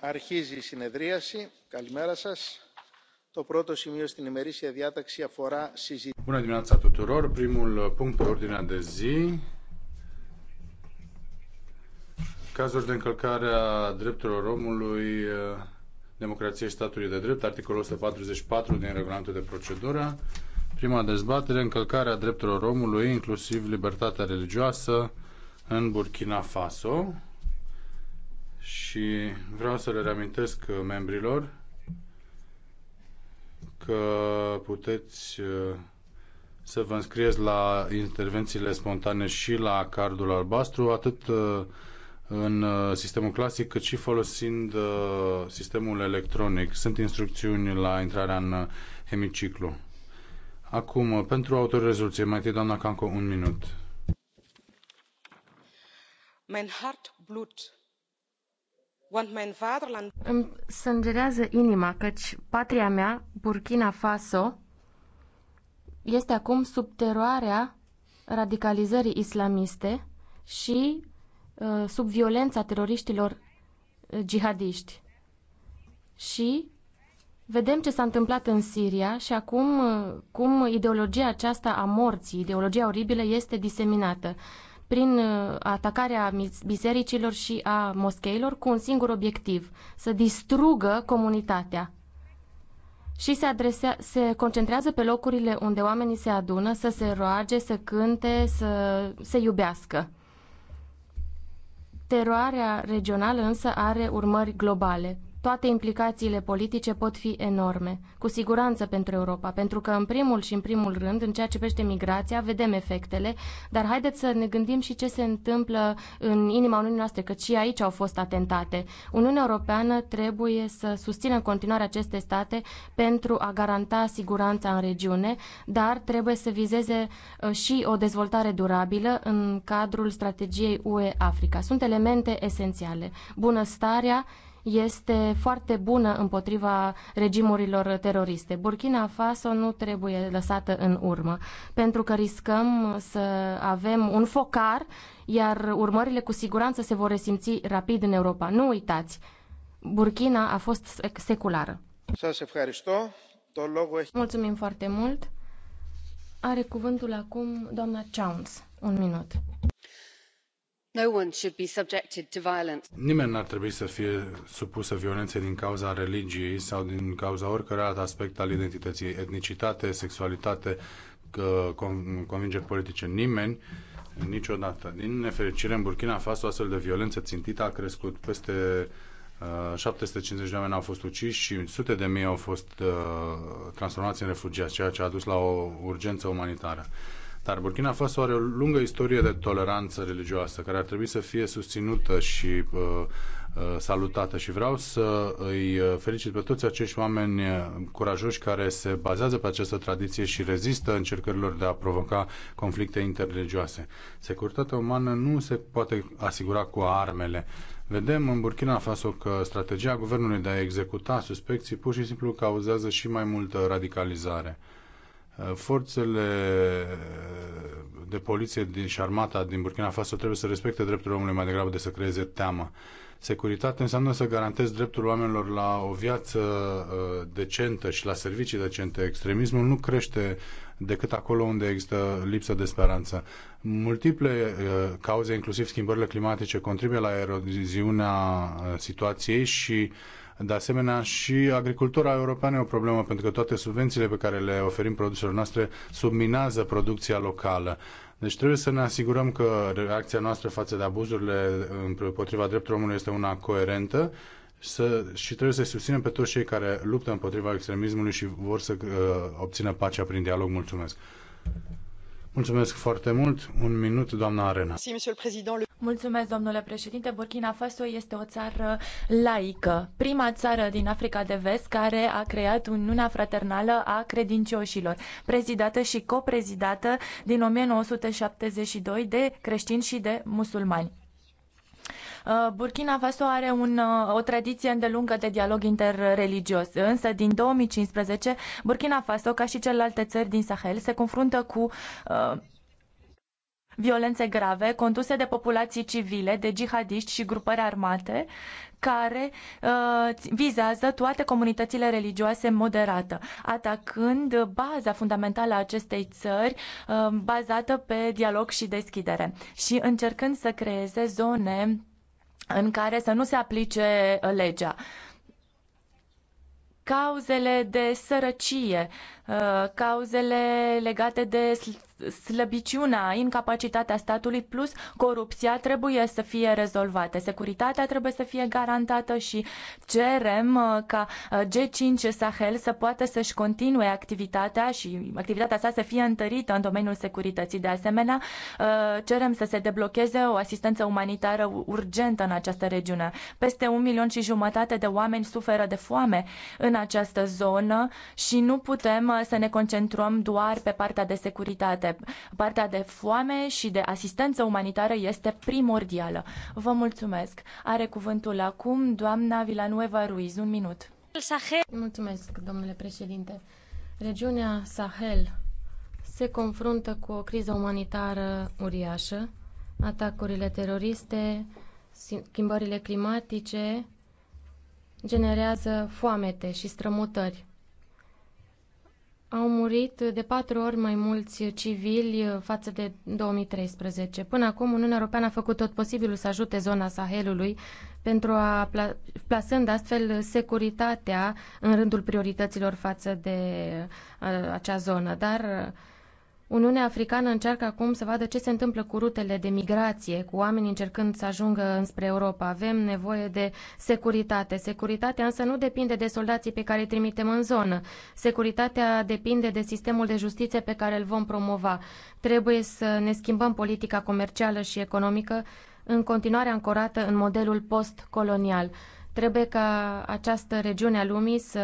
αρχίζει η συνεδρίαση. Καλημέρα σας. Το πρώτο σημείο στην ημερήσια διάταξη αφορά συζήτηση. Bună dimineața tuturor. Primul punct pe ordinea de zi cazuri de încălcare a drepturilor omului, eh, democrației și statului de drept, articolul 144 din regulamentul de procedură. Prima dezbatere, încălcarea drepturilor omului, inclusiv libertatea religioasă, în Burkina Faso și vreau să le reamintesc uh, membrilor că puteți uh, să vă înscrieți la intervențiile spontane și la cardul albastru, atât uh, în sistemul clasic, cât și folosind sistemul electronic. Sunt instrucțiuni la intrarea în hemiciclu. Acum, pentru autorul rezoluției, mai întâi doamna Canco, un minut. Mein Hart blut îmi sângerează inima căci patria mea, Burkina Faso, este acum sub teroarea radicalizării islamiste și uh, sub violența teroriștilor uh, jihadiști. Și vedem ce s-a întâmplat în Siria și acum uh, cum ideologia aceasta a morții, ideologia oribilă, este diseminată prin uh, atacarea bisericilor și a moscheilor cu un singur obiectiv, să distrugă comunitatea. Și se, adresea, se concentrează pe locurile unde oamenii se adună să se roage, să cânte, să se iubească. Teroarea regională însă are urmări globale toate implicațiile politice pot fi enorme, cu siguranță pentru Europa, pentru că în primul și în primul rând, în ceea ce privește migrația, vedem efectele, dar haideți să ne gândim și ce se întâmplă în inima Uniunii noastre, că și aici au fost atentate. Uniunea Europeană trebuie să susțină în continuare aceste state pentru a garanta siguranța în regiune, dar trebuie să vizeze uh, și o dezvoltare durabilă în cadrul strategiei UE Africa. Sunt elemente esențiale. Bunăstarea, este foarte bună împotriva regimurilor teroriste. Burkina Faso nu trebuie lăsată în urmă, pentru că riscăm să avem un focar, iar urmările cu siguranță se vor resimți rapid în Europa. Nu uitați, Burkina a fost seculară. Mulțumim foarte mult. Are cuvântul acum doamna Chowns. Un minut Nimeni nu ar trebui să fie supusă violenței din cauza religiei sau din cauza oricărui alt aspect al identității, etnicitate, sexualitate, convingeri politice. Nimeni, niciodată. Din nefericire, în Burkina Faso, astfel de violență țintită a crescut. Peste uh, 750 de oameni au fost uciși și sute de mii au fost uh, transformați în refugiați, ceea ce a dus la o urgență umanitară. Dar Burkina Faso are o lungă istorie de toleranță religioasă care ar trebui să fie susținută și uh, uh, salutată și vreau să îi uh, felicit pe toți acești oameni curajoși care se bazează pe această tradiție și rezistă încercărilor de a provoca conflicte interreligioase. Securitatea umană nu se poate asigura cu armele. Vedem în Burkina Faso că strategia guvernului de a executa suspecții pur și simplu cauzează și mai multă radicalizare. Uh, forțele de poliție din și armata din Burkina Faso trebuie să respecte drepturile omului mai degrabă de să creeze teamă. Securitate înseamnă să garantezi dreptul oamenilor la o viață uh, decentă și la servicii decente. Extremismul nu crește decât acolo unde există lipsă de speranță. Multiple uh, cauze, inclusiv schimbările climatice, contribuie la eroziunea situației și de asemenea, și agricultura europeană e o problemă pentru că toate subvențiile pe care le oferim produselor noastre subminează producția locală. Deci trebuie să ne asigurăm că reacția noastră față de abuzurile împotriva drepturilor omului este una coerentă să, și trebuie să-i susținem pe toți cei care luptă împotriva extremismului și vor să uh, obțină pacea prin dialog. Mulțumesc! Mulțumesc foarte mult. Un minut, doamna Arena. Mulțumesc, domnule președinte. Burkina Faso este o țară laică, prima țară din Africa de Vest care a creat Uniunea Fraternală a Credincioșilor, prezidată și coprezidată din 1972 de creștini și de musulmani. Uh, Burkina Faso are un, uh, o tradiție îndelungă de dialog interreligios, însă din 2015 Burkina Faso, ca și celelalte țări din Sahel, se confruntă cu uh, violențe grave conduse de populații civile, de jihadiști și grupări armate care uh, vizează toate comunitățile religioase moderată, atacând baza fundamentală a acestei țări, uh, bazată pe dialog și deschidere și încercând să creeze zone în care să nu se aplice uh, legea. Cauzele de sărăcie Uh, cauzele legate de slăbiciunea, incapacitatea statului plus corupția trebuie să fie rezolvate. Securitatea trebuie să fie garantată și cerem uh, ca uh, G5 Sahel să poată să-și continue activitatea și activitatea sa să fie întărită în domeniul securității. De asemenea, cerem să se deblocheze o asistență umanitară urgentă în această regiune. Peste un milion și jumătate de oameni suferă de foame în această zonă și nu putem să ne concentrăm doar pe partea de securitate. Partea de foame și de asistență umanitară este primordială. Vă mulțumesc. Are cuvântul acum doamna Villanueva Ruiz. Un minut. Mulțumesc, domnule președinte. Regiunea Sahel se confruntă cu o criză umanitară uriașă, atacurile teroriste, schimbările climatice generează foamete și strămutări. Au murit de patru ori mai mulți civili față de 2013. Până acum, Uniunea Europeană a făcut tot posibilul să ajute zona Sahelului pentru a plasând astfel securitatea în rândul priorităților față de uh, acea zonă. Dar uh, Uniunea Africană încearcă acum să vadă ce se întâmplă cu rutele de migrație, cu oamenii încercând să ajungă înspre Europa. Avem nevoie de securitate. Securitatea însă nu depinde de soldații pe care îi trimitem în zonă. Securitatea depinde de sistemul de justiție pe care îl vom promova. Trebuie să ne schimbăm politica comercială și economică în continuare ancorată în modelul post-colonial. Trebuie ca această regiune a lumii să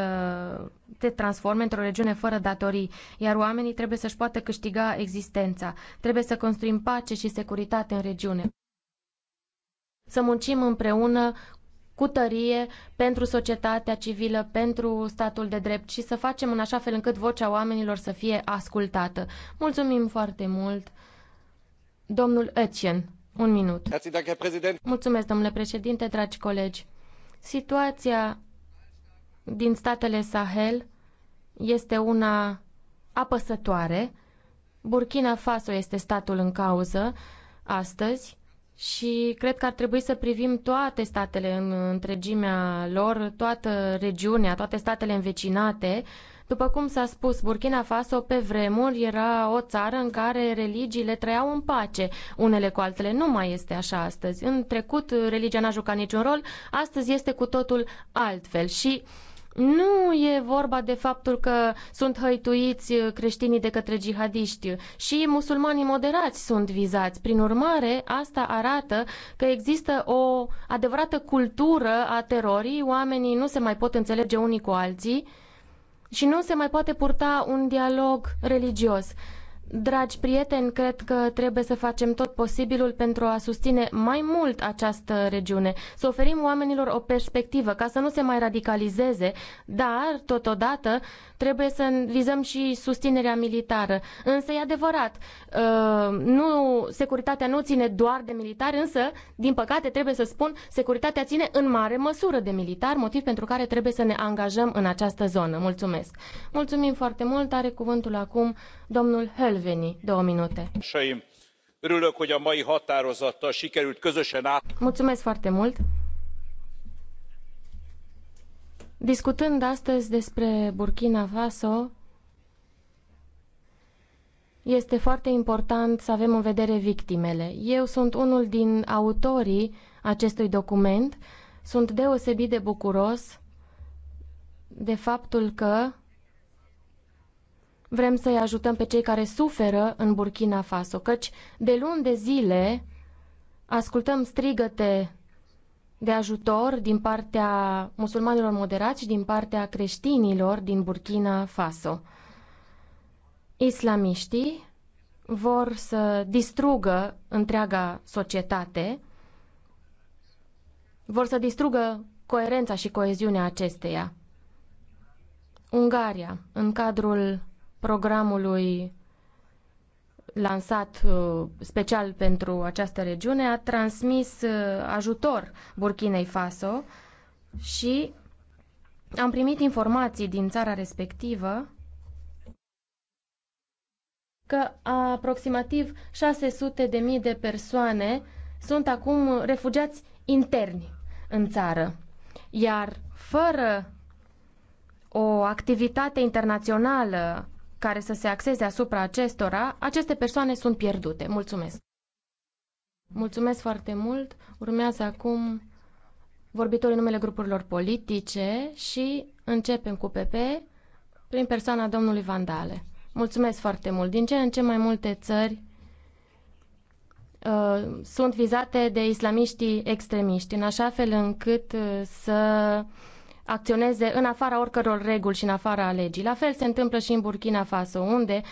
te transforme într-o regiune fără datorii, iar oamenii trebuie să-și poată câștiga existența. Trebuie să construim pace și securitate în regiune. Să muncim împreună cu tărie pentru societatea civilă, pentru statul de drept și să facem în așa fel încât vocea oamenilor să fie ascultată. Mulțumim foarte mult, domnul Etienne. Un minut. Mulțumesc, domnule președinte, dragi colegi. Situația din statele Sahel este una apăsătoare. Burkina Faso este statul în cauză astăzi și cred că ar trebui să privim toate statele în întregimea lor, toată regiunea, toate statele învecinate, uh, după cum s-a spus, Burkina Faso pe vremuri era o țară în care religiile trăiau în pace unele cu altele. Nu mai este așa astăzi. În trecut religia n-a jucat niciun rol, astăzi este cu totul altfel și nu e vorba de faptul că sunt hăituiți creștinii de către jihadiști și musulmanii moderați sunt vizați. Prin urmare, asta arată că există o adevărată cultură a terorii, oamenii nu se mai pot înțelege unii cu alții și nu se mai poate purta un dialog religios. Dragi prieteni, cred că trebuie să facem tot posibilul pentru a susține mai mult această regiune, să oferim oamenilor o perspectivă ca să nu se mai radicalizeze, dar, totodată, trebuie să vizăm și susținerea militară. Însă e adevărat, uh, nu, securitatea nu ține doar de militar, însă, din păcate, trebuie să spun, securitatea ține în mare măsură de militar, motiv pentru care trebuie să ne angajăm în această zonă. Mulțumesc! Mulțumim foarte mult, are cuvântul acum domnul Höll Örülök, hogy a mai határozattal sikerült közösen át... foarte mult! Discutând astăzi despre Burkina Faso, este foarte important să avem în vedere victimele. Eu sunt unul din autorii acestui document. Sunt deosebit de bucuros de faptul că Vrem să-i ajutăm pe cei care suferă în Burkina Faso, căci de luni de zile ascultăm strigăte de ajutor din partea musulmanilor moderați și din partea creștinilor din Burkina Faso. Islamiștii vor să distrugă întreaga societate, vor să distrugă coerența și coeziunea acesteia. Ungaria, în cadrul programului lansat uh, special pentru această regiune a transmis uh, ajutor Burkinei Faso și am primit informații din țara respectivă că aproximativ 600 de mii de persoane sunt acum refugiați interni în țară. Iar fără o activitate internațională care să se axeze asupra acestora, aceste persoane sunt pierdute. Mulțumesc! Mulțumesc foarte mult! Urmează acum vorbitorii numele grupurilor politice și începem cu PP prin persoana domnului Vandale. Mulțumesc foarte mult! Din ce în ce mai multe țări uh, sunt vizate de islamiștii extremiști, în așa fel încât uh, să acționeze în afara oricăror reguli și în afara legii. La fel se întâmplă și în Burkina Faso, unde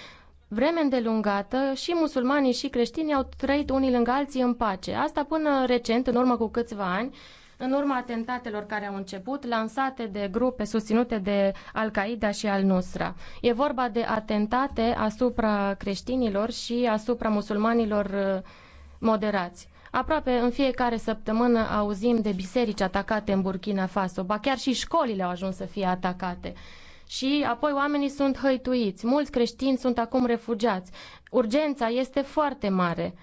vreme îndelungată și musulmanii și creștinii au trăit unii lângă alții în pace. Asta până recent, în urmă cu câțiva ani, în urma atentatelor care au început, lansate de grupe susținute de Al-Qaeda și Al-Nusra. E vorba de atentate asupra creștinilor și asupra musulmanilor uh, moderați. Aproape în fiecare săptămână auzim de biserici atacate în Burkina Faso, ba chiar și școlile au ajuns să fie atacate. Și apoi oamenii sunt hăituiți, mulți creștini sunt acum refugiați. Urgența este foarte mare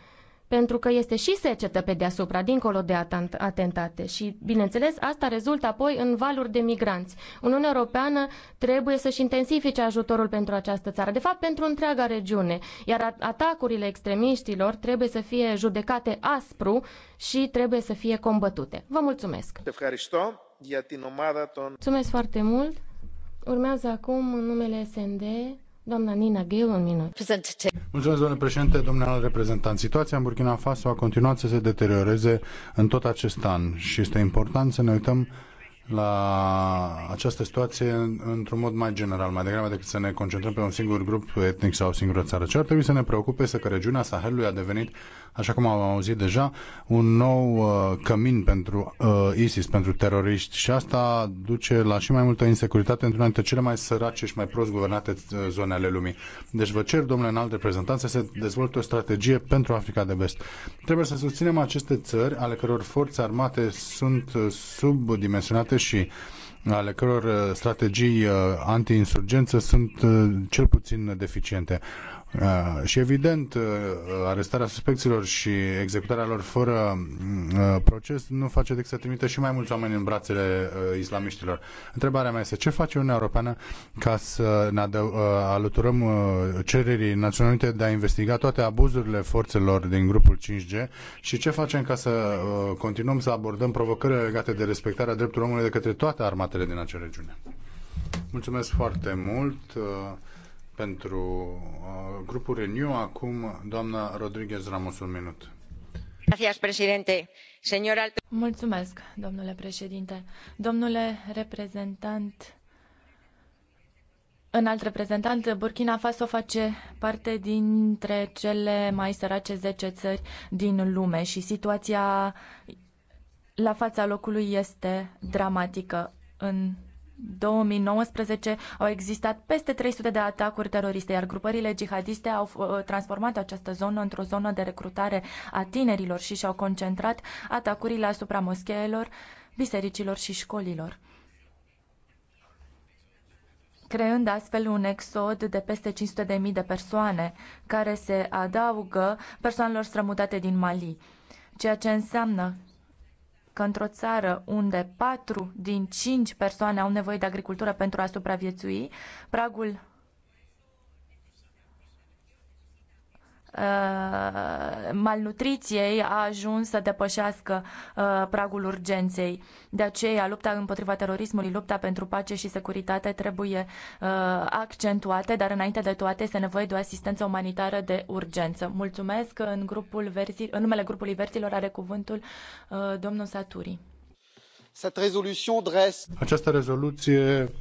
pentru că este și secetă pe deasupra, dincolo de atentate. Și, bineînțeles, asta rezultă apoi în valuri de migranți. Uniunea Europeană trebuie să-și intensifice ajutorul pentru această țară, de fapt pentru întreaga regiune, iar atacurile extremiștilor trebuie să fie judecate aspru și trebuie să fie combătute. Vă mulțumesc! Mulțumesc foarte mult! Urmează acum în numele SND Doamna Nina Gale, un minut. Mulțumesc, domnule președinte, domnule reprezentant. Situația în Burkina Faso a continuat să se deterioreze în tot acest an și este important să ne uităm la această situație într-un mod mai general, mai degrabă decât să ne concentrăm pe un singur grup etnic sau o singură țară. Ce ar trebui să ne preocupe este că regiunea Sahelului a devenit așa cum am auzit deja, un nou uh, cămin pentru uh, ISIS, pentru teroriști și asta duce la și mai multă insecuritate într-una dintre cele mai sărace și mai prost guvernate uh, zone ale lumii. Deci vă cer, domnule înalt reprezentant, să se dezvolte o strategie pentru Africa de Vest. Trebuie să susținem aceste țări ale căror forțe armate sunt uh, subdimensionate și ale căror uh, strategii anti-insurgență sunt cel puțin deficiente. Ah, și evident, uh, arestarea suspecților și executarea lor fără mm, uh, proces nu face decât să trimite și mai mulți oameni în brațele uh, islamiștilor. Întrebarea mea este ce face Uniunea Europeană ca să ne alăturăm cererii Națiunilor Unite de a investiga toate abuzurile forțelor din grupul 5G și ce facem ca să continuăm să abordăm provocările legate de respectarea drepturilor omului de către toate armatele din acea regiune? Mulțumesc foarte mult! pentru uh, grupul Renew. Acum, doamna Rodriguez Ramos, un minut. Mulțumesc, domnule președinte. Domnule reprezentant, înalt reprezentant, Burkina Faso face parte dintre cele mai sărace 10 țări din lume și situația la fața locului este dramatică în 2019 au existat peste 300 de atacuri teroriste, iar grupările jihadiste au uh, transformat această zonă într-o zonă de recrutare a tinerilor și și-au concentrat atacurile asupra moscheelor, bisericilor și școlilor creând astfel un exod de peste 500.000 de persoane, care se adaugă persoanelor strămutate din Mali, ceea ce înseamnă că într-o țară unde patru din cinci persoane au nevoie de agricultură pentru a supraviețui, pragul Uh, malnutriției a ajuns să depășească uh, pragul urgenței. De aceea, lupta împotriva terorismului, lupta pentru pace și securitate trebuie uh, accentuate, dar înainte de toate este nevoie de o asistență umanitară de urgență. Mulțumesc. În, grupul verzi, în numele grupului Verzilor are cuvântul domnul Saturi. Această rezoluție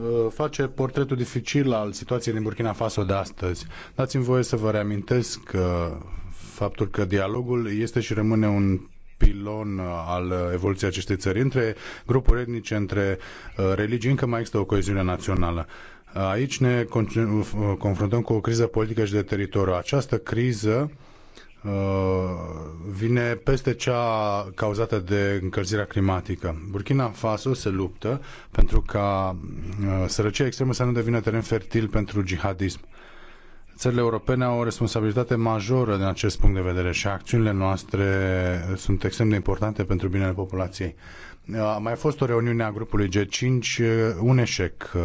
Uh, face portretul dificil al situației din Burkina Faso de astăzi. Dați-mi voie să vă reamintesc că uh, faptul că dialogul este și rămâne un pilon al evoluției acestei țări. Între grupuri etnice, între uh, religii, încă mai există o coeziune națională. Aici ne confruntăm cu o criză politică și de teritoriu. Această criză uh, Uh, vine peste cea cauzată de încălzirea climatică. Burkina Faso se luptă pentru ca uh, sărăcia extremă să nu devină teren fertil pentru jihadism. Țările europene au o responsabilitate majoră din acest punct de vedere și acțiunile noastre sunt extrem de importante pentru binele populației. Uh, a mai fost o reuniune a grupului G5, un eșec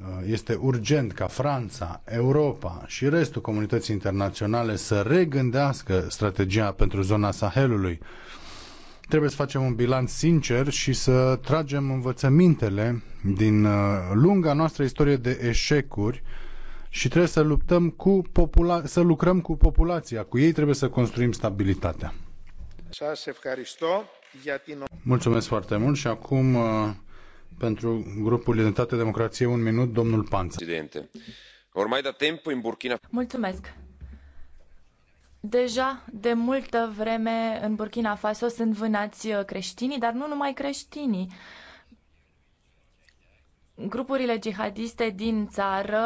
Uh, este urgent ca Franța, Europa și restul comunității internaționale să regândească strategia pentru zona Sahelului. Trebuie să facem un bilanț sincer și să tragem învățămintele din uh, lunga noastră istorie de eșecuri și trebuie să luptăm cu popula- să lucrăm cu populația. Cu ei trebuie să construim stabilitatea. Mulțumesc foarte mult și acum uh, pentru grupul Identitate Democrație, un minut, domnul Panț. Presidente, ormai da tempo în Burkina... Mulțumesc. Deja de multă vreme în Burkina Faso sunt vânați uh, creștinii, dar nu numai creștinii. Grupurile jihadiste din țară,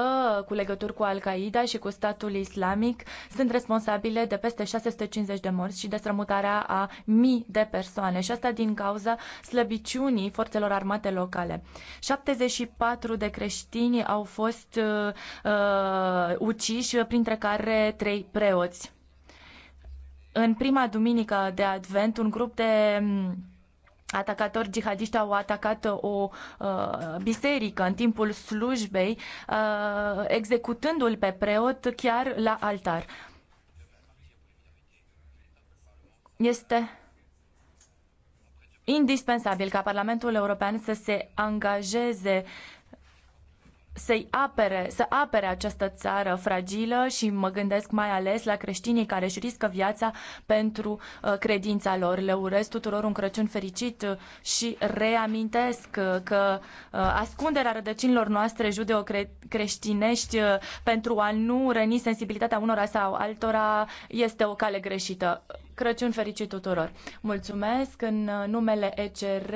cu legături cu Al-Qaeda și cu statul islamic, sunt responsabile de peste 650 de morți și de strămutarea a mii de persoane, și asta din cauza slăbiciunii forțelor armate locale. 74 de creștini au fost uh, uh, uciși, printre care trei preoți. În prima duminică de Advent, un grup de mm, atacatori jihadiști au atacat o uh, biserică în timpul slujbei, uh, executându-l pe preot chiar la altar. Este indispensabil ca Parlamentul European să se angajeze să-i apere, să apere această țară fragilă și mă gândesc mai ales la creștinii care își riscă viața pentru uh, credința lor. Le urez tuturor un Crăciun fericit uh, și reamintesc uh, că ascunderea rădăcinilor noastre judeo-creștinești pentru a nu răni sensibilitatea unora sau altora este o cale greșită. Crăciun fericit tuturor! Mulțumesc în numele ECR,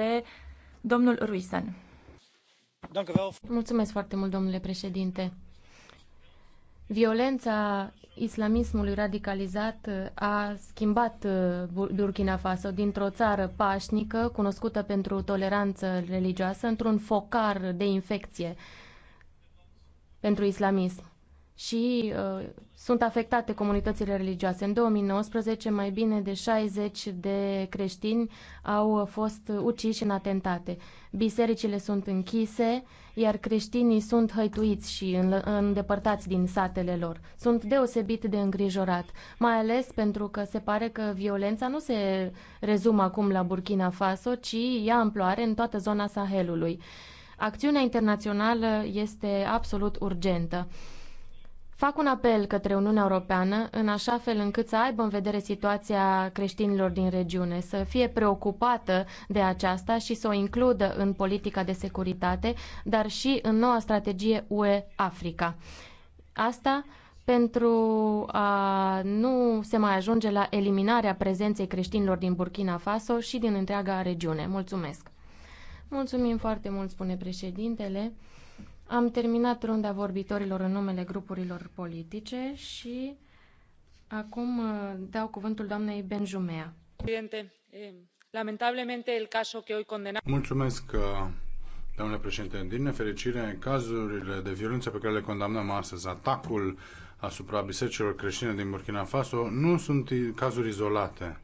domnul Ruisan. Mulțumesc foarte mult, domnule președinte. Violența islamismului radicalizat uh, a schimbat uh, Burkina Faso dintr-o țară pașnică, cunoscută pentru toleranță religioasă, într-un focar de infecție pentru islamism și uh, sunt afectate comunitățile religioase. În 2019, mai bine de 60 de creștini au fost uciși în atentate. Bisericile sunt închise, iar creștinii sunt hăituiți și îndepărtați din satele lor. Sunt deosebit de îngrijorat, mai ales pentru că se pare că violența nu se rezumă acum la Burkina Faso, ci ia amploare în toată zona Sahelului. Acțiunea internațională este absolut urgentă. Fac un apel către Uniunea Europeană în așa fel încât să aibă în vedere situația creștinilor din regiune, să fie preocupată de aceasta și să o includă în politica de securitate, dar și în noua strategie UE-Africa. Asta pentru a nu se mai ajunge la eliminarea prezenței creștinilor din Burkina Faso și din întreaga regiune. Mulțumesc! Mulțumim foarte mult, spune președintele. Am terminat runda vorbitorilor în numele grupurilor politice și acum uh, dau cuvântul doamnei Benjumea. Mulțumesc, uh, domnule președinte. Din nefericire, cazurile de violență pe care le condamnăm astăzi, atacul asupra bisericilor creștine din Burkina Faso, nu sunt cazuri izolate.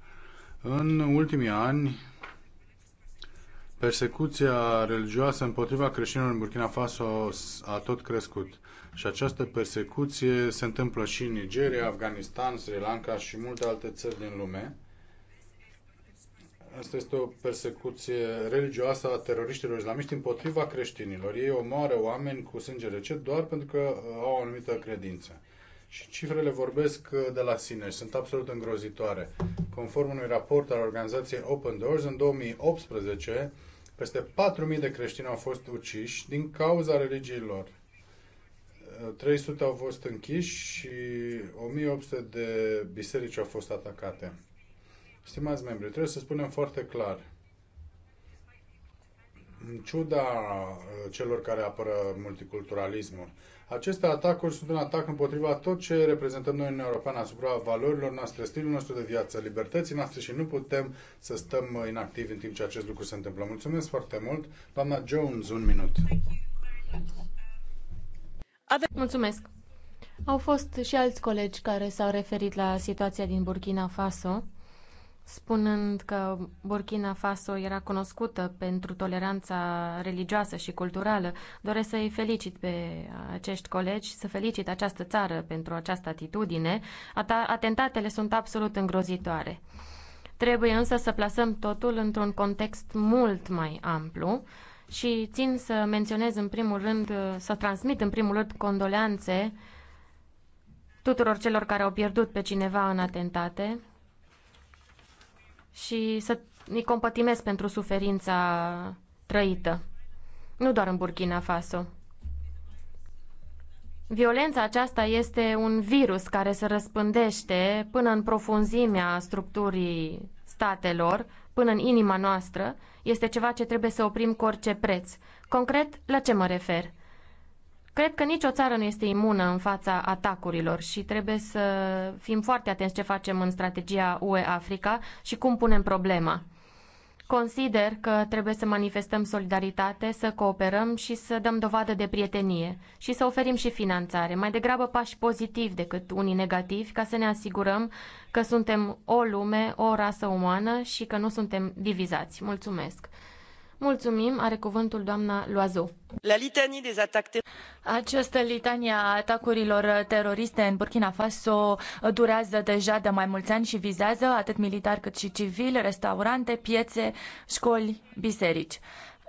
În ultimii ani, Persecuția religioasă împotriva creștinilor în Burkina Faso a tot crescut și această persecuție se întâmplă și în Nigeria, Afganistan, Sri Lanka și multe alte țări din lume. Asta este o persecuție religioasă a teroriștilor islamiști împotriva creștinilor. Ei omoară oameni cu sânge rece doar pentru că uh, au o anumită credință. Și cifrele vorbesc uh, de la sine și sunt absolut îngrozitoare. Conform unui raport al organizației Open Doors, în 2018, peste 4.000 de creștini au fost uciși din cauza religiei lor. 300 uh, au fost închiși și 1800 de biserici au fost atacate. Stimați membri, trebuie să spunem foarte clar. În ciuda uh, celor care apără multiculturalismul, aceste atacuri sunt un atac împotriva tot ce reprezentăm noi în Europeană asupra valorilor noastre, stilul nostru de viață, libertății noastre și nu putem să stăm inactivi în timp ce acest lucru se întâmplă. Mulțumesc foarte mult. Doamna Jones, un minut. Mulțumesc. Au fost și alți colegi care s-au referit la situația din Burkina Faso spunând că Burkina Faso era cunoscută pentru toleranța religioasă și culturală. Doresc să-i felicit pe acești colegi, să felicit această țară pentru această atitudine. Atentatele sunt absolut îngrozitoare. Trebuie însă să plasăm totul într-un context mult mai amplu și țin să menționez în primul rând, să transmit în primul rând condoleanțe tuturor celor care au pierdut pe cineva în atentate, și să îi compătimesc pentru suferința trăită. Nu doar în Burkina Faso. Violența aceasta este un virus care se răspândește până în profunzimea structurii statelor, până în inima noastră. Este ceva ce trebuie să oprim cu orice preț. Concret, la ce mă refer? Cred că nicio țară nu este imună în fața atacurilor și trebuie să fim foarte atenți ce facem în strategia UE Africa și cum punem problema. Consider că trebuie să manifestăm solidaritate, să cooperăm și să dăm dovadă de prietenie și să oferim și finanțare, mai degrabă pași pozitivi decât unii negativi, ca să ne asigurăm că suntem o lume, o rasă umană și că nu suntem divizați. Mulțumesc! Mulțumim, are cuvântul doamna Loazou. La litanie des attaques Această litanie a atacurilor teroriste în Burkina Faso durează deja de mai mulți ani și vizează atât militar cât și civil, restaurante, piețe, școli, biserici.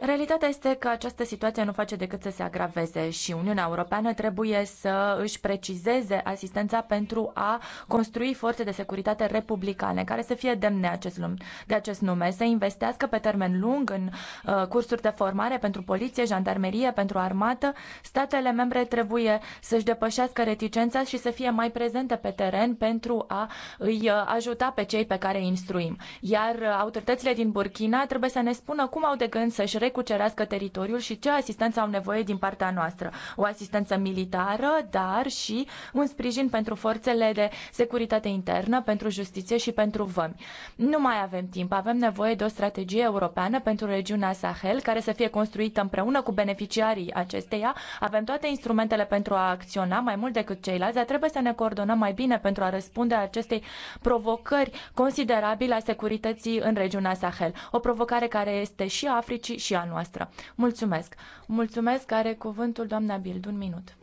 Realitatea este că această situație nu face decât să se agraveze și Uniunea Europeană trebuie să își precizeze asistența pentru a construi forțe de securitate republicane care să fie demne acest lume, de acest nume, să investească pe termen lung în uh, cursuri de formare pentru poliție, jandarmerie, pentru armată. Statele membre trebuie să-și depășească reticența și să fie mai prezente pe teren pentru a îi uh, ajuta pe cei pe care îi instruim. Iar uh, autoritățile din Burkina trebuie să ne spună cum au de gând să-și cucerească teritoriul și ce asistență au nevoie din partea noastră. O asistență militară, dar și un sprijin pentru forțele de securitate internă, pentru justiție și pentru vămi. Nu mai avem timp, avem nevoie de o strategie europeană pentru regiunea Sahel, care să fie construită împreună cu beneficiarii acesteia. Avem toate instrumentele pentru a acționa mai mult decât ceilalți, dar trebuie să ne coordonăm mai bine pentru a răspunde acestei provocări considerabile a securității în regiunea Sahel. O provocare care este și Africii și și a noastră. Mulțumesc! Mulțumesc! Are cuvântul doamna Bild. Un minut.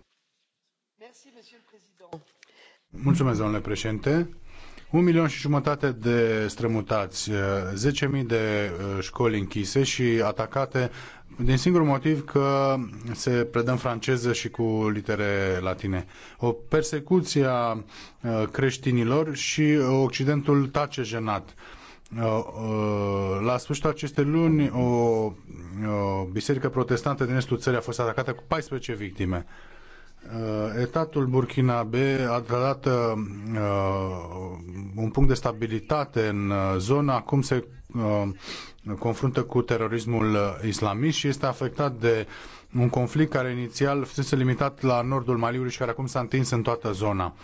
Mulțumesc, domnule președinte. Un milion și jumătate de strămutați, 10.000 eh, de eh, școli închise și atacate din singurul motiv că se predă în franceză și cu litere latine. O persecuție a eh, creștinilor și Occidentul tace jenat Uh, la sfârșitul acestei luni, o biserică protestantă din estul țării a fost atacată cu 14 victime. Uh, etatul Burkina B a dat uh, un punct de stabilitate în zona, acum se confruntă cu terorismul islamist și este afectat de un conflict care inițial fusese limitat la nordul Maliului și care acum s-a întins în toată zona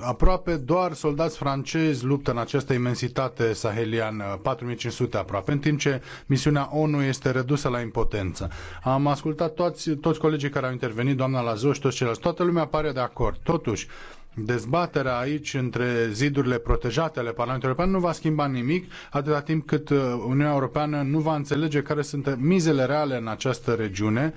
aproape doar soldați francezi luptă în această imensitate saheliană, 4500 aproape, în timp ce misiunea ONU este redusă la impotență. Am ascultat toți, toți colegii care au intervenit, doamna Lazo și toți ceilalți, toată lumea pare de acord. Totuși, dezbaterea aici între zidurile protejate ale Parlamentului European nu va schimba nimic atâta timp cât uh, Uniunea Europeană nu va înțelege care sunt mizele reale în această regiune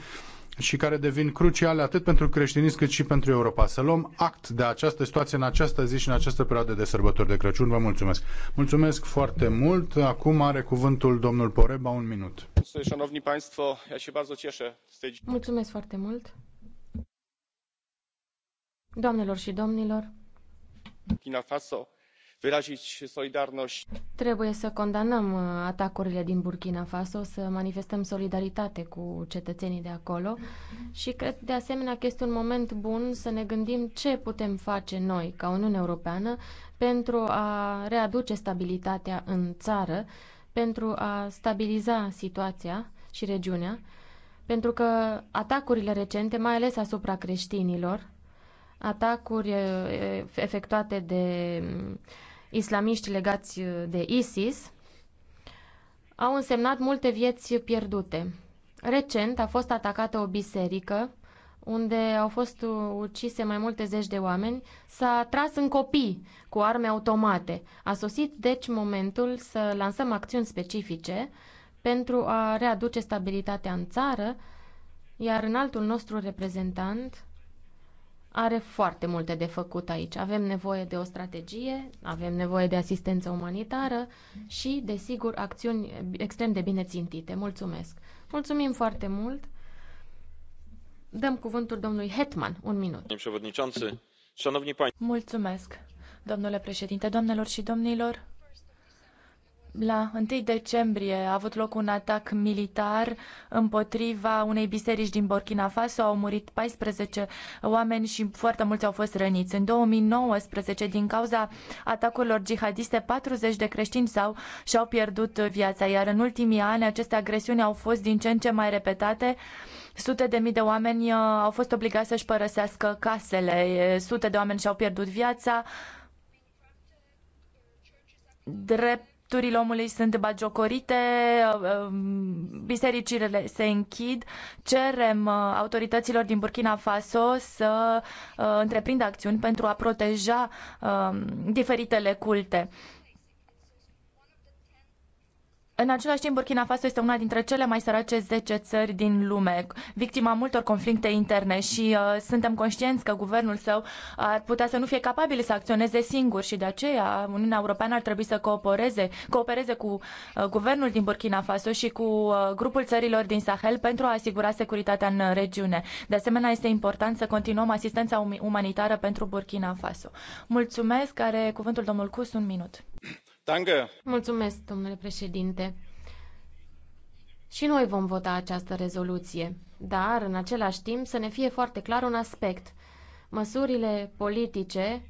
și care devin cruciale atât pentru creștinism cât și pentru Europa. Să luăm act de această situație în această zi și în această perioadă de sărbători de Crăciun. Vă mulțumesc. Mulțumesc foarte mult. Acum are cuvântul domnul Poreba, un minut. Mulțumesc foarte mult. Doamnelor și domnilor, Trebuie să condamnăm uh, atacurile din Burkina Faso, să manifestăm solidaritate cu cetățenii de acolo și cred de asemenea că este un moment bun să ne gândim ce putem face noi ca Uniunea Europeană pentru a readuce stabilitatea în țară, pentru a stabiliza situația și regiunea, pentru că atacurile recente, mai ales asupra creștinilor, atacuri uh, efectuate de islamiști legați uh, de ISIS au însemnat multe vieți pierdute. Recent a fost atacată o biserică unde au fost uh, ucise mai multe zeci de oameni, s-a tras în copii cu arme automate. A sosit deci momentul să lansăm acțiuni specifice pentru a readuce stabilitatea în țară, iar în altul nostru reprezentant are foarte multe de făcut aici. Avem nevoie de o strategie, avem nevoie de asistență umanitară și, desigur, acțiuni extrem de bine țintite. Mulțumesc! Mulțumim foarte mult! Dăm cuvântul domnului Hetman, un minut. Mulțumesc, domnule președinte, doamnelor și domnilor. La 1 decembrie a avut loc un atac militar împotriva unei biserici din Burkina Faso. Au murit 14 oameni și foarte mulți au fost răniți. În 2019, din cauza atacurilor jihadiste, 40 de creștini s-au, și-au pierdut viața, iar în ultimii ani aceste agresiuni au fost din ce în ce mai repetate. Sute de mii de oameni uh, au fost obligați să-și părăsească casele, sute de oameni și-au pierdut viața. Drept drepturile omului sunt bagiocorite, uh, um, bisericile se închid. Cerem uh, autorităților din Burkina Faso să uh, întreprindă acțiuni pentru a proteja um, diferitele culte. În același timp, Burkina Faso este una dintre cele mai sărace 10 țări din lume, victima multor conflicte interne și uh, suntem conștienți că guvernul său ar putea să nu fie capabil să acționeze singur și de aceea Uniunea Europeană ar trebui să coopereze, coopereze cu uh, guvernul din Burkina Faso și cu uh, grupul țărilor din Sahel pentru a asigura securitatea în regiune. De asemenea, este important să continuăm asistența um umanitară pentru Burkina Faso. Mulțumesc, are cuvântul domnul Cus, un minut. Mulțumesc, domnule președinte. Și noi vom vota această rezoluție, dar în același timp să ne fie foarte clar un aspect. Măsurile politice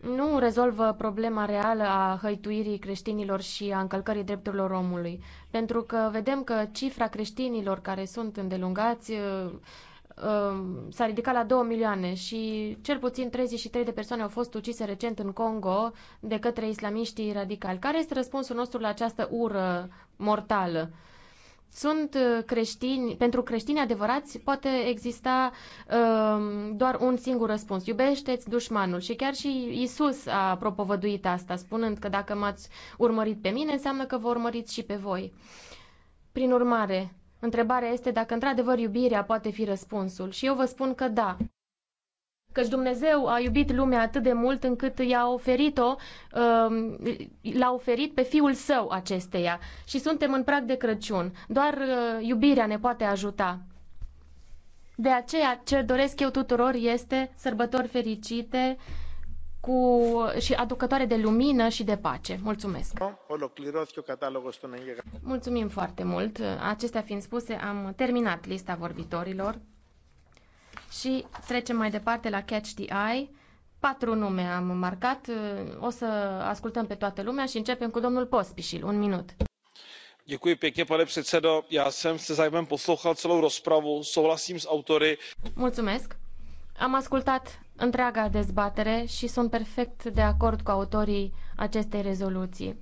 nu rezolvă problema reală a hăituirii creștinilor și a încălcării drepturilor omului, pentru că vedem că cifra creștinilor care sunt îndelungați Um, s-a ridicat la 2 milioane și cel puțin 33 de persoane au fost ucise recent în Congo de către islamiștii radicali. Care este răspunsul nostru la această ură mortală? Sunt uh, creștini, pentru creștini adevărați poate exista um, doar un singur răspuns. Iubește-ți dușmanul. Și chiar și Isus a propovăduit asta, spunând că dacă m-ați urmărit pe mine, înseamnă că vă urmăriți și pe voi. Prin urmare, Întrebarea este dacă într-adevăr iubirea poate fi răspunsul și eu vă spun că da. Căci Dumnezeu a iubit lumea atât de mult încât i-a oferit-o, um, l-a oferit pe Fiul Său acesteia. Și suntem în prag de Crăciun. Doar uh, iubirea ne poate ajuta. De aceea, ce doresc eu tuturor este sărbători fericite, cu, și aducătoare de lumină și de pace. Mulțumesc! Mulțumim foarte mult! Acestea fiind spuse, am terminat lista vorbitorilor și trecem mai departe la Catch the Eye. Patru nume am marcat. O să ascultăm pe toată lumea și începem cu domnul Pospișil. Un minut. Děkuji pěkně, pane předsedo. Já jsem se zájmem poslouchal celou rozpravu, souhlasím s autory. Mulțumesc am ascultat întreaga dezbatere și sunt perfect de acord cu autorii acestei rezoluții.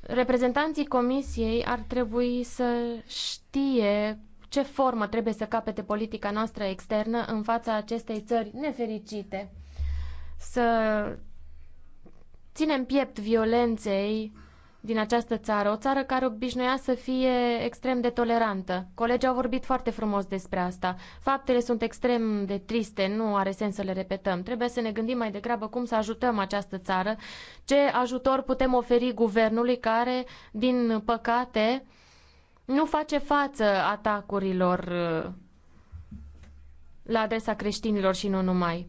Reprezentanții Comisiei ar trebui să știe ce formă trebuie să capete politica noastră externă în fața acestei țări nefericite. Să ținem piept violenței din această țară, o țară care obișnuia să fie extrem de tolerantă. Colegii au vorbit foarte frumos despre asta. Faptele sunt extrem de triste, nu are sens să le repetăm. Trebuie să ne gândim mai degrabă cum să ajutăm această țară, ce ajutor putem oferi guvernului care, din păcate, nu face față atacurilor uh, la adresa creștinilor și nu numai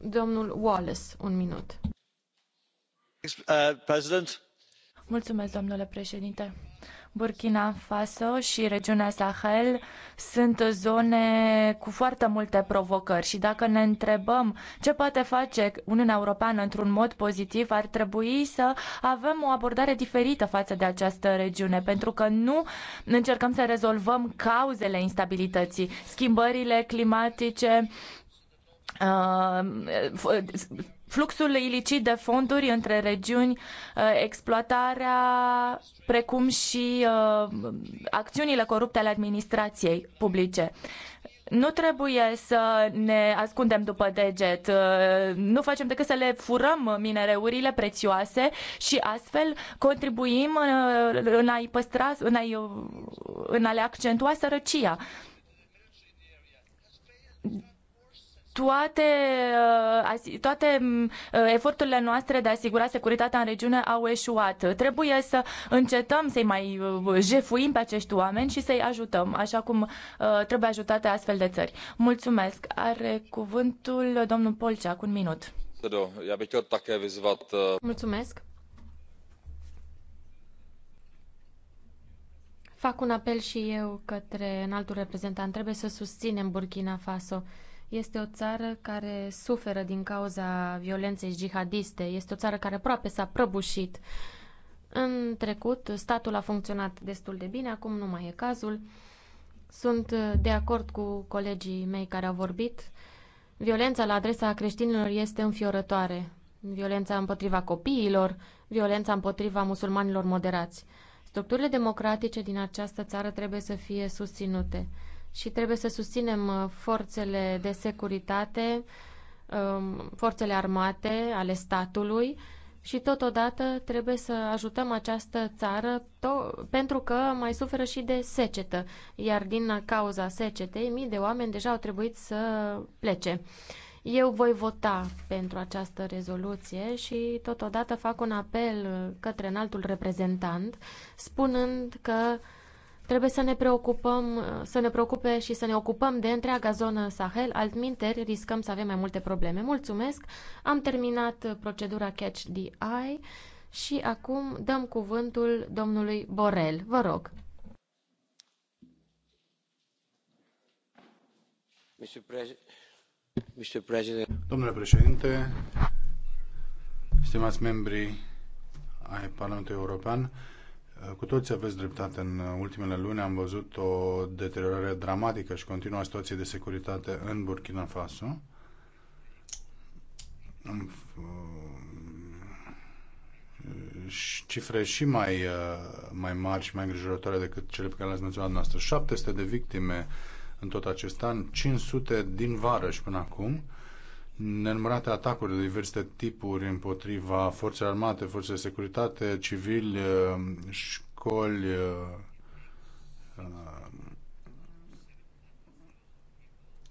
Domnul Wallace, un minut. Uh, Mulțumesc, domnule președinte. Burkina Faso și regiunea Sahel sunt zone cu foarte multe provocări și dacă ne întrebăm ce poate face Uniunea Europeană într-un mod pozitiv, ar trebui să avem o abordare diferită față de această regiune, pentru că nu încercăm să rezolvăm cauzele instabilității, schimbările climatice, Uh, fluxul ilicit de fonduri între regiuni, uh, exploatarea, precum și uh, acțiunile corupte ale administrației publice. Nu trebuie să ne ascundem după deget. Nu facem decât să le furăm minereurile prețioase și astfel contribuim în a-i păstra, în a, în a le accentua sărăcia. toate, uh, toate mm, uh, eforturile noastre de a asigura securitatea în regiune au eșuat. Trebuie să încetăm să-i mai uh, jefuim pe acești oameni și să-i ajutăm, așa cum trebuie ajutate astfel de țări. Mulțumesc. Are cuvântul domnul Polceac, un minut. Mulțumesc. Fac un apel și eu către înaltul reprezentant. Trebuie să susținem Burkina Faso este o țară care suferă din cauza violenței jihadiste. Este o țară care aproape s-a prăbușit. În trecut, statul a funcționat destul de bine, acum nu mai e cazul. Sunt de acord cu colegii mei care au vorbit. Violența la adresa creștinilor este înfiorătoare. Violența împotriva copiilor, violența împotriva musulmanilor moderați. Structurile democratice din această țară trebuie să fie susținute și trebuie să susținem uh, forțele de securitate, um, forțele armate ale statului și totodată trebuie să ajutăm această țară pentru că mai suferă și de secetă, iar din cauza secetei mii de oameni deja au trebuit să plece. Eu voi vota pentru această rezoluție și totodată fac un apel către înaltul reprezentant spunând că uh, Trebuie să ne preocupăm, să ne preocupe și să ne ocupăm de întreaga zonă Sahel, altminteri riscăm să avem mai multe probleme. Mulțumesc! Am terminat procedura Catch the Eye și acum dăm cuvântul domnului Borel. Vă rog! Domnule președinte, stimați membri ai Parlamentului European, Uh, cu toți aveți dreptate. În uh, ultimele luni am văzut o deteriorare dramatică și continuă a situației de securitate în Burkina Faso. Uh, cifre și mai, mai mari și mai îngrijorătoare decât cele pe care le-ați menționat noastră. 700 de victime în tot acest an, 500 din vară și până acum nenumărate atacuri de diverse tipuri împotriva forțelor armate, forțe de securitate, civili, eh, școli, eh,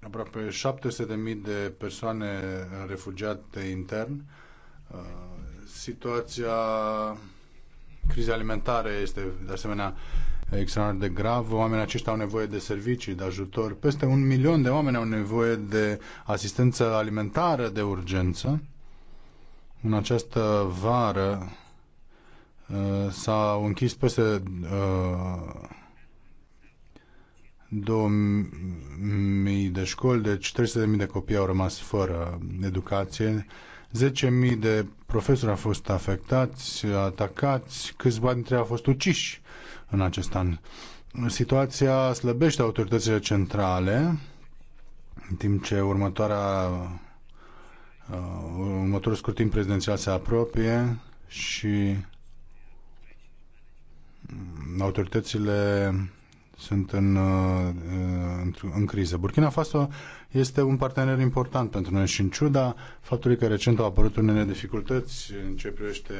aproape 700.000 de persoane refugiate intern. Eh, situația crizei alimentare este de asemenea extraordinar de grav. Oamenii aceștia au nevoie de servicii, de ajutor. Peste un milion de oameni au nevoie de asistență alimentară de urgență. În această vară uh, s-au închis peste uh, 2000 de școli, deci 300.000 de copii au rămas fără educație. 10.000 de profesori au fost afectați, atacați, câțiva dintre ei au fost uciși în acest an. Situația slăbește autoritățile centrale, în timp ce următoarea, uh, următorul scrutin prezidențial se apropie și mm, autoritățile sunt în, uh, uh, în, în criză. Burkina Faso este un partener important pentru noi și în ciuda faptului că recent au apărut unele dificultăți în ce privește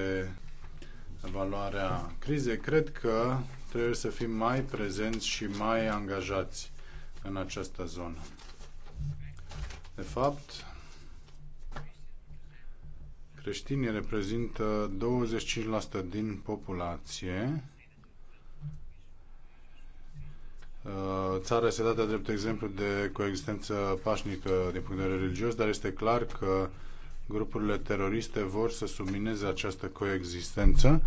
evaluarea crizei, cred că trebuie să fim mai prezenți și mai angajați în această zonă. De fapt, creștinii reprezintă 25% din populație. Țara este dată drept exemplu de coexistență pașnică din punct de vedere religios, dar este clar că grupurile teroriste vor să submineze această coexistență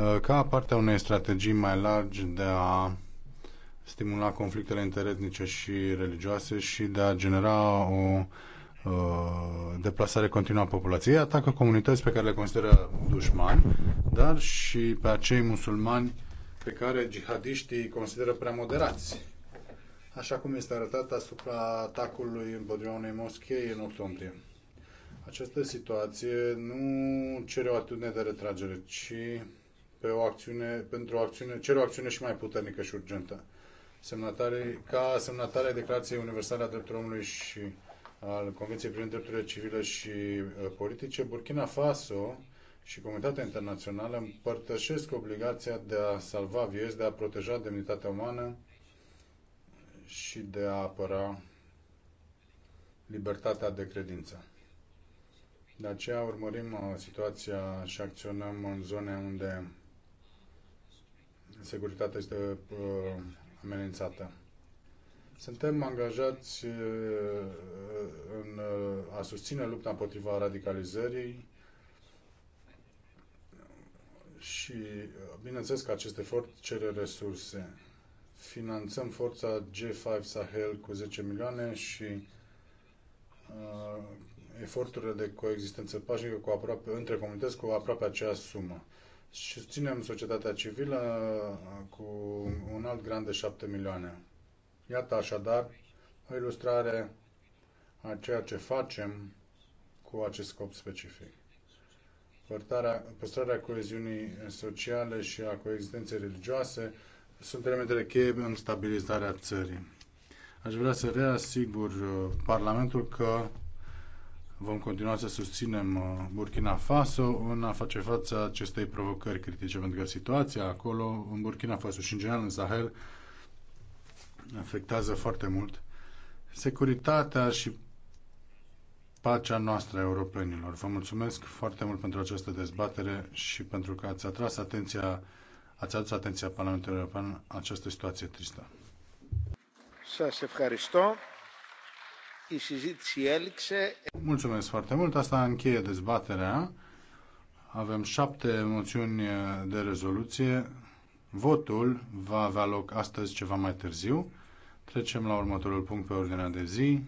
Uh, ca parte a unei strategii mai largi de a stimula conflictele interetnice și religioase și de a genera o uh, deplasare continuă a populației. Atacă comunități pe care le consideră dușmani, dar și pe acei musulmani pe care jihadiștii consideră prea moderați. Așa cum este arătat asupra atacului împotriva unei moschei în octombrie. Această situație nu cere o atitudine de retragere, ci pe o acțiune, pentru o acțiune, cer o acțiune și mai puternică și urgentă. Semnatare, ca semnatare a Declarației Universale a Drepturilor Omului și al Convenției privind drepturile civile și uh, politice, Burkina Faso și comunitatea internațională împărtășesc obligația de a salva vieți, de a proteja demnitatea umană și de a apăra libertatea de credință. De aceea urmărim uh, situația și acționăm în zone unde securitatea este uh, amenințată. Suntem angajați uh, în uh, a susține lupta împotriva radicalizării și, bineînțeles, că acest efort cere resurse. Finanțăm forța G5 Sahel cu 10 milioane și uh, eforturile de coexistență pașnică cu aproape, între comunități cu aproape aceeași sumă susținem societatea civilă uh, cu un alt grant de 7 milioane. Iată așadar o ilustrare a ceea ce facem cu acest scop specific. Păstrarea, păstrarea coeziunii sociale și a coexistenței religioase sunt elementele cheie în stabilizarea țării. Aș vrea să reasigur uh, Parlamentul că Vom continua să susținem uh, Burkina Faso în a face față acestei provocări critice, pentru că situația acolo, în Burkina Faso și în general în Sahel, afectează foarte mult securitatea și pacea noastră a europenilor. Vă mulțumesc foarte mult pentru această dezbatere și pentru că ați atras atenția, ați adus atenția Parlamentului European această situație tristă. Să se Mulțumesc foarte mult. Asta încheie dezbaterea. Avem șapte moțiuni de rezoluție. Votul va avea loc astăzi ceva mai târziu. Trecem la următorul punct pe ordinea de zi.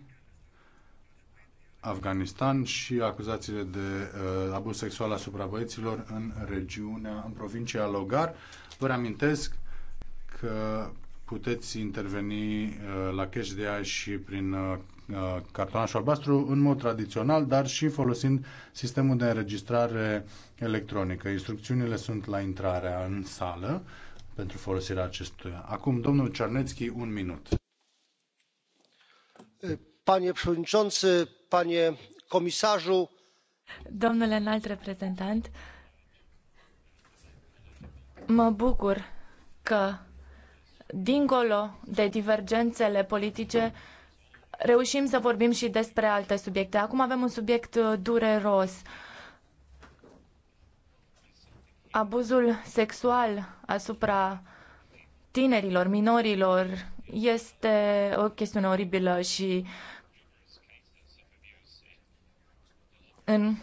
Afganistan și acuzațiile de uh, abuz sexual asupra băieților în regiunea, în provincia Logar. Vă reamintesc că puteți interveni uh, la cash de și prin uh, Uh, cartonaș albastru în mod tradițional, dar și folosind sistemul de înregistrare electronică. Instrucțiunile sunt la intrarea în sală pentru folosirea acestuia. Acum, domnul Cernețchi, un minut. Panie președinte, panie comisarul. Domnule înalt reprezentant, mă bucur că dincolo de divergențele politice reușim să vorbim și despre alte subiecte. Acum avem un subiect uh, dureros. Abuzul sexual asupra tinerilor, minorilor, este o chestiune oribilă și în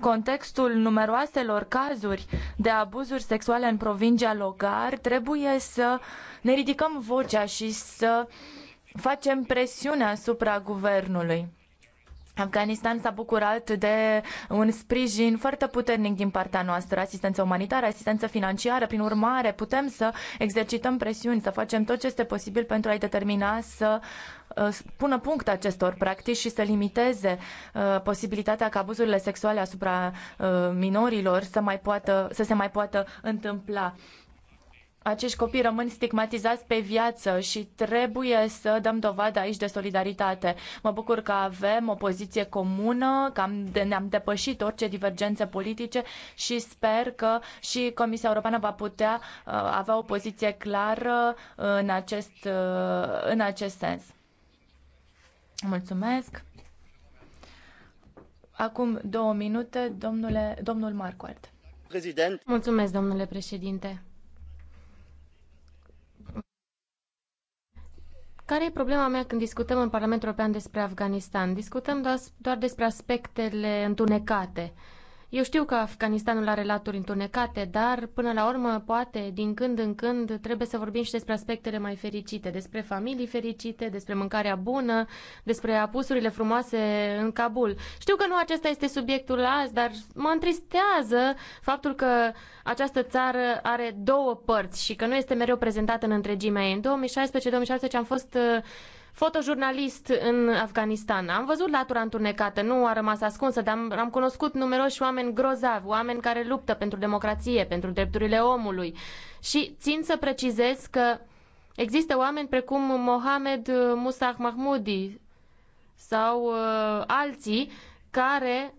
contextul numeroaselor cazuri de abuzuri sexuale în provincia Logar, trebuie să ne ridicăm vocea și să uh, facem presiune asupra guvernului. Afganistan s-a bucurat de un sprijin foarte puternic din partea noastră, asistență umanitară, asistență financiară. Prin urmare, putem să exercităm presiuni, să facem tot ce este posibil pentru a-i determina să uh, pună punct acestor practici și să limiteze uh, posibilitatea ca abuzurile sexuale asupra uh, minorilor să, mai poată, să se mai poată întâmpla acești copii rămân stigmatizați pe viață și trebuie să dăm dovadă aici de solidaritate. Mă bucur că avem o poziție comună, că am, ne-am depășit orice divergențe politice și sper că și Comisia Europeană va putea uh, avea o poziție clară în acest, uh, în acest sens. Mulțumesc. Acum două minute, domnule, domnul Marquardt. Mulțumesc, domnule președinte. Care e problema mea când discutăm în Parlamentul European despre Afganistan? Discutăm doar, despre aspectele întunecate eu știu că Afganistanul are laturi întunecate, dar până la urmă, poate, din când în când, trebuie să vorbim și despre aspectele mai fericite, despre familii fericite, despre mâncarea bună, despre apusurile frumoase în Kabul. Știu că nu acesta este subiectul azi, dar mă întristează faptul că această țară are două părți și că nu este mereu prezentată în întregimea ei. În 2016-2017 am fost uh, fotojurnalist în Afganistan. Am văzut latura întunecată, nu a rămas ascunsă, dar am, am cunoscut numeroși oameni grozavi, oameni care luptă pentru democrație, pentru drepturile omului. Și țin să precizez că există oameni precum Mohamed Musah Mahmoudi sau uh, alții care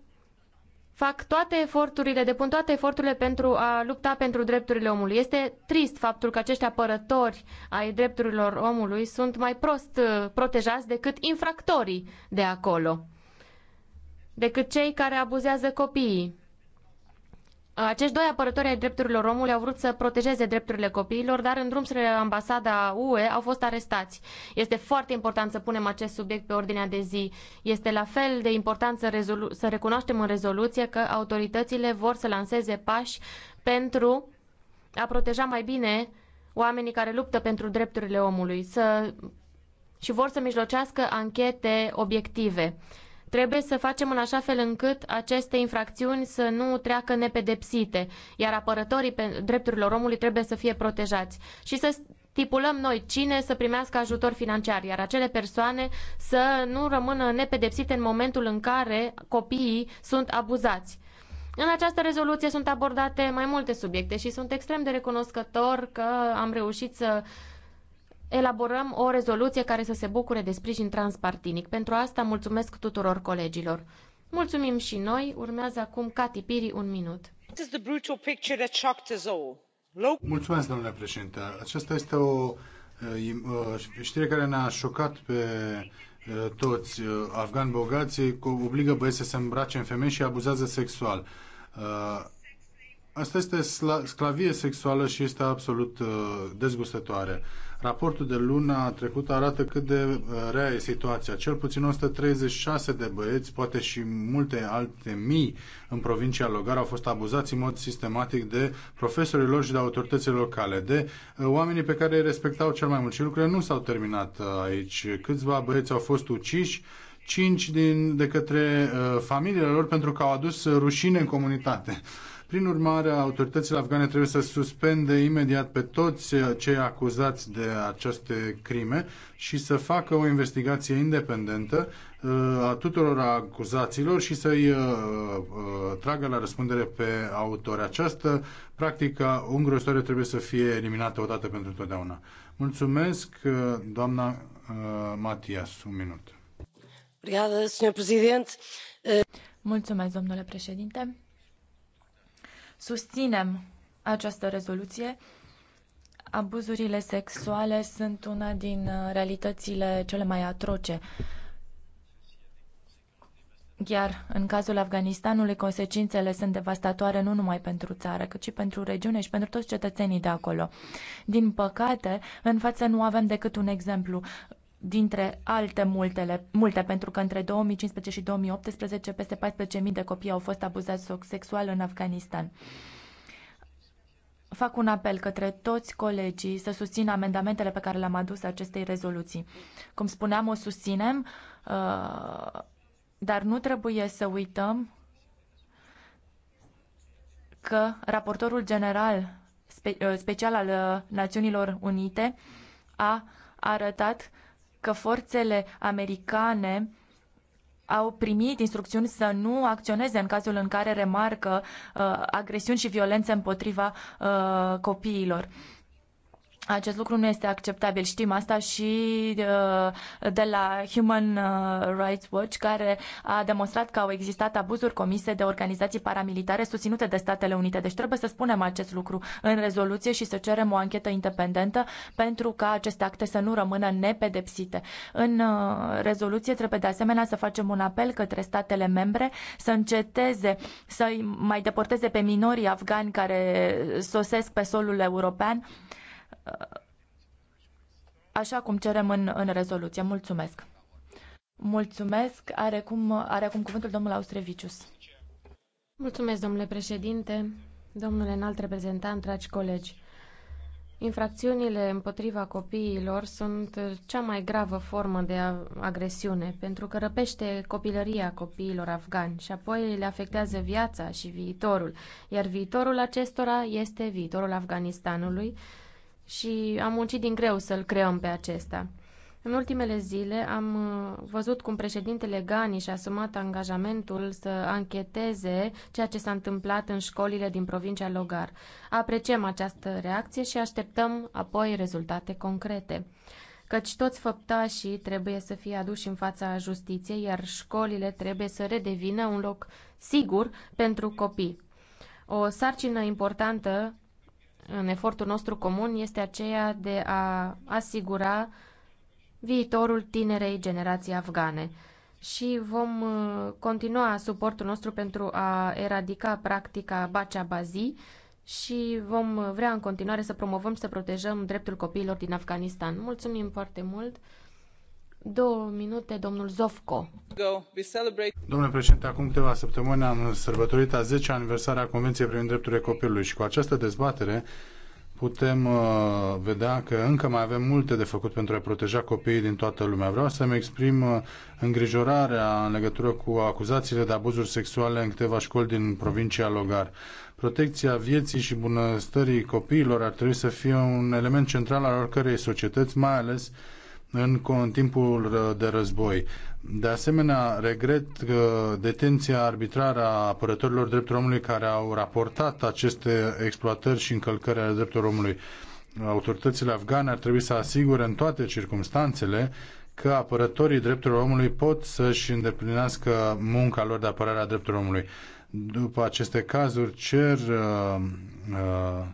fac toate eforturile, depun toate eforturile pentru a lupta pentru drepturile omului. Este trist faptul că acești apărători ai drepturilor omului sunt mai prost uh, protejați decât infractorii de acolo, decât cei care abuzează copiii. Acești doi apărători ai drepturilor omului au vrut să protejeze drepturile copiilor, dar în drum spre ambasada UE au fost arestați. Este foarte important să punem acest subiect pe ordinea de zi. Este la fel de important să, să recunoaștem în rezoluție că autoritățile vor să lanseze pași pentru a proteja mai bine oamenii care luptă pentru drepturile omului să... și vor să mijlocească anchete obiective. Trebuie să facem în așa fel încât aceste infracțiuni să nu treacă nepedepsite, iar apărătorii drepturilor omului trebuie să fie protejați și să stipulăm noi cine să primească ajutor financiar, iar acele persoane să nu rămână nepedepsite în momentul în care copiii sunt abuzați. În această rezoluție sunt abordate mai multe subiecte și sunt extrem de recunoscător că am reușit să elaborăm o rezoluție care să se bucure de sprijin transpartinic. Pentru asta mulțumesc tuturor colegilor. Mulțumim și noi. Urmează acum Cati Piri, un minut. Mulțumesc, domnule președinte. Aceasta este o uh, uh, știre care ne-a șocat pe uh, toți. Afgan bogații obligă băieți să se îmbrace în femei și abuzează sexual. Asta este sclavie sexuală și este absolut dezgustătoare. Raportul de luna trecută arată cât de uh, rea e situația. Cel puțin 136 de băieți, poate și multe alte mii în provincia Logar au fost abuzați în mod sistematic de profesorii lor și de autoritățile locale, de uh, oamenii pe care îi respectau cel mai mult. Și lucrurile nu s-au terminat uh, aici. Câțiva băieți au fost uciși, cinci din, de către familiile lor pentru că au adus rușine în comunitate. Prin urmare, autoritățile afgane trebuie să suspende imediat pe toți uh, cei acuzați de aceste crime și să facă o investigație independentă uh, a tuturor acuzaților și să-i uh, tragă la răspundere pe autori. Această practică îngrozitoare trebuie să fie eliminată odată pentru totdeauna. Mulțumesc, doamna Matias, un minut. Mulțumesc, domnule președinte. Susținem această rezoluție. Abuzurile sexuale sunt una din uh, realitățile cele mai atroce. Iar în cazul Afganistanului, consecințele sunt devastatoare nu numai pentru țară, cât și pentru regiune și pentru toți cetățenii de acolo. Din păcate, în față nu avem decât un exemplu dintre alte multele, multe, pentru că între 2015 și 2018 peste 14.000 de copii au fost abuzați sexual în Afganistan. Fac un apel către toți colegii să susțină amendamentele pe care le-am adus acestei rezoluții. Cum spuneam, o susținem, uh, dar nu trebuie să uităm că raportorul general uh, special al uh, Națiunilor Unite a arătat că forțele americane au primit instrucțiuni să nu acționeze în cazul în care remarcă uh, agresiuni și violențe împotriva uh, copiilor. Uh, acest lucru nu este acceptabil. Știm asta și uh, de la Human uh, Rights Watch, care a demonstrat că au existat abuzuri comise de organizații paramilitare susținute de Statele Unite. Deci trebuie să spunem acest lucru în rezoluție și să cerem o anchetă independentă pentru ca aceste acte să nu rămână nepedepsite. În uh, rezoluție trebuie de asemenea să facem un apel către statele membre să înceteze să mai deporteze pe minorii afgani care sosesc pe solul european așa cum cerem în, în rezoluție. Mulțumesc! Mulțumesc! Are cum, are acum cuvântul domnul Austrevicius. Mulțumesc, domnule președinte, domnule înalt reprezentant, dragi colegi. Infracțiunile împotriva copiilor sunt cea mai gravă formă de agresiune, pentru că răpește copilăria copiilor afgani și apoi le afectează viața și viitorul, iar viitorul acestora este viitorul Afganistanului, și am muncit din greu să-l creăm pe acesta. În ultimele zile am uh, văzut cum președintele Gani și-a asumat angajamentul să ancheteze ceea ce s-a întâmplat în școlile din provincia Logar. Apreciem această reacție și așteptăm apoi rezultate concrete. Căci toți făptașii trebuie să fie aduși în fața justiției, iar școlile trebuie să redevină un loc sigur pentru copii. O sarcină importantă în efortul nostru comun este aceea de a asigura viitorul tinerei generații afgane și vom uh, continua suportul nostru pentru a eradica practica Bacea Bazi și vom vrea în continuare să promovăm și să protejăm dreptul copiilor din Afganistan. Mulțumim foarte mult! Două minute, domnul Zofco. Domnule președinte, acum câteva săptămâni am sărbătorit a 10-a aniversare a Convenției privind drepturile copilului și cu această dezbatere putem uh, vedea că încă mai avem multe de făcut pentru a proteja copiii din toată lumea. Vreau să-mi exprim uh, îngrijorarea în legătură cu acuzațiile de abuzuri sexuale în câteva școli din provincia Logar. Protecția vieții și bunăstării copiilor ar trebui să fie un element central al oricărei societăți, mai ales uh, în, în timpul de război. De asemenea, regret că detenția arbitrară a apărătorilor drepturilor omului care au raportat aceste exploatări și încălcări ale drepturilor omului. Autoritățile afgane ar trebui să asigure în toate circunstanțele că apărătorii drepturilor omului pot să-și îndeplinească munca lor de apărare a drepturilor omului. După aceste cazuri, cer uh, uh,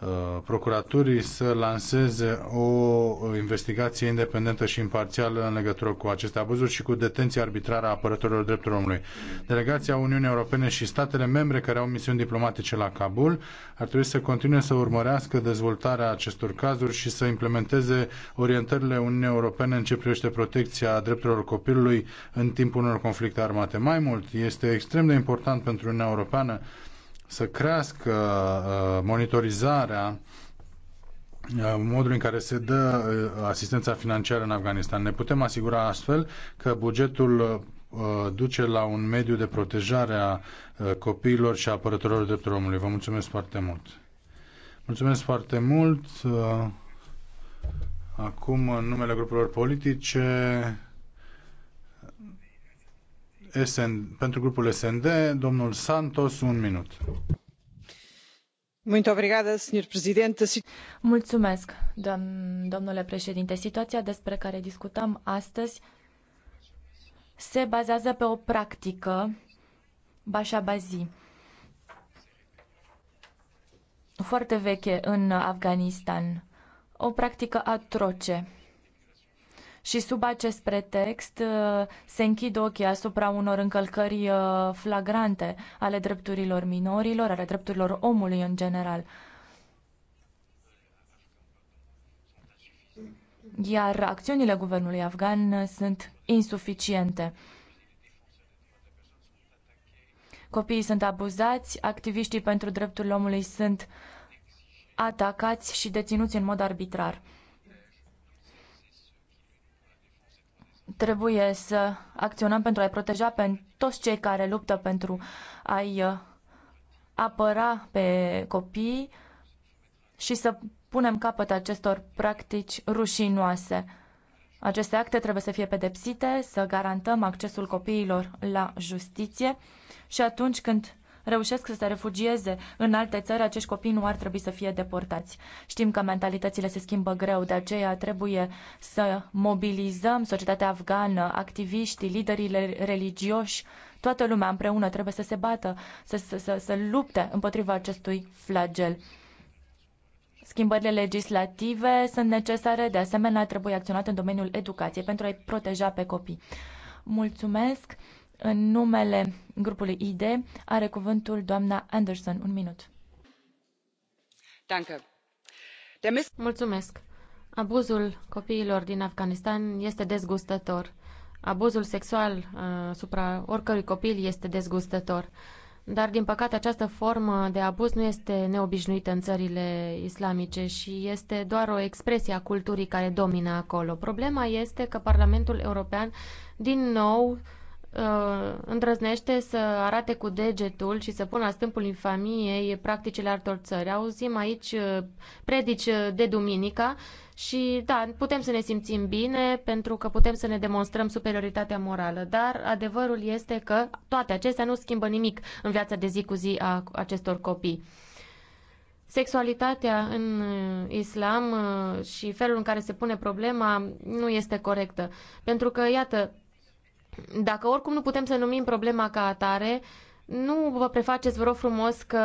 Uh, procuraturii să lanseze o investigație independentă și imparțială în legătură cu aceste abuzuri și cu detenția arbitrară a apărătorilor drepturilor omului. Delegația Uniunii Europene și statele membre care au misiuni diplomatice la Kabul ar trebui să continue să urmărească dezvoltarea acestor cazuri și să implementeze orientările Uniunii Europene în ce privește protecția drepturilor copilului în timpul unor conflicte armate. Mai mult, este extrem de important pentru Uniunea Europeană să crească uh, monitorizarea uh, modul în care se dă uh, asistența financiară în Afganistan. Ne putem asigura astfel că bugetul duce la un mediu de protejare a copiilor și a apărătorilor drepturilor omului. Vă mulțumesc foarte mult! Mulțumesc foarte mult! Acum, în numele grupurilor politice, SN, pentru grupul SND, domnul Santos, un minut. Mulțumesc, domnule președinte situația despre care discutăm astăzi se bazează pe o practică bașabazi foarte veche în afganistan o practică atroce. Și sub acest pretext uh, se închid ochii asupra unor încălcări uh, flagrante ale drepturilor minorilor, ale drepturilor omului în general. Iar acțiunile guvernului afgan uh, sunt insuficiente. Copiii sunt abuzați, activiștii pentru drepturile omului sunt atacați și deținuți în mod arbitrar. Trebuie să acționăm pentru a-i proteja pe toți cei care luptă pentru a-i uh, apăra pe copii și să punem capăt acestor practici rușinoase. Aceste acte trebuie să fie pedepsite, să garantăm accesul copiilor la justiție și atunci când reușesc să se refugieze în alte țări, acești copii nu ar trebui să fie deportați. Știm că mentalitățile se schimbă greu, de aceea trebuie să mobilizăm societatea afgană, activiștii, liderii religioși, toată lumea împreună trebuie să se bată, să, să, să, să lupte împotriva acestui flagel. Schimbările legislative sunt necesare, de asemenea trebuie acționat în domeniul educației pentru a-i proteja pe copii. Mulțumesc! În numele grupului ID are cuvântul doamna Anderson. Un minut. Mulțumesc. Abuzul copiilor din Afganistan este dezgustător. Abuzul sexual uh, asupra oricărui copil este dezgustător. Dar, din păcate, această formă de abuz nu este neobișnuită în țările islamice și este doar o expresie a culturii care domină acolo. Problema este că Parlamentul European, din nou, uh, îndrăznește să arate cu degetul și să pună la stâmpul infamiei practicile altor țări. Auzim aici uh, predici uh, de duminica și da, putem să ne simțim bine pentru că putem să ne demonstrăm superioritatea morală, dar adevărul este că toate acestea nu schimbă nimic în viața de zi cu zi a acestor copii. Sexualitatea în uh, islam și felul în care se pune problema nu este corectă. Pentru că, iată, dacă oricum nu putem să numim problema ca atare, nu vă prefaceți, vă rog frumos, că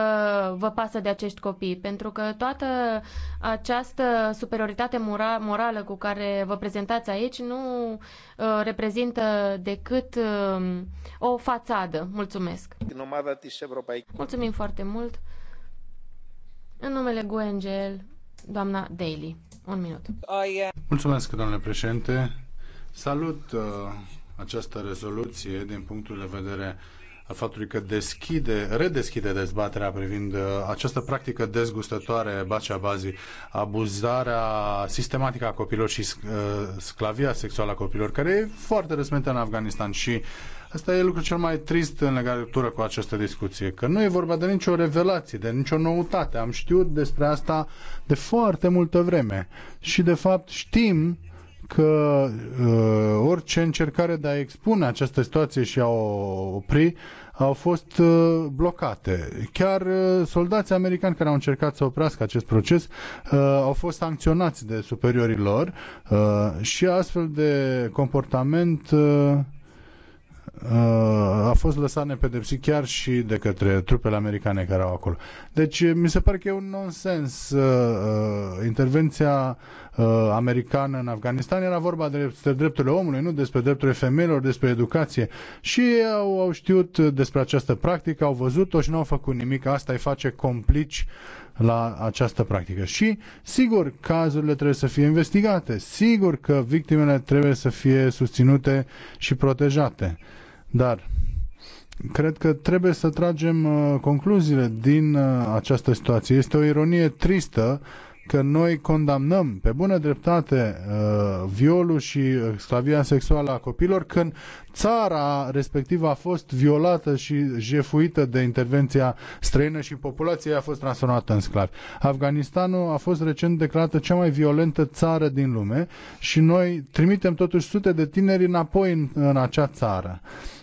vă pasă de acești copii, pentru că toată această superioritate mora, morală cu care vă prezentați aici nu uh, reprezintă decât uh, o fațadă. Mulțumesc! Mulțumim foarte mult! În numele Guengel, doamna Daly. Un minut. Uh, Mulțumesc, domnule președinte. Salut uh, această rezoluție din punctul de vedere a faptului că deschide, redeschide dezbaterea privind uh, această practică dezgustătoare, bacea bazii, abuzarea sistematică a copilor și uh, sclavia sexuală a copilor, care e foarte răspândită în Afganistan și Asta e lucrul cel mai trist în legătură cu această discuție, că nu e vorba de nicio revelație, de nicio noutate. Am știut despre asta de foarte multă vreme și, de fapt, știm uh, că uh, orice încercare de a expune această situație și a o opri au fost uh, blocate. Chiar uh, soldații americani care au încercat să oprească acest proces uh, au fost sancționați de superiorii lor uh, și astfel de comportament uh, Uh, a fost lăsat nepedepsit chiar și de către trupele americane care au acolo. Deci mi se pare că e un nonsens. Uh, uh, intervenția americană în Afganistan era vorba despre drepturile omului, nu despre drepturile femeilor, despre educație. Și ei au, au știut despre această practică, au văzut-o și nu au făcut nimic. Asta îi face complici la această practică. Și, sigur, cazurile trebuie să fie investigate. Sigur că victimele trebuie să fie susținute și protejate. Dar cred că trebuie să tragem uh, concluziile din uh, această situație. Este o ironie tristă că noi condamnăm pe bună dreptate uh, violul și sclavia sexuală a copilor când țara respectivă a fost violată și jefuită de intervenția străină și populația a fost transformată în sclavi. Afganistanul a fost recent declarată cea mai violentă țară din lume și noi trimitem totuși sute de tineri înapoi în, în acea țară. Uh,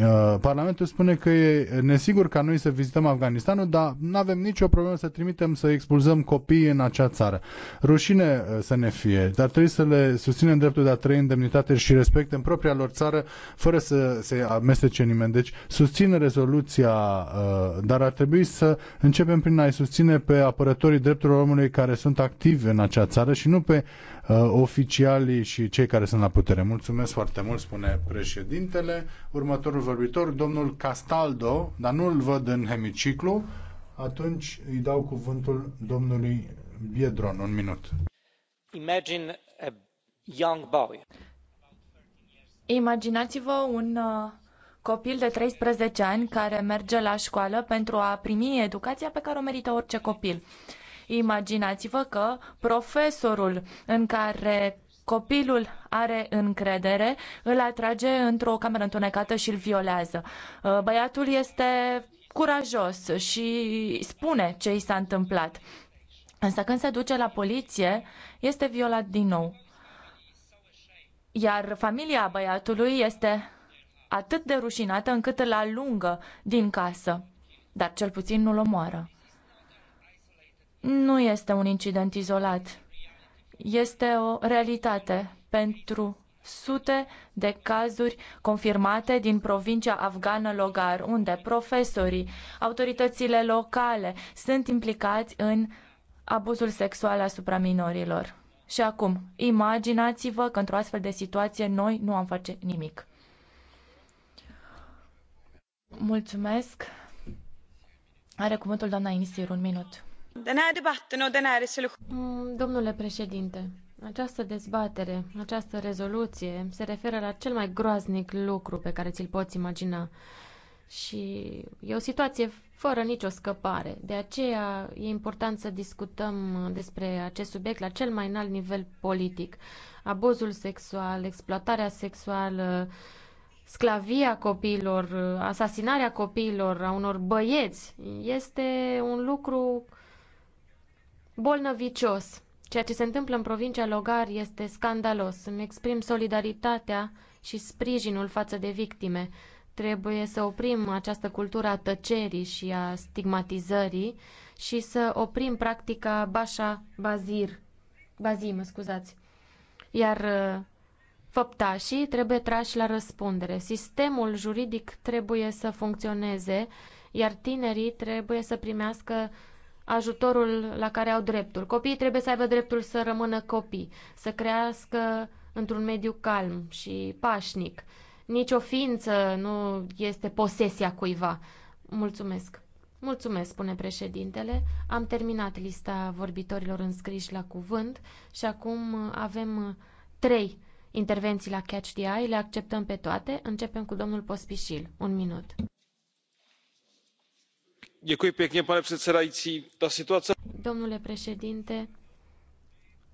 Uh, Parlamentul spune că e nesigur ca noi să vizităm Afganistanul, dar nu avem nicio problemă să trimitem să expulzăm copii în acea țară. Rușine uh, să ne fie, dar trebuie să le susținem dreptul de a trăi în demnitate și respect în propria lor țară, fără să se amestece nimeni. Deci susțin rezoluția, uh, dar ar trebui să începem prin a-i susține pe apărătorii drepturilor omului care sunt activi în acea țară și nu pe Uh, oficialii și cei care sunt la putere. Mulțumesc foarte mult, spune președintele. Următorul vorbitor, domnul Castaldo, dar nu îl văd în hemiciclu, atunci îi dau cuvântul domnului Biedron, un minut. Imagine a young boy. Imaginați-vă un uh, copil de 13 ani care merge la școală pentru a primi educația pe care o merită orice copil. Uh, Imaginați-vă că profesorul în care copilul are încredere, îl atrage într-o cameră întunecată și îl violează. Uh, băiatul este curajos și spune ce i s-a întâmplat. Însă când se duce la poliție, este violat din nou. Iar familia băiatului este atât de rușinată încât îl alungă din casă, dar cel puțin nu-l omoară nu este un incident izolat. Este o realitate pentru sute de cazuri confirmate din provincia afgană Logar, unde profesorii, autoritățile locale sunt implicați în abuzul sexual asupra minorilor. Și acum, imaginați-vă că într-o astfel de situație noi nu am face nimic. Mulțumesc. Are cuvântul doamna Inisir, un minut. Mm, domnule președinte, această dezbatere, această rezoluție se referă la cel mai groaznic lucru pe care ți-l poți imagina. Și e o situație fără nicio scăpare. De aceea e important să discutăm despre acest subiect la cel mai înalt nivel politic. Abuzul sexual, exploatarea sexuală, sclavia copiilor, asasinarea copiilor a unor băieți este un lucru uh, bolnăvicios. Ceea ce se întâmplă în provincia Logar este scandalos. Îmi exprim solidaritatea și sprijinul față de victime. Trebuie să oprim această cultură a tăcerii și a stigmatizării și să oprim practica Bașa Bazir. Bazii, mă scuzați. Iar uh, făptașii trebuie trași la răspundere. Sistemul juridic trebuie să funcționeze, iar tinerii trebuie să primească ajutorul la care au dreptul. Copiii trebuie să aibă dreptul să rămână copii, să crească într-un mediu calm și pașnic. Nici o ființă nu este posesia cuiva. Mulțumesc. Mulțumesc, spune președintele. Am terminat lista vorbitorilor înscriși la cuvânt și acum avem trei intervenții la Catch the Eye. Le acceptăm pe toate. Începem cu domnul Pospișil. Un minut domnule președinte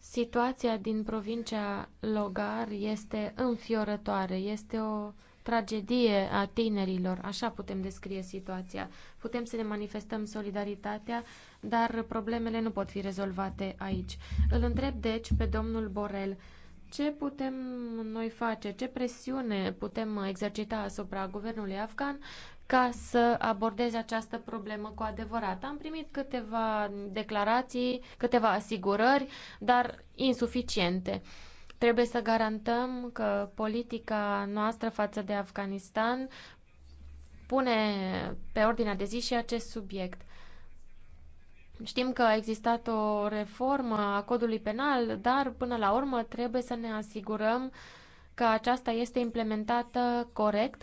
situația din provincia logar este înfiorătoare este o tragedie a tinerilor așa putem descrie situația. putem să ne manifestăm solidaritatea dar problemele nu pot fi rezolvate aici. îl întreb deci pe domnul borrell ce putem noi face, ce presiune putem exercita asupra guvernului afgan ca să abordeze această problemă cu adevărat. Am primit câteva declarații, câteva asigurări, dar insuficiente. Trebuie să garantăm că politica noastră față de Afganistan pune pe ordinea de zi și acest subiect. Știm că a existat o reformă a codului penal, dar până la urmă trebuie să ne asigurăm că aceasta este implementată corect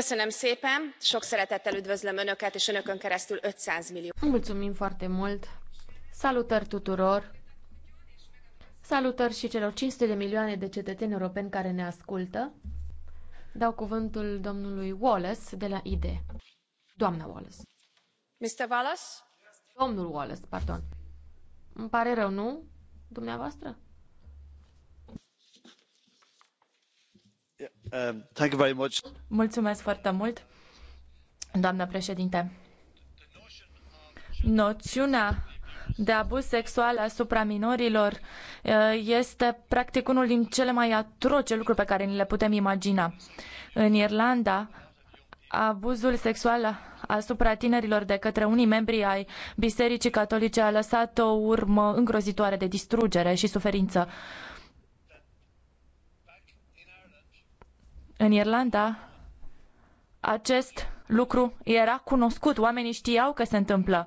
domnule președinte sok szeretettel üdvözlöm önöket és önökön keresztül 500 millió. Mulțumim foarte mult. Salutări tuturor. Salutări și celor 500 de milioane de cetățeni europeni care ne ascultă. Dau cuvântul domnului Wallace de la ID. Doamna Wallace. Mr. Wallace? Domnul Wallace, pardon. Îmi pare rău, nu? Dumneavoastră? Um, Mulțumesc foarte mult, doamnă președinte. Noțiunea de abuz sexual asupra minorilor uh, este practic unul din cele mai atroce lucruri pe care ni le putem imagina. În Irlanda, abuzul sexual asupra tinerilor de către unii membri ai Bisericii Catolice a lăsat o urmă îngrozitoare de distrugere și suferință. În Irlanda, acest lucru era cunoscut, oamenii știau că se întâmplă,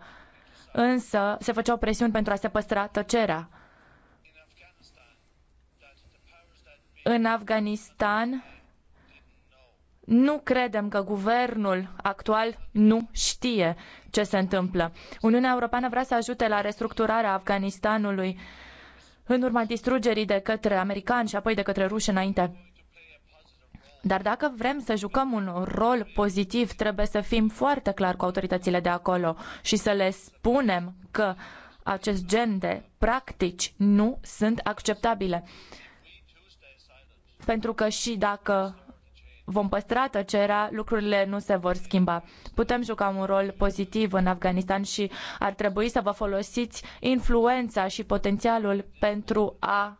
însă se făceau presiuni pentru a se păstra tăcerea. În Afganistan, nu credem că guvernul actual nu știe ce se întâmplă. Uniunea Europeană vrea să ajute la restructurarea Afganistanului în urma distrugerii de către americani și apoi de către ruși înainte dar dacă vrem să jucăm un rol pozitiv, trebuie să fim foarte clar cu autoritățile de acolo și să le spunem că acest gen de practici nu sunt acceptabile. Pentru că și dacă vom păstra tăcerea, lucrurile nu se vor schimba. Putem juca un rol pozitiv în Afganistan și ar trebui să vă folosiți influența și potențialul pentru a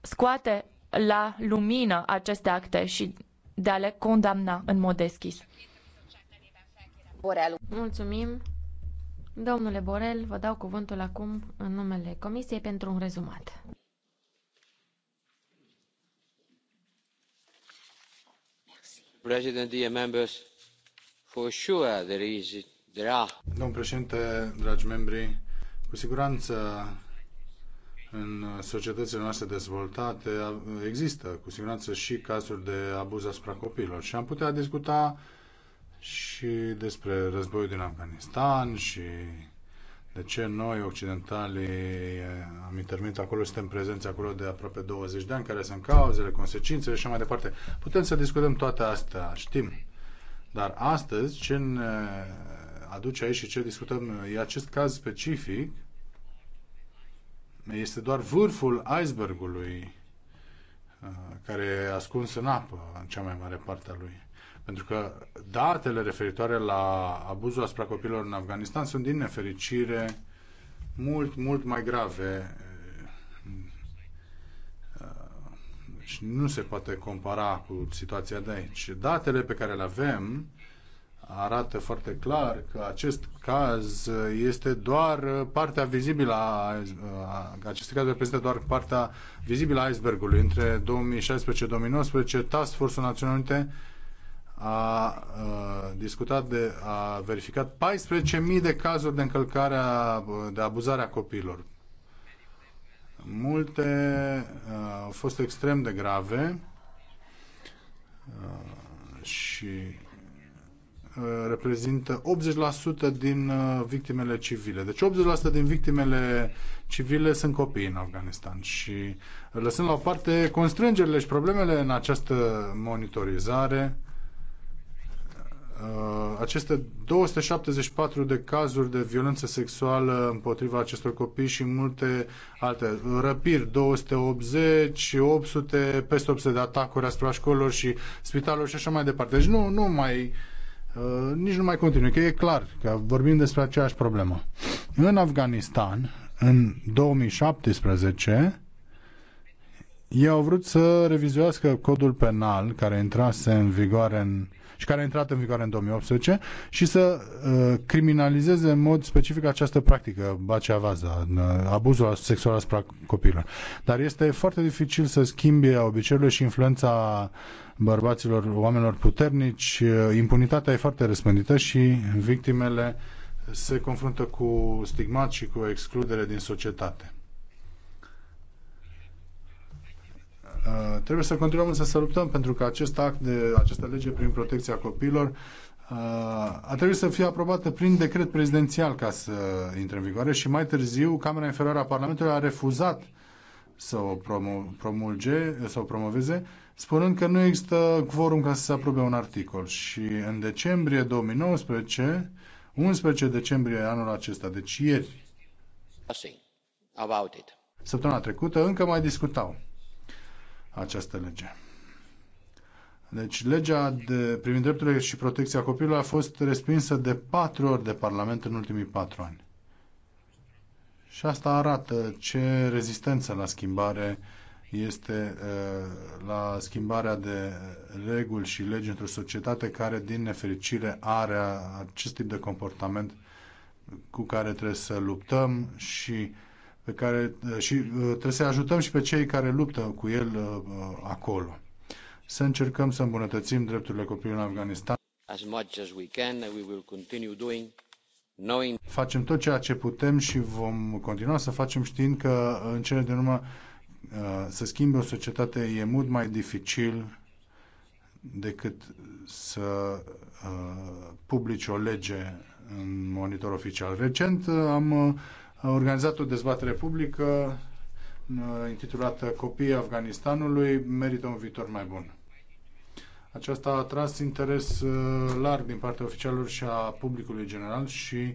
scoate la lumină aceste acte și de a le condamna în mod deschis. Mulțumim. Domnule Borel, vă dau cuvântul acum în numele Comisiei pentru un rezumat. President, dear members, for sure there is, there are... Domnul președinte, dragi membri, cu siguranță în societățile noastre dezvoltate există cu siguranță și cazuri de abuz asupra copiilor și am putea discuta și despre războiul din Afganistan și de ce noi, occidentalii, am intervenit acolo, suntem prezenți acolo de aproape 20 de ani, care sunt cauzele, consecințele și așa mai departe. Putem să discutăm toate astea, știm. Dar astăzi, ce ne aduce aici și ce discutăm e acest caz specific este doar vârful icebergului uh, care e ascuns în apă, în cea mai mare parte a lui. Pentru că datele referitoare la abuzul asupra copilor în Afganistan sunt, din nefericire, mult, mult mai grave uh, și nu se poate compara cu situația de aici. Datele pe care le avem arată foarte clar că acest caz este doar partea vizibilă a, a acest caz reprezintă doar partea vizibilă a icebergului. Între 2016-2019, Task Force-ul Națiunilor Unite a, a discutat de, a verificat 14.000 de cazuri de încălcare de abuzare a copiilor. Multe a, au fost extrem de grave a, și Uh, reprezintă 80% din uh, victimele civile. Deci 80% din victimele civile sunt copii în Afganistan și uh, lăsând la o parte constrângerile și problemele în această monitorizare, aceste 274 de cazuri de violență sexuală împotriva acestor copii și multe alte răpiri, 280, 800, peste 800 de atacuri asupra școlilor și spitalelor și așa mai departe. Deci nu, nu mai uh, Uh, nici nu mai continui, că e clar că vorbim despre aceeași problemă. În Afganistan, în 2017, ei au vrut să revizuiască codul penal care intrase în vigoare în și care a intrat în vigoare în 2018 și să uh, criminalizeze în mod specific această practică, baceavaza, uh, abuzul sexual asupra copiilor. Dar este foarte dificil să schimbe obiceiurile și influența uh, bărbaților, oamenilor puternici. Impunitatea e foarte răspândită și victimele se confruntă cu stigmat și cu excludere din societate. Trebuie să continuăm însă să luptăm pentru că acest act de această lege prin protecția copiilor a trebuit să fie aprobată prin decret prezidențial ca să intre în vigoare și mai târziu Camera Inferioară a Parlamentului a refuzat să o promulge, să o promoveze spunând că nu există quorum ca să se aprobe un articol. Și în decembrie 2019, 11 decembrie anul acesta, deci ieri, about it. săptămâna trecută, încă mai discutau această lege. Deci legea de, privind drepturile și protecția copilului a fost respinsă de patru ori de Parlament în ultimii patru ani. Și asta arată ce rezistență la schimbare este uh, la schimbarea de reguli și legi într-o societate care, din nefericire, are acest tip de comportament cu care trebuie să luptăm și pe care uh, și uh, trebuie să ajutăm și pe cei care luptă cu el acolo. Să încercăm să îmbunătățim drepturile copiilor în Afganistan. As much as we can, we will continue doing Facem tot ceea ce putem și vom continua să facem știind că în cele din urmă Uh, să schimbi o societate e mult mai dificil decât să uh, publici o lege în monitor oficial. Recent uh, am uh, organizat o dezbatere publică uh, intitulată Copiii Afganistanului merită un viitor mai bun. Aceasta a atras interes uh, larg din partea oficialilor și a publicului general și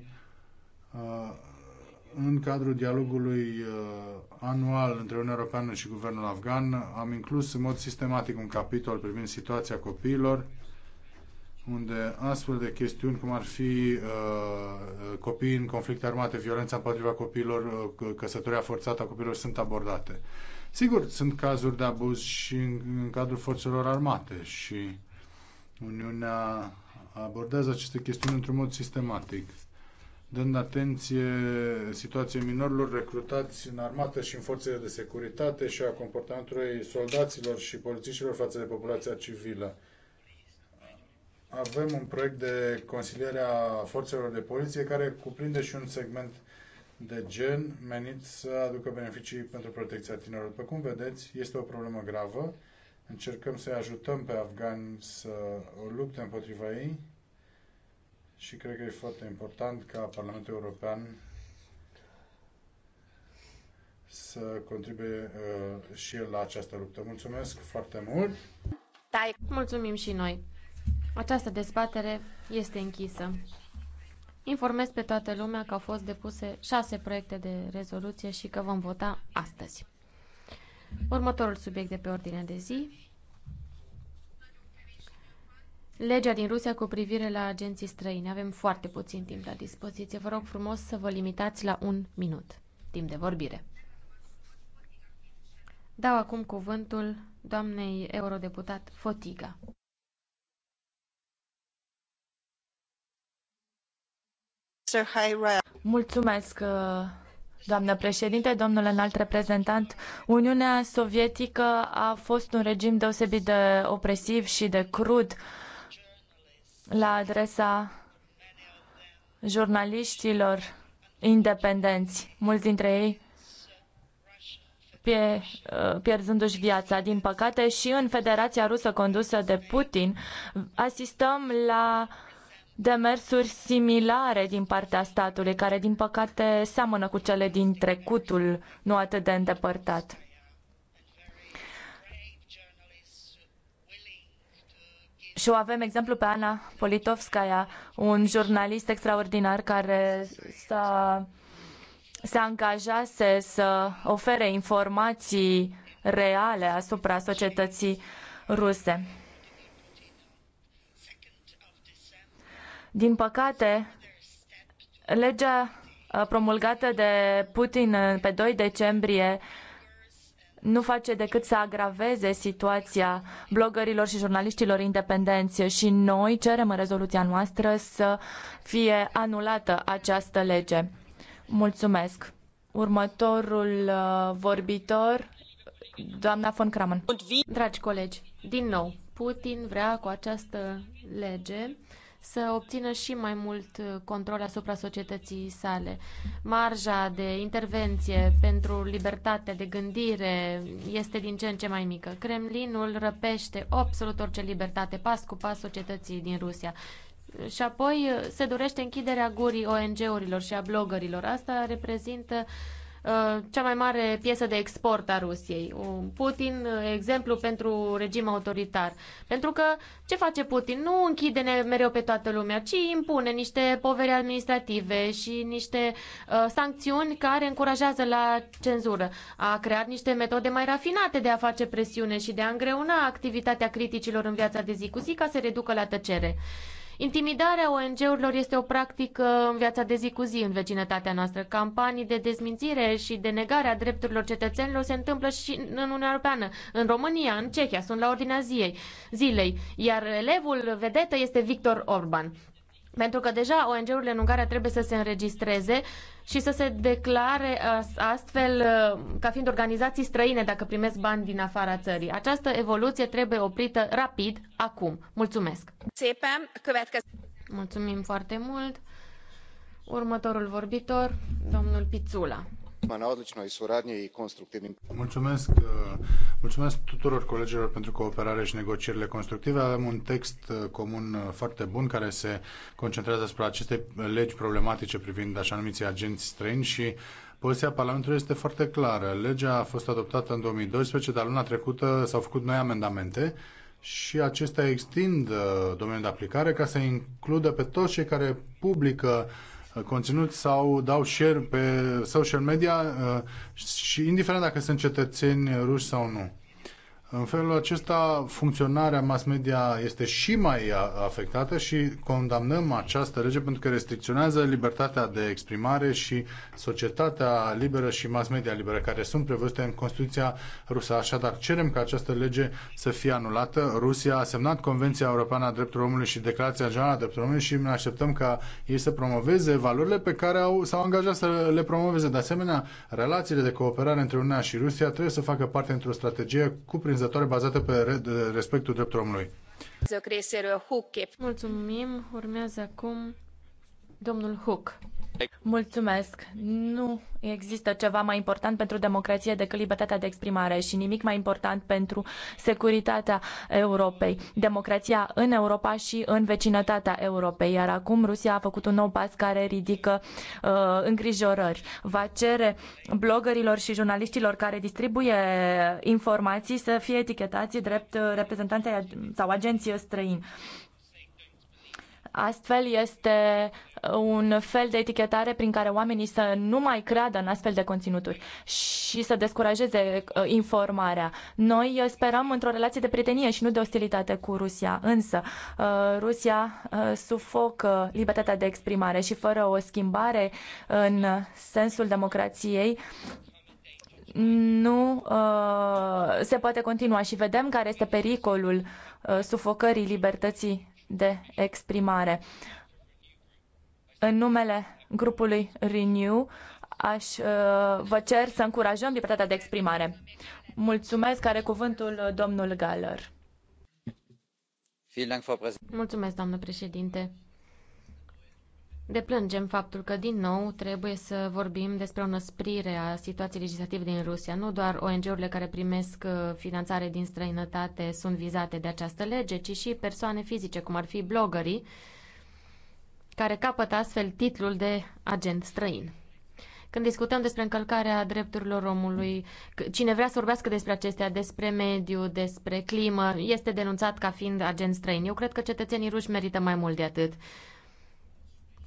în cadrul dialogului uh, anual între Uniunea Europeană și Guvernul Afgan am inclus în mod sistematic un capitol privind situația copiilor, unde astfel de chestiuni cum ar fi uh, copii în conflicte armate, violența împotriva copiilor, uh, căsătoria forțată a copiilor sunt abordate. Sigur, sunt cazuri de abuz și în, în cadrul forțelor armate și Uniunea abordează aceste chestiuni într-un mod sistematic dând atenție situației minorilor recrutați în armată și în forțele de securitate și a comportamentului soldaților și polițiștilor față de populația civilă. Avem un proiect de consiliere a forțelor de poliție care cuprinde și un segment de gen menit să aducă beneficii pentru protecția tinerilor. După cum vedeți, este o problemă gravă. Încercăm să-i ajutăm pe afgani să lupte împotriva ei și cred că e foarte important ca Parlamentul European să contribuie uh, și el la această luptă. Mulțumesc foarte mult! Da, mulțumim și noi! Această dezbatere este închisă. Informez pe toată lumea că au fost depuse șase proiecte de rezoluție și că vom vota astăzi. Următorul subiect de pe ordinea de zi legea din Rusia cu privire la agenții străini. Avem foarte puțin timp la dispoziție. Vă rog frumos să vă limitați la un minut timp de vorbire. Dau acum cuvântul doamnei eurodeputat Fotiga. Mulțumesc, uh, doamnă președinte, domnule înalt reprezentant. Uniunea Sovietică a fost un regim deosebit de opresiv și de crud. Uh, la adresa jurnaliștilor independenți, mulți dintre ei pie, uh, pierzându-și viața, din păcate, și în Federația Rusă condusă de Putin, asistăm la demersuri similare din partea statului, care, din păcate, seamănă cu cele din trecutul nu atât de îndepărtat. și o avem exemplu pe Ana Politovskaya, un jurnalist extraordinar care s-a, se angajase să ofere informații reale asupra societății ruse. Din păcate, legea uh, promulgată de Putin pe 2 decembrie nu face decât să agraveze situația blogărilor și jurnaliștilor independenți și noi cerem în rezoluția noastră să fie anulată această lege. Mulțumesc. Următorul uh, vorbitor, doamna von Kramen. Dragi colegi, din nou, Putin vrea cu această lege să obțină și mai mult uh, control asupra societății sale. Marja de intervenție pentru libertatea de gândire este din ce în ce mai mică. Kremlinul răpește absolut orice libertate, pas cu pas societății din Rusia. Și apoi uh, se dorește închiderea gurii ONG-urilor și a blogărilor. Asta reprezintă uh, Uh, cea mai mare piesă de export a Rusiei. Putin, uh, exemplu pentru regim autoritar. Pentru că ce face Putin? Nu închide mereu pe toată lumea, ci impune niște poveri administrative și niște uh, sancțiuni care încurajează la cenzură. A creat niște metode mai rafinate de a face presiune și de a îngreuna activitatea criticilor în viața de zi cu zi ca să reducă la tăcere. Uh, Intimidarea ONG-urilor este o practică în viața de zi cu zi în vecinătatea noastră. Campanii de dezmințire și de negare a drepturilor cetățenilor se întâmplă și în Uniunea Europeană, în România, în Cehia, sunt la ordinea zilei, zilei iar elevul vedetă este Victor Orban. Pentru că deja ONG-urile în Ungaria trebuie să se înregistreze și să se declare uh, astfel uh, ca fiind organizații străine dacă primesc bani din afara țării. Această evoluție trebuie oprită rapid, acum. Mulțumesc! Mulțumim foarte mult! Următorul vorbitor, domnul Pițula. Mulțumesc, uh, mulțumesc tuturor colegilor pentru cooperare și negocierile constructive. Avem un text uh, comun uh, foarte bun care se concentrează asupra acestei legi problematice privind așa numiții agenți străini și Poziția Parlamentului este foarte clară. Legea a fost adoptată în 2012, dar luna trecută s-au făcut noi amendamente și acestea extind domeniul de aplicare ca să includă pe toți cei care publică uh, conținut sau dau share pe social media uh, și indiferent dacă sunt cetățeni ruși sau nu. În felul acesta, funcționarea mass media este și mai afectată și condamnăm această lege pentru că restricționează libertatea de exprimare și societatea liberă și mass media liberă, care sunt prevăzute în Constituția rusă. Așadar, cerem ca această lege să fie anulată. Rusia a semnat Convenția Europeană a Drepturilor Omului și Declarația Generală a Drepturilor Omului și ne așteptăm ca ei să promoveze valorile pe care au, s-au angajat să le promoveze. De asemenea, relațiile de cooperare între Uniunea și Rusia trebuie să facă parte într-o strategie cuprinzătoare corespunzătoare bazată pe respectul drepturilor omului. Mulțumim. Urmează acum domnul Hook. Mulțumesc. Nu există ceva mai important pentru democrație decât libertatea de exprimare și nimic mai important pentru securitatea Europei, democrația în Europa și în vecinătatea Europei. Iar acum Rusia a făcut un nou pas care ridică uh, îngrijorări. Va cere blogărilor și jurnaliștilor care distribuie informații să fie etichetați drept uh, reprezentanți sau agenții străini. Astfel este un fel de etichetare prin care oamenii să nu mai creadă în astfel de conținuturi și să descurajeze uh, informarea. Noi uh, sperăm într-o relație de prietenie și nu de ostilitate cu Rusia, însă uh, Rusia sufocă libertatea de exprimare și fără o schimbare în sensul democrației, nu uh, se poate continua și vedem care este pericolul uh, sufocării libertății de exprimare. Uh, în numele grupului Renew, aș, uh, vă cer să încurajăm libertatea de exprimare. Mulțumesc, are cuvântul domnul Galler. Mulțumesc, doamnă președinte. Deplângem faptul că, din nou, trebuie să vorbim despre o năsprire a situației legislative din Rusia. Nu doar ONG-urile care primesc uh, finanțare din străinătate sunt vizate de această lege, ci și persoane fizice, cum ar fi blogării, care capătă astfel titlul de agent străin. Când discutăm despre încălcarea drepturilor omului, cine vrea să vorbească despre acestea, despre mediu, despre climă, este denunțat ca fiind agent străin. Eu cred că cetățenii ruși merită mai mult de atât.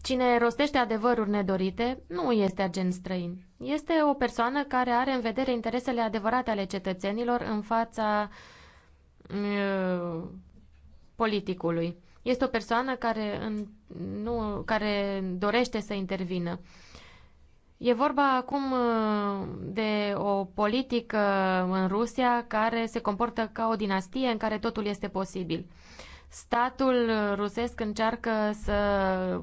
Cine rostește adevăruri nedorite nu este agent străin. Este o persoană care are în vedere interesele adevărate ale cetățenilor în fața uh, politicului. Este o persoană care, în, nu, care dorește să intervină. E vorba acum uh, de o politică uh, în Rusia care se comportă ca o dinastie în care totul este posibil. Statul uh, rusesc încearcă să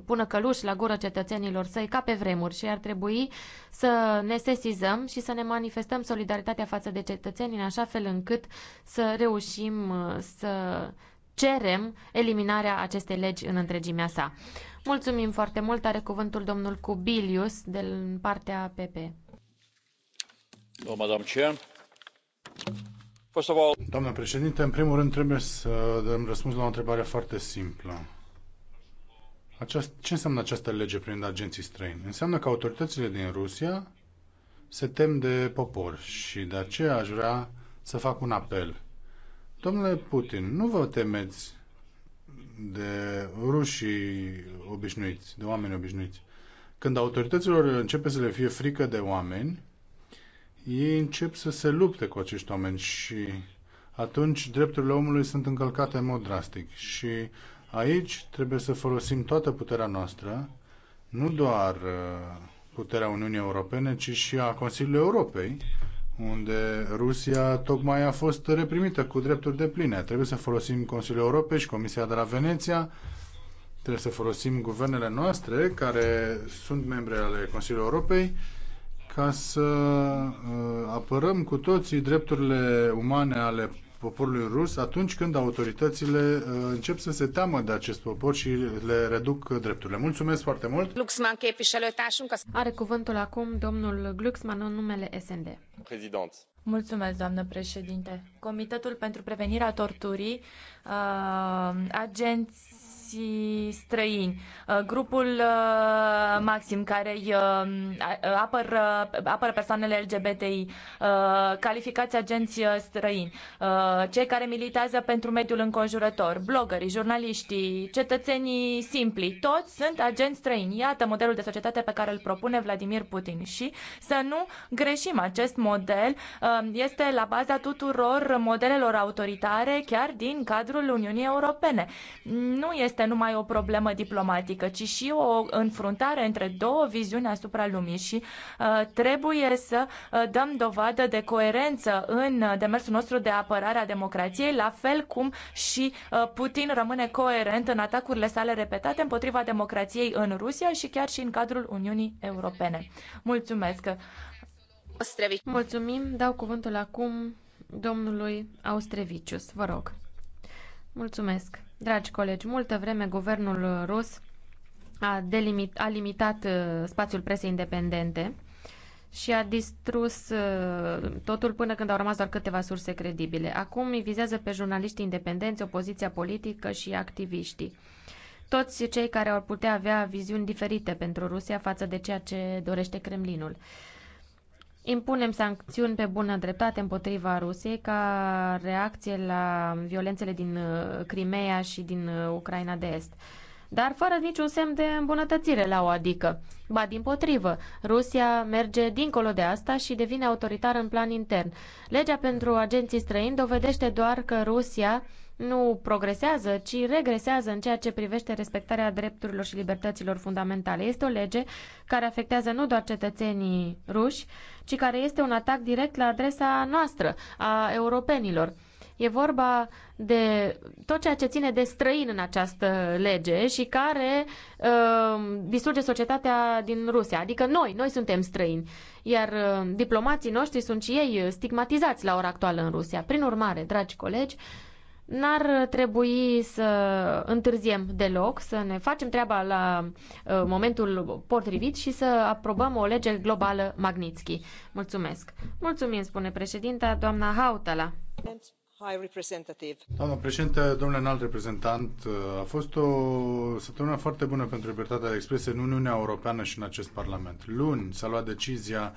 pună căluși la gură cetățenilor săi ca pe vremuri și ar trebui să ne sesizăm și să ne manifestăm solidaritatea față de cetățenii în așa fel încât să reușim să cerem eliminarea acestei legi în întregimea sa. Mulțumim foarte mult. Are cuvântul domnul Cubilius din partea PP. Doamnă președinte, în primul rând trebuie să dăm răspuns la o întrebare foarte simplă. Aceast, ce înseamnă această lege prin agenții străini? Înseamnă că autoritățile din Rusia se tem de popor și de aceea aș vrea să fac un apel Domnule Putin, nu vă temeți de rușii obișnuiți, de oameni obișnuiți. Când autorităților începe să le fie frică de oameni, ei încep să se lupte cu acești oameni și atunci drepturile omului sunt încălcate în mod drastic. Și aici trebuie să folosim toată puterea noastră, nu doar uh, puterea Uniunii Europene, ci și a Consiliului Europei, unde Rusia tocmai a fost reprimită cu drepturi de pline. Trebuie să folosim Consiliul Europei și Comisia de la Veneția, trebuie să folosim guvernele noastre care sunt membre ale Consiliului Europei ca să uh, apărăm cu toții drepturile umane ale poporului rus atunci când autoritățile uh, încep să se teamă de acest popor și le reduc drepturile. Mulțumesc foarte mult! Glucksmann, Are cuvântul acum domnul Glucksmann în numele SND. Prezident. Mulțumesc, doamnă președinte. Comitetul pentru prevenirea torturii, uh, agenți soldații străini, uh, grupul uh, Maxim care uh, apără, apără persoanele LGBTI, calificați agenții străini, cei care militează pentru mediul înconjurător, blogării, jurnaliștii, cetățenii simpli, toți sunt agenți străini. Iată modelul de societate pe care îl propune Vladimir Putin și să nu greșim acest model este la baza tuturor modelelor autoritare chiar din cadrul Uniunii Europene. Nu este este numai o problemă diplomatică, ci și o înfruntare între două viziuni asupra lumii și uh, trebuie să uh, dăm dovadă de coerență în demersul nostru de apărare a democrației, la fel cum și uh, Putin rămâne coerent în atacurile sale repetate împotriva democrației în Rusia și chiar și în cadrul Uniunii Europene. Mulțumesc! Mulțumim. Dau cuvântul acum domnului Austrevicius. Vă rog. Mulțumesc. Dragi colegi, multă vreme guvernul rus a, delimit, a limitat uh, spațiul presei independente și a distrus uh, totul până când au rămas doar câteva surse credibile. Acum îi vizează pe jurnaliștii independenți, opoziția politică și activiștii. Toți cei care ar putea avea viziuni diferite pentru Rusia față de ceea ce dorește Kremlinul. Impunem sancțiuni pe bună dreptate împotriva Rusiei ca reacție la violențele din uh, Crimea și din uh, Ucraina de Est. Dar fără niciun semn de îmbunătățire la o adică. Ba din potrivă, Rusia merge dincolo de asta și devine autoritară în plan intern. Legea pentru agenții străini dovedește doar că Rusia nu progresează, ci regresează în ceea ce privește respectarea drepturilor și libertăților fundamentale. Este o lege care afectează nu doar cetățenii ruși, ci care este un atac direct la adresa noastră, a europenilor. E vorba de tot ceea ce ține de străin în această lege și care uh, distruge societatea din Rusia. Adică noi, noi suntem străini, iar uh, diplomații noștri sunt și ei stigmatizați la ora actuală în Rusia. Prin urmare, dragi colegi, uh, n-ar trebui să întârziem deloc, să ne facem treaba la uh, momentul potrivit și să aprobăm o lege globală Magnitsky. Mulțumesc. Mulțumim, spune președinta, doamna Hautala. Doamna președintă, domnule înalt reprezentant, uh, a fost o săptămână foarte bună pentru libertatea de expresie în Uniunea Europeană și în acest Parlament. Luni s-a luat decizia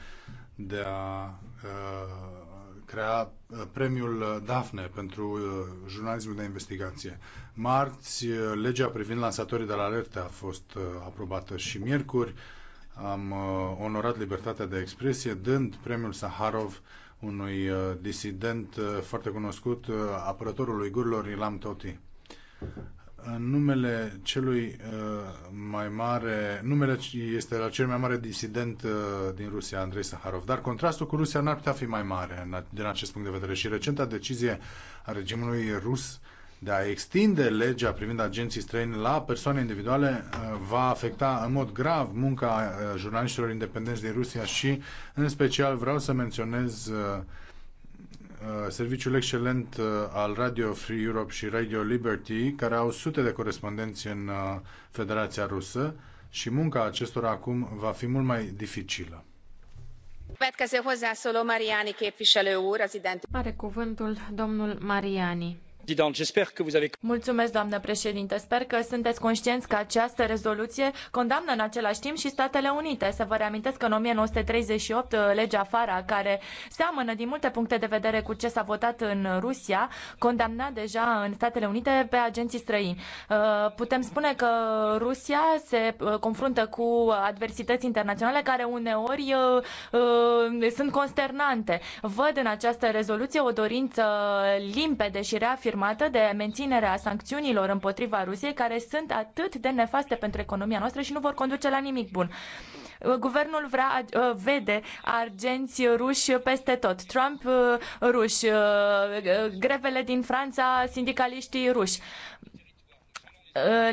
de a uh, crea uh, premiul uh, DAFNE pentru uh, jurnalismul de investigație. Marți, legea privind lansatorii de la alerte a fost aprobată și miercuri. Am onorat libertatea de expresie dând premiul Saharov unui disident foarte cunoscut, apărătorul uigurilor Ilam Toti. În numele celui uh, mai mare, numele este la cel mai mare disident uh, din Rusia, Andrei Saharov, dar contrastul cu Rusia n-ar putea fi mai mare din acest punct de vedere și recenta decizie a regimului rus de a extinde legea privind agenții străini la persoane individuale uh, va afecta în mod grav munca jurnaliștilor independenți din Rusia și, în special, vreau să menționez Uh, serviciul excelent uh, al Radio Free Europe și Radio Liberty, care au sute de corespondenți în uh, Federația Rusă și munca acestora acum va fi mult mai dificilă. Are cuvântul domnul Mariani. Mulțumesc, doamnă președinte. Sper că sunteți conștienți că această rezoluție condamnă în același timp și Statele Unite. Să vă reamintesc că în opt uh, legea FARA, care seamănă din multe puncte de vedere cu ce s-a votat în Rusia, condamna deja în Statele Unite pe agenții străini. Uh, putem spune că Rusia se uh, confruntă cu adversități internaționale care uneori sunt consternante. Văd în această rezoluție o dorință limpede și reafirmată confirmată de menținerea sancțiunilor împotriva Rusiei, care sunt atât de nefaste pentru economia noastră și nu vor conduce la nimic bun. Uh, guvernul vrea, uh, vede argenți ruși peste tot. Trump uh, ruși, grevele din Franța, sindicaliștii ruși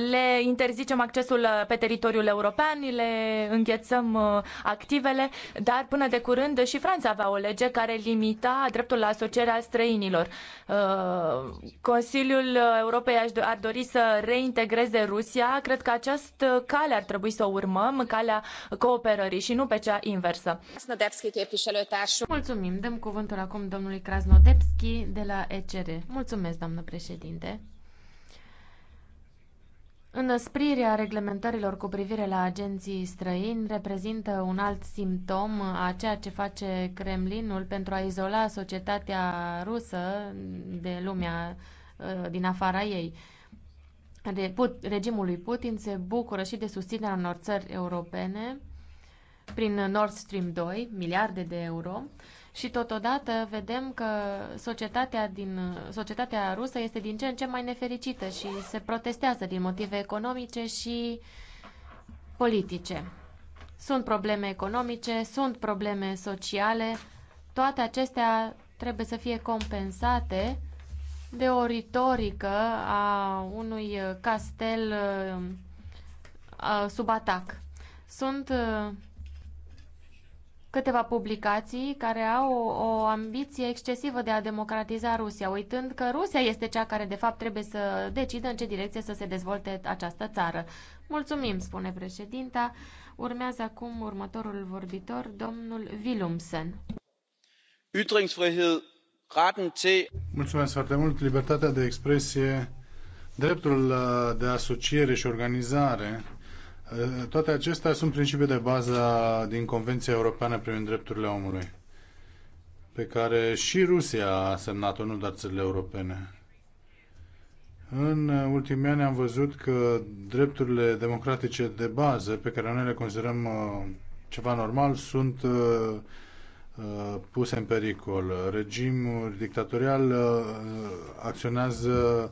le interzicem accesul uh, pe teritoriul european, le înghețăm uh, activele, dar până de curând și Franța avea o lege care limita dreptul la asociere al străinilor. Uh, Consiliul Europei ar dori să reintegreze Rusia. Cred că acest cale ar trebui să o urmăm, calea cooperării și nu pe cea inversă. Mulțumim. Dăm cuvântul acum domnului Krasnodebski de la ECR. Mulțumesc, doamnă președinte. Înăsprirea reglementărilor cu privire la agenții străini reprezintă un alt simptom a ceea ce face Kremlinul pentru a izola societatea rusă de lumea uh, din afara ei. Regimul lui Putin se bucură și de susținerea unor țări europene prin Nord Stream 2, miliarde de euro, și totodată vedem că societatea, din, societatea rusă este din ce în ce mai nefericită și se protestează din motive economice și politice. Sunt probleme economice, sunt probleme sociale, toate acestea trebuie să fie compensate de o ritorică a unui castel uh, sub atac. Sunt uh, câteva publicații care au o, o ambiție excesivă de a democratiza Rusia, uitând că Rusia este cea care de fapt trebuie să decidă în ce direcție să se dezvolte această țară. Mulțumim, spune președinta. Urmează acum următorul vorbitor, domnul Willumsen. Mulțumesc foarte mult. Libertatea de expresie, dreptul de asociere și organizare Eh, toate acestea sunt principii de bază din Convenția Europeană privind drepturile omului, pe care și Rusia a semnat-o, nu doar țările europene. În ultimii ani am văzut că drepturile democratice de bază, pe care noi le considerăm eh, ceva normal, sunt eh, puse în pericol. Regimul dictatorial acționează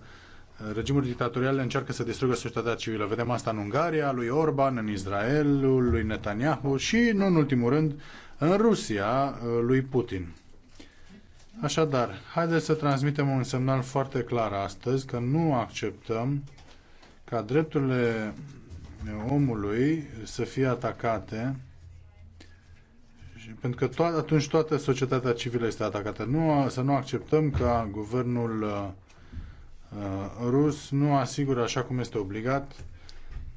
Regimuri dictatoriale încearcă să distrugă societatea civilă. Vedem asta în Ungaria, lui Orban, în Israelul, lui Netanyahu și, nu în ultimul rând, în Rusia, uh, lui Putin. Așadar, haideți să transmitem un semnal foarte clar astăzi că nu acceptăm ca drepturile omului să fie atacate pentru că to- atunci toată societatea civilă este atacată. Nu, să nu acceptăm ca guvernul uh, Uh, rus nu asigură așa cum este obligat,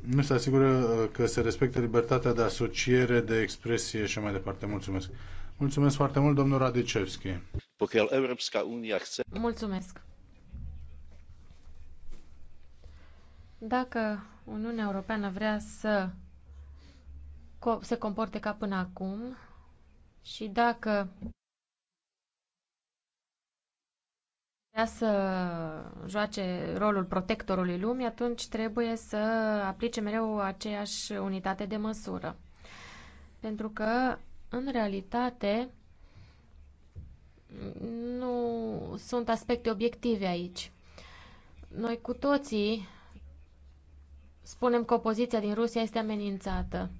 nu se asigură uh, că se respectă libertatea de asociere, de expresie și mai departe. Mulțumesc. Mulțumesc foarte mult, domnul Radicevski. Mulțumesc. Dacă Uniunea Europeană vrea să se comporte ca până acum și dacă vrea să joace rolul protectorului lumii, atunci trebuie să aplice mereu aceeași unitate de măsură. Pentru că, în realitate, nu sunt aspecte obiective aici. Noi cu toții spunem că opoziția din Rusia este amenințată.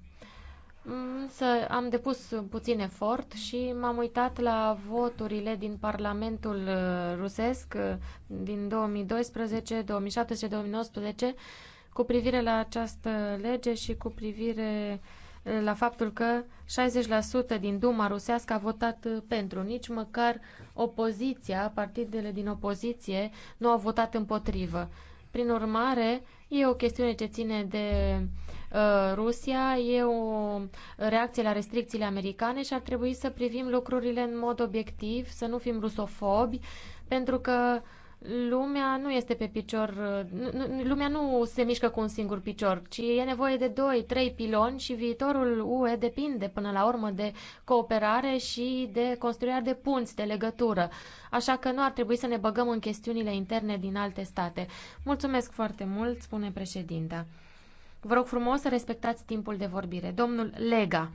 Însă am depus puțin efort și m-am uitat la voturile din Parlamentul uh, rusesc uh, din 2012, 2017, 2019 cu privire la această lege și cu privire uh, la faptul că 60% din Duma rusească a votat pentru. Nici măcar opoziția, partidele din opoziție, nu au votat împotrivă. Prin urmare, E o chestiune ce ține de uh, Rusia, e o reacție la restricțiile americane și ar trebui să privim lucrurile în mod obiectiv, să nu fim rusofobi, pentru că uh, lumea nu este pe picior, nu, lumea nu se mișcă cu un singur picior, ci e nevoie de doi, trei piloni și viitorul UE depinde până la urmă de cooperare și de construirea de punți, de legătură. Așa că nu ar trebui să ne băgăm în chestiunile interne din alte state. Mulțumesc foarte mult, spune președinta. Vă rog frumos să respectați timpul de vorbire. Domnul Lega.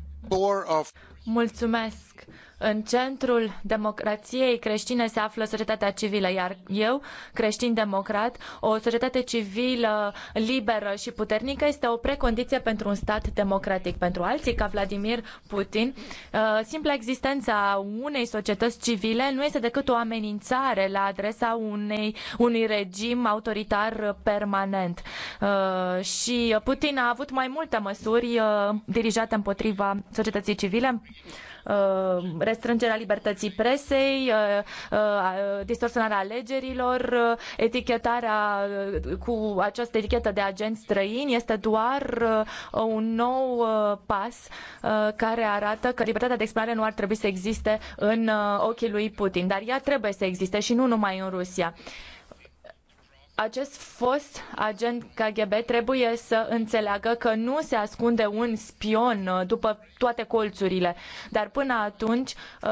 Mulțumesc. În centrul democrației creștine se află societatea civilă, iar eu, creștin-democrat, o societate civilă liberă și puternică este o precondiție pentru un stat democratic. Pentru alții, ca Vladimir Putin, uh, simpla existența unei societăți civile nu este decât o amenințare la adresa unei, unui regim autoritar permanent. Uh, și Putin a avut mai multe măsuri uh, dirijate împotriva societății civile, Uh, restrângerea libertății presei, uh, uh, distorsionarea alegerilor, etichetarea cu această etichetă de agenți străini este doar un nou pas care arată că libertatea de exprimare nu ar trebui să existe în ochii lui Putin, dar ea trebuie să existe și nu numai în Rusia acest fost agent KGB trebuie să înțeleagă că nu se ascunde un spion uh, după toate colțurile. Dar până atunci, uh,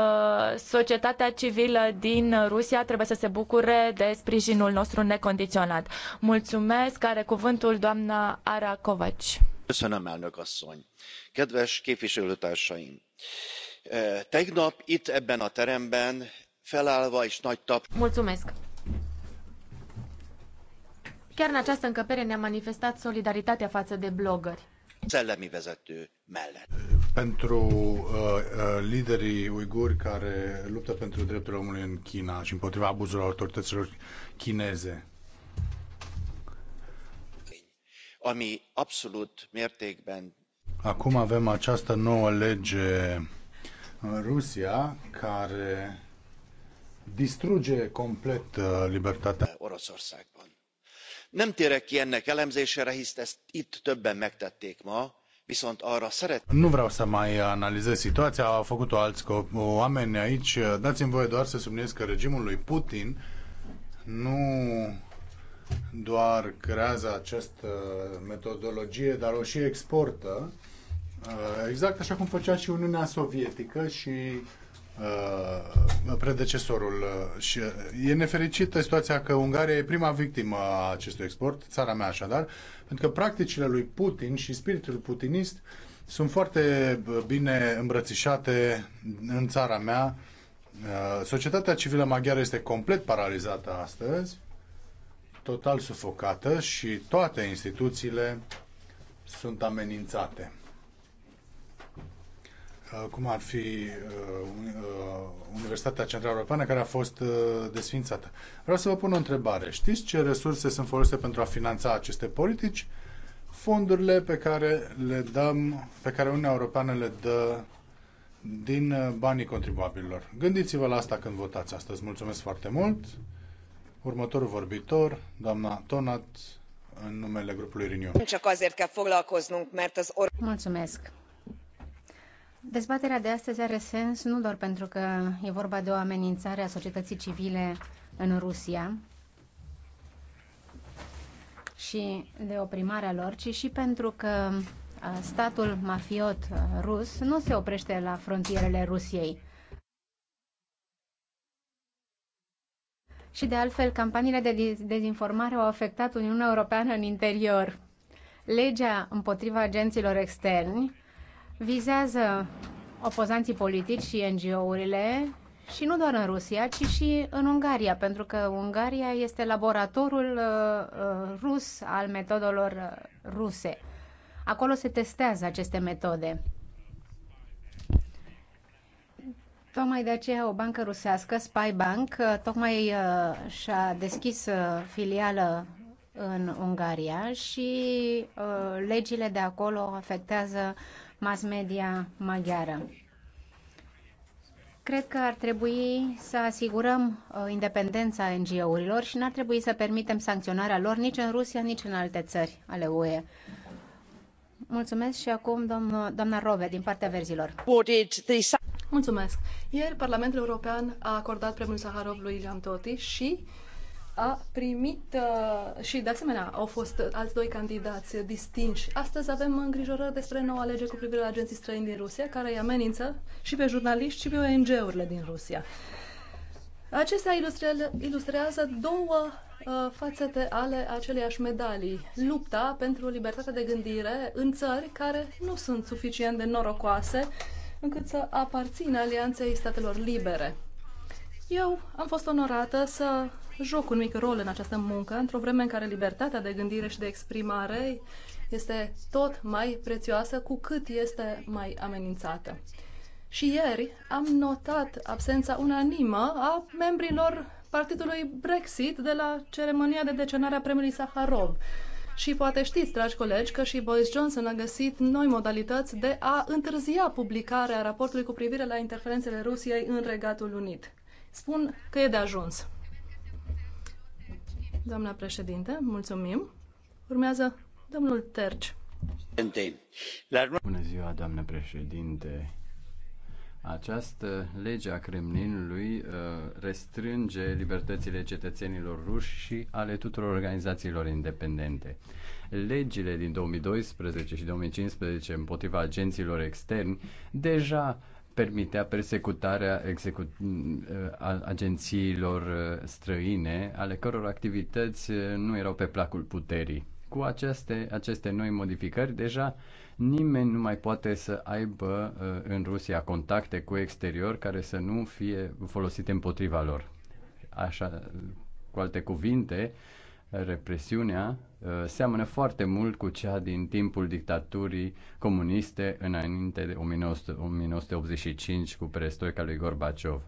societatea civilă din Rusia trebuie să se bucure de sprijinul nostru necondiționat. Mulțumesc, are cuvântul doamna Ara Kovacs. Köszönöm, elnök asszony. Kedves képviselőtársaim! Eh, tegnap itt ebben a teremben felállva és nagy tap... Mulțumesc! Chiar în această încăpere ne-a manifestat solidaritatea față de blogări. Pentru uh, uh, liderii uiguri care luptă pentru drepturile omului în China și împotriva abuzurilor autorităților chineze. Ami absolut mértékben. Acum avem această nouă lege în Rusia care distruge complet uh, libertatea nem térek ki ennek elemzésére hisz ezt itt többen megtették ma viszont arra szeretném... Nu vreau să mai analizez situația, au făcut-o alți oameni aici. Dați-mi voie doar să subliniez că regimul lui Putin nu doar creează această metodologie, dar o și exportă, exact așa cum făcea și Uniunea Sovietică și Uh, predecesorul uh, și uh, e nefericită situația că Ungaria e prima victimă a acestui export, țara mea așadar, pentru că practicile lui Putin și spiritul putinist sunt foarte bine îmbrățișate în țara mea. Societatea civilă maghiară este complet paralizată astăzi, total sufocată și toate instituțiile sunt amenințate cum ar fi uh, uh, Universitatea Centrală Europeană, care a fost uh, desfințată. Vreau să vă pun o întrebare. Știți ce resurse sunt folosite pentru a finanța aceste politici? Fondurile pe care le dăm, pe care Uniunea Europeană le dă din banii contribuabililor. Gândiți-vă la asta când votați astăzi. Mulțumesc foarte mult. Următorul vorbitor, doamna Tonat, în numele grupului Renew. or- Mulțumesc. Dezbaterea de astăzi are sens nu doar pentru că e vorba de o amenințare a societății civile în Rusia și de oprimarea lor, ci și pentru că statul mafiot rus nu se oprește la frontierele Rusiei. Și de altfel, campaniile de dezinformare au afectat Uniunea Europeană în interior. Legea împotriva agenților externi vizează opozanții politici și NGO-urile și nu doar în Rusia, ci și în Ungaria, pentru că Ungaria este laboratorul uh, uh rus al metodelor uh, ruse. Acolo se testează aceste metode. Tocmai de aceea o bancă rusească, Spy Bank, uh, tocmai uh, și-a deschis uh, filială în Ungaria și uh, legile de acolo afectează uh, mass media maghiară. Cred că ar trebui să asigurăm uh, independența NGO-urilor și n-ar trebui să permitem sancționarea lor nici în Rusia, nici în alte țări ale UE. Mulțumesc și acum domn, doamna Rove din partea verzilor. Mulțumesc. Ieri Parlamentul European a acordat premiul Saharov lui Ilham Toti și a primit uh, și, de asemenea, au fost alți doi candidați distinși. Astăzi avem îngrijorări despre noua lege cu privire la agenții străini din Rusia, care îi amenință și pe jurnaliști și pe ONG-urile din Rusia. Acestea ilustrează două uh, fațete ale aceleiași medalii. Lupta pentru libertatea de gândire în țări care nu sunt suficient de norocoase încât să aparțină Alianței Statelor Libere. Eu am fost onorată să joc un mic rol în această muncă, într-o vreme în care libertatea de gândire și de exprimare este tot mai prețioasă cu cât este mai amenințată. Și ieri am notat absența unanimă a membrilor partidului Brexit de la ceremonia de decenare a premiului Saharov. Și poate știți, dragi colegi, că și Boris Johnson a găsit noi modalități de a întârzia publicarea raportului cu privire la interferențele Rusiei în Regatul Unit. Spun că e de ajuns doamna președinte, mulțumim. Urmează domnul Terci. Bună ziua, doamnă președinte. Această lege a Kremlinului uh, restrânge libertățile cetățenilor ruși și ale tuturor organizațiilor independente. Legile din 2012 și 2015 împotriva agenților externi deja permitea persecutarea execu- agențiilor uh, străine, ale căror activități uh, nu erau pe placul puterii. Cu aceste, aceste noi modificări, deja nimeni nu mai poate să aibă uh, în Rusia contacte cu exterior care să nu fie folosite împotriva lor. Așa, cu alte cuvinte, represiunea Uh, seamănă foarte mult cu cea din timpul dictaturii comuniste înainte de 1985 cu perestroica lui Gorbaciov.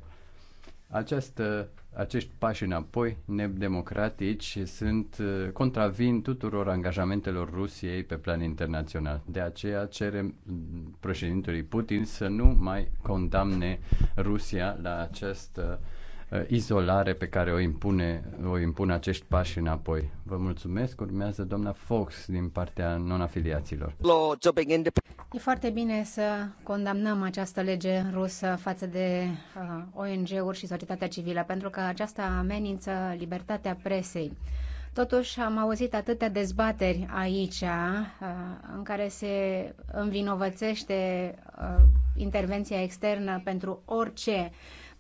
Această, acești pași înapoi nedemocratici sunt uh, contravin tuturor angajamentelor Rusiei pe plan internațional. De aceea cerem președintelui Putin să nu mai condamne Rusia la această uh, Uh, izolare pe care o impune, o impune acești pași înapoi. Vă mulțumesc. Urmează doamna Fox din partea non-afiliaților. E foarte bine să condamnăm această lege rusă față de uh, ONG-uri și societatea civilă, pentru că aceasta amenință libertatea presei. Totuși am auzit atâtea dezbateri aici uh, în care se învinovățește uh, intervenția externă pentru orice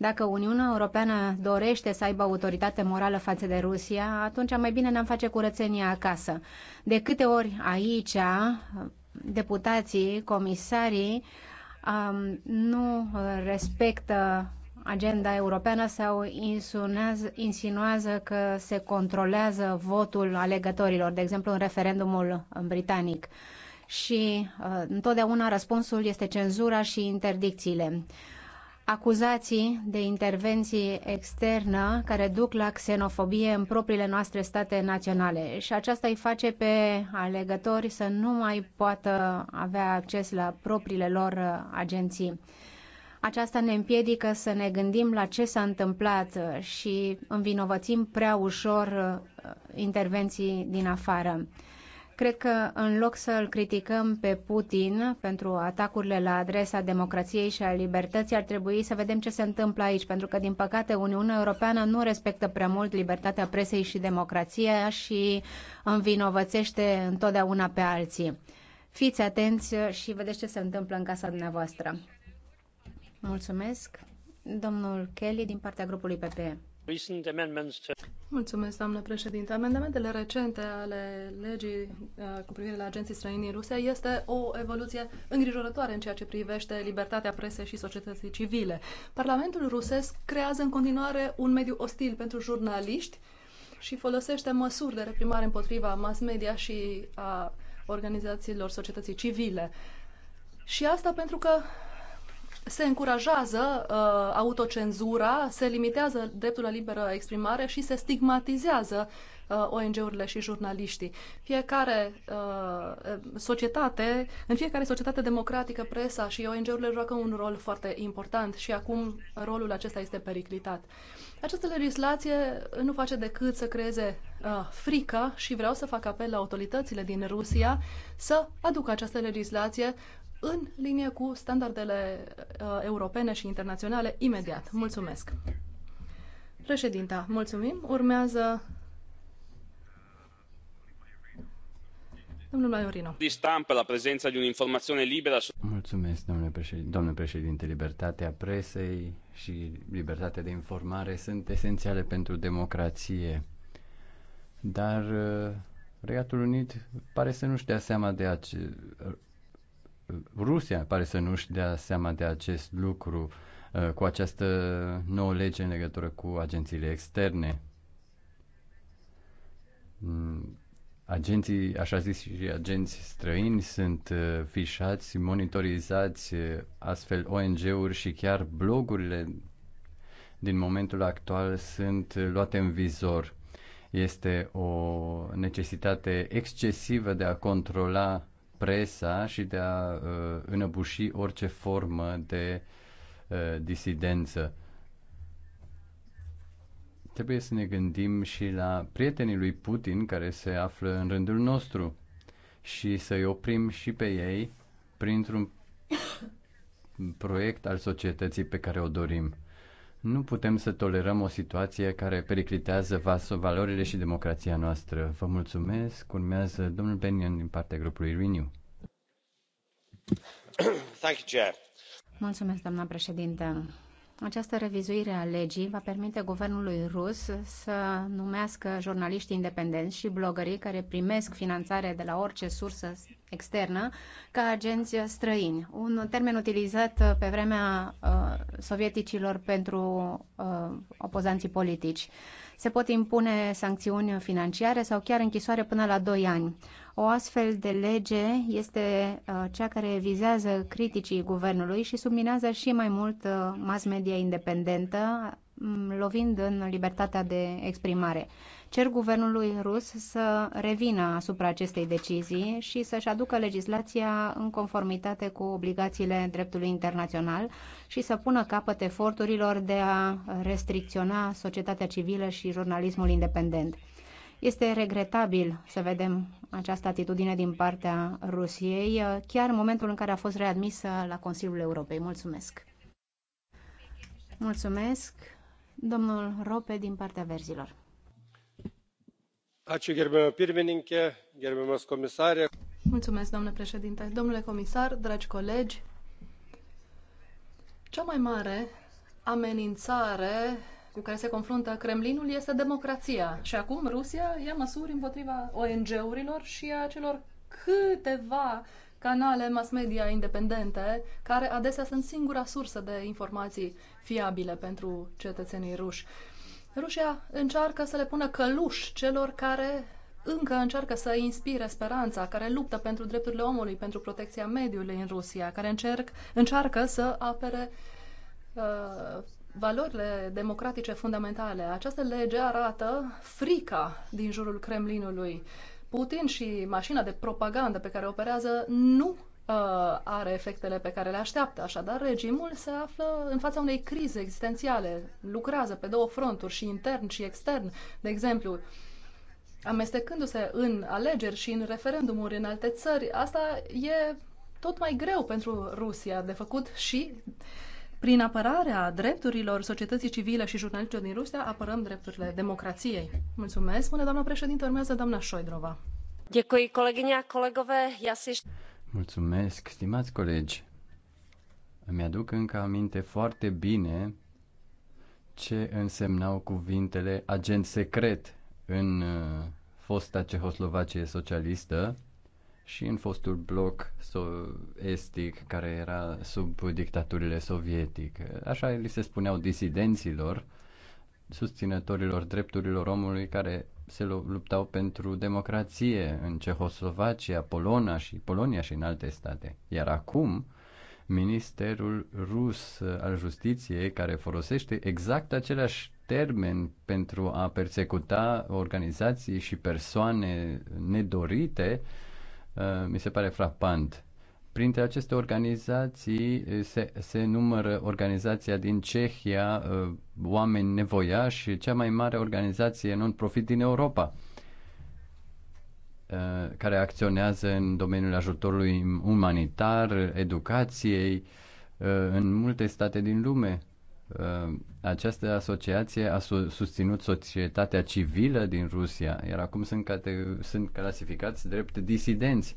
dacă Uniunea Europeană dorește să aibă autoritate morală față de Rusia, atunci mai bine ne-am face curățenia acasă. De câte ori aici deputații, comisarii um, nu respectă agenda europeană sau insinuează că se controlează votul alegătorilor, de exemplu în referendumul britanic. Și uh, întotdeauna răspunsul este cenzura și interdicțiile. Uh, acuzații de intervenții externă care duc la xenofobie în propriile noastre state naționale și aceasta îi face pe alegători să nu mai poată avea acces la propriile lor agenții. Aceasta ne împiedică să ne gândim la ce s-a întâmplat și învinovățim prea ușor uh, intervenții din afară. Cred că în loc să îl criticăm pe Putin pentru atacurile la adresa democrației și a libertății, ar trebui să vedem ce se întâmplă aici, pentru că, din păcate, Uniunea Europeană nu respectă prea mult libertatea presei și democrația și învinovățește întotdeauna pe alții. Fiți atenți și vedeți ce se întâmplă în casa dumneavoastră. Mulțumesc. Domnul Kelly, din partea grupului PPE. Mulțumesc, doamnă președinte. Amendamentele recente ale legii uh, cu privire la agenții străini în Rusia este o evoluție îngrijorătoare în ceea ce privește libertatea presei și societății civile. Parlamentul rusesc creează în continuare un mediu ostil pentru jurnaliști și folosește măsuri de reprimare împotriva mass media și a organizațiilor societății civile. Și asta pentru că se încurajează uh, autocenzura, se limitează dreptul la liberă exprimare și se stigmatizează uh, ONG-urile și jurnaliștii. Fiecare uh, societate, în fiecare societate democratică, presa și ONG-urile joacă un rol foarte important și acum rolul acesta este periclitat. Această legislație nu face decât să creeze uh, frică și vreau să fac apel la autoritățile din Rusia să aducă această legislație în linie cu standardele uh, europene și internaționale imediat. Mulțumesc. Președinta, mulțumim. Urmează Domnul Maiorino. Di stampa la prezența de un'informazione liberă. Mulțumesc, domnule președinte. Domnule președinte, libertatea presei și libertatea de informare sunt esențiale pentru democrație. Dar uh, Regatul Unit pare să nu-și dea seama de ace- Rusia pare să nu-și dea seama de acest lucru uh, cu această nouă lege în legătură cu agențiile externe. Mm, agenții, așa zis și agenți străini, sunt uh, fișați, monitorizați, uh, astfel ONG-uri și chiar blogurile din momentul actual sunt luate în vizor. Este o necesitate excesivă de a controla presa și de a uh, înăbuși orice formă de uh, disidență. Trebuie să ne gândim și la prietenii lui Putin care se află în rândul nostru și să-i oprim și pe ei printr-un proiect al societății pe care o dorim. Nu putem să tolerăm o situație care periclitează valorile și democrația noastră. Vă mulțumesc. Urmează domnul Benion din partea grupului Renew. Mulțumesc, doamna președintă. Această revizuire a legii va permite guvernului rus să numească jurnaliști independenți și blogării care primesc finanțare de la orice sursă externă ca agenți străini. Un termen utilizat pe vremea uh, sovieticilor pentru uh, opozanții politici. Uh, se pot impune sancțiuni financiare sau chiar închisoare până la 2 ani. O astfel de lege este uh, cea care vizează criticii guvernului și subminează și mai mult uh, mass media independentă, mm, lovind în libertatea de exprimare. Cer guvernului rus să revină asupra acestei decizii și să-și aducă legislația în conformitate cu obligațiile dreptului internațional și să pună capăt eforturilor de a restricționa societatea civilă și jurnalismul independent. Este regretabil să vedem această atitudine din partea Rusiei, chiar în momentul în care a fost readmisă la Consiliul Europei. Mulțumesc! Mulțumesc, domnul Rope, din partea verzilor. Mulțumesc, domnule președinte domnule comisar dragi colegi cea mai mare amenințare cu care se confruntă Kremlinul este democrația și acum Rusia ia măsuri împotriva ONG-urilor și a celor câteva canale mass media independente care adesea sunt singura sursă de informații fiabile pentru cetățenii ruși. Rusia încearcă să le pună căluș celor care încă încearcă să inspire speranța, care luptă pentru drepturile omului, pentru protecția mediului în Rusia, care încerc, încearcă să apere uh, valorile democratice fundamentale. Această lege arată frica din jurul Kremlinului. Putin și mașina de propagandă pe care operează nu Uh, are efectele pe care le așteaptă. Așadar, regimul se află în fața unei crize existențiale, lucrează pe două fronturi, și intern și extern. De exemplu, amestecându-se în alegeri și în referendumuri în alte țări, asta e tot mai greu pentru Rusia de făcut și prin apărarea drepturilor societății civile și jurnalistilor din Rusia apărăm drepturile democrației. Mulțumesc, spune doamna președinte, urmează doamna Șoidrova. Děkuji, kolegyně a kolegové. Já si Mulțumesc, stimați colegi. Îmi aduc încă aminte foarte bine ce însemnau cuvintele agent secret în uh, fosta Cehoslovacie socialistă și în fostul bloc estic care era sub dictaturile sovietice. Așa li se spuneau disidenților susținătorilor drepturilor omului care se luptau pentru democrație în Cehoslovacia, Polonia și, Polonia și în alte state. Iar acum, Ministerul rus al Justiției, care folosește exact același termen pentru a persecuta organizații și persoane nedorite, uh, mi se pare frapant. Printre aceste organizații se, se numără organizația din Cehia, Oameni Nevoiași, cea mai mare organizație non-profit din Europa, care acționează în domeniul ajutorului umanitar, educației, în multe state din lume. Această asociație a susținut societatea civilă din Rusia, iar acum sunt, sunt clasificați drept disidenți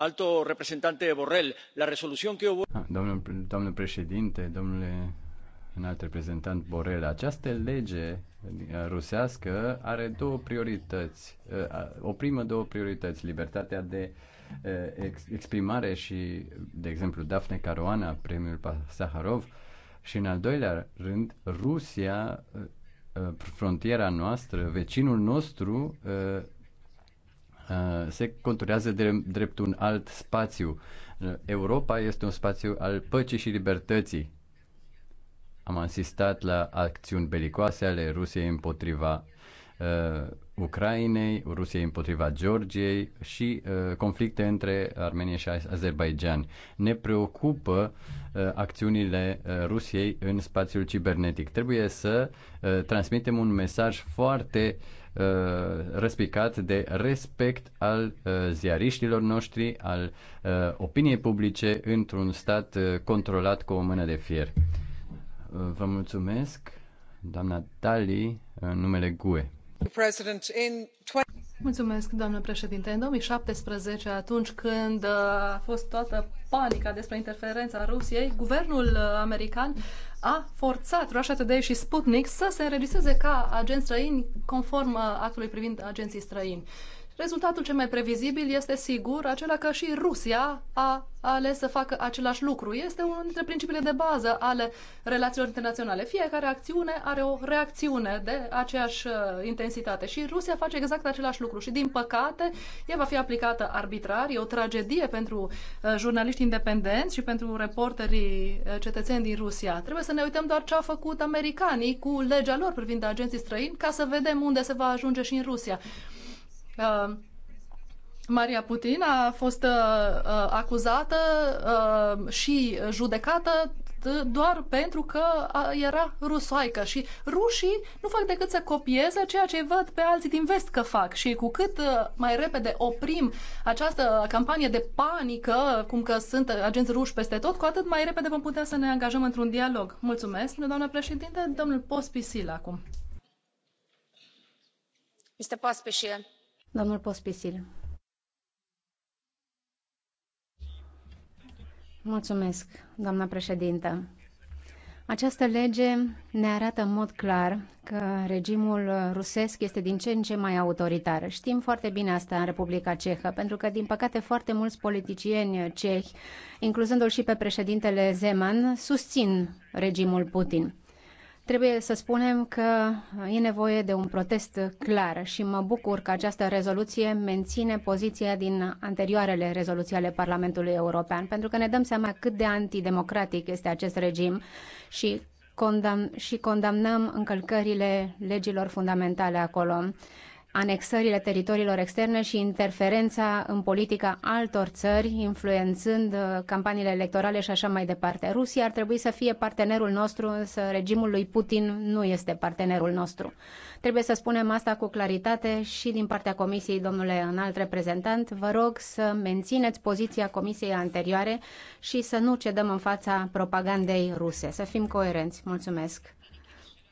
alto representante Borrell, la resolución que hubo... Ah, domnul, președinte, domnule înalt reprezentant Borrell, această lege rusească are două priorități, eh, o primă două priorități, libertatea de eh, exprimare și, de exemplu, Daphne Caruana, premiul Saharov, și în al doilea rând, Rusia, eh, frontiera noastră, vecinul nostru, Uh, se conturează drept un alt spațiu. Uh, Europa este un spațiu al păcii și libertății. Am asistat la acțiuni belicoase ale Rusiei împotriva uh, Ucrainei, Rusiei împotriva Georgiei și uh, conflicte între Armenia și Azerbaijan. Ne preocupă uh, acțiunile uh, Rusiei în spațiul cibernetic. Trebuie să uh, transmitem un mesaj foarte uh, Uh, răspicat de respect al uh, ziariștilor noștri, al uh, opiniei publice într-un stat controlat cu o mână de fier. Vă mulțumesc, doamna Dali, în numele GUE Mulțumesc, doamnă președinte. În 2017, atunci când uh, a fost toată panica despre interferența Rusiei, guvernul uh, american a forțat Russia Today și Sputnik să se înregistreze ca agenți străini conform uh, actului privind agenții străini. Rezultatul cel mai previzibil este sigur acela că și Rusia a ales să facă același lucru. Este unul dintre principiile de bază ale relațiilor internaționale. Fiecare acțiune are o reacțiune de aceeași uh, intensitate și Rusia face exact același lucru și, din păcate, ea va fi aplicată arbitrar. E o tragedie pentru uh, jurnaliști independenți și pentru reporterii uh, cetățeni din Rusia. Trebuie să ne uităm doar ce au făcut americanii cu legea lor privind agenții străini ca să vedem unde se va ajunge și în Rusia. Uh, Maria Putin a fost uh, uh acuzată uh, și judecată doar pentru că era rusoaică și rușii nu fac decât să copieze ceea ce văd pe alții din vest că fac și cu cât uh, mai repede oprim această campanie de panică, cum că sunt agenți ruși peste tot, cu atât mai repede vom putea să ne angajăm într-un dialog. Mulțumesc, doamnă președinte, domnul Pospisil acum. Este Pospisil Domnul Pospisil. Mulțumesc, doamna președintă. Această lege ne arată în mod clar că regimul rusesc este din ce în ce mai autoritar. Știm foarte bine asta în Republica Cehă, pentru că, din păcate, foarte mulți politicieni cehi, incluzându-l și pe președintele Zeman, susțin regimul Putin. Trebuie să spunem că e nevoie de un protest clar și mă bucur că această rezoluție menține poziția din anterioarele rezoluții ale Parlamentului European, pentru că ne dăm seama cât de antidemocratic este acest regim și condamn- și condamnăm încălcările legilor fundamentale acolo anexările teritoriilor externe și interferența în politica altor țări, influențând uh, campaniile electorale și așa mai departe. Rusia ar trebui să fie partenerul nostru, însă regimul lui Putin nu este partenerul nostru. Trebuie să spunem asta cu claritate și din partea Comisiei, domnule înalt reprezentant. Vă rog să mențineți poziția Comisiei anterioare și să nu cedăm în fața propagandei ruse. Să fim coerenți. Mulțumesc.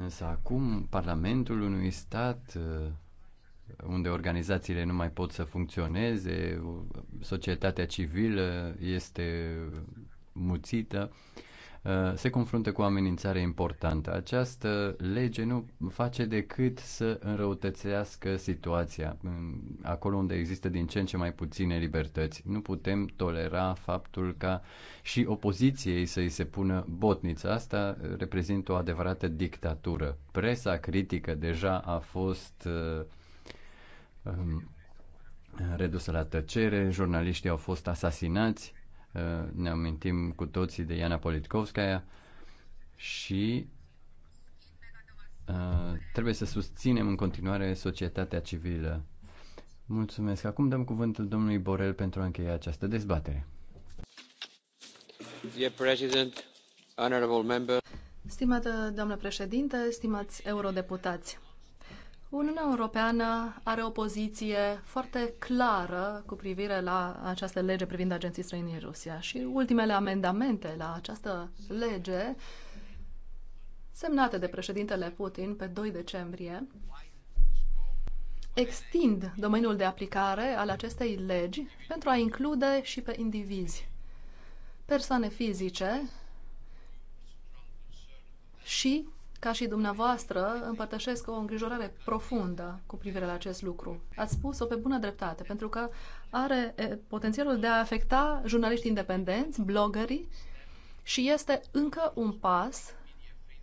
Însă acum Parlamentul unui stat uh, unde organizațiile nu mai pot să funcționeze, uh, societatea civilă este muțită, Uh, se confruntă cu o amenințare importantă. Această lege nu face decât să înrăutățească situația acolo unde există din ce în ce mai puține libertăți. Nu putem tolera faptul ca și opoziției să-i se pună botnița. Asta reprezintă o adevărată dictatură. Presa critică deja a fost uh, um, redusă la tăcere, jurnaliștii au fost asasinați Eh, ne amintim cu toții de Iana Politkovskaya și eh, trebuie să susținem în continuare societatea civilă. Mulțumesc. Acum dăm cuvântul domnului Borel pentru a încheia această dezbatere. Dear President, honorable member. Stimată doamnă președintă, stimați eurodeputați, Uniunea Europeană are o poziție foarte clară cu privire la această lege privind agenții străini în Rusia și ultimele amendamente la această lege semnate de președintele Putin pe 2 decembrie extind domeniul de aplicare al acestei legi pentru a include și pe indivizi, persoane fizice și ca și dumneavoastră, împărtășesc o îngrijorare profundă cu privire la acest lucru. Ați spus-o pe bună dreptate, pentru că are potențialul de a afecta jurnaliștii independenți, blogării și este încă un pas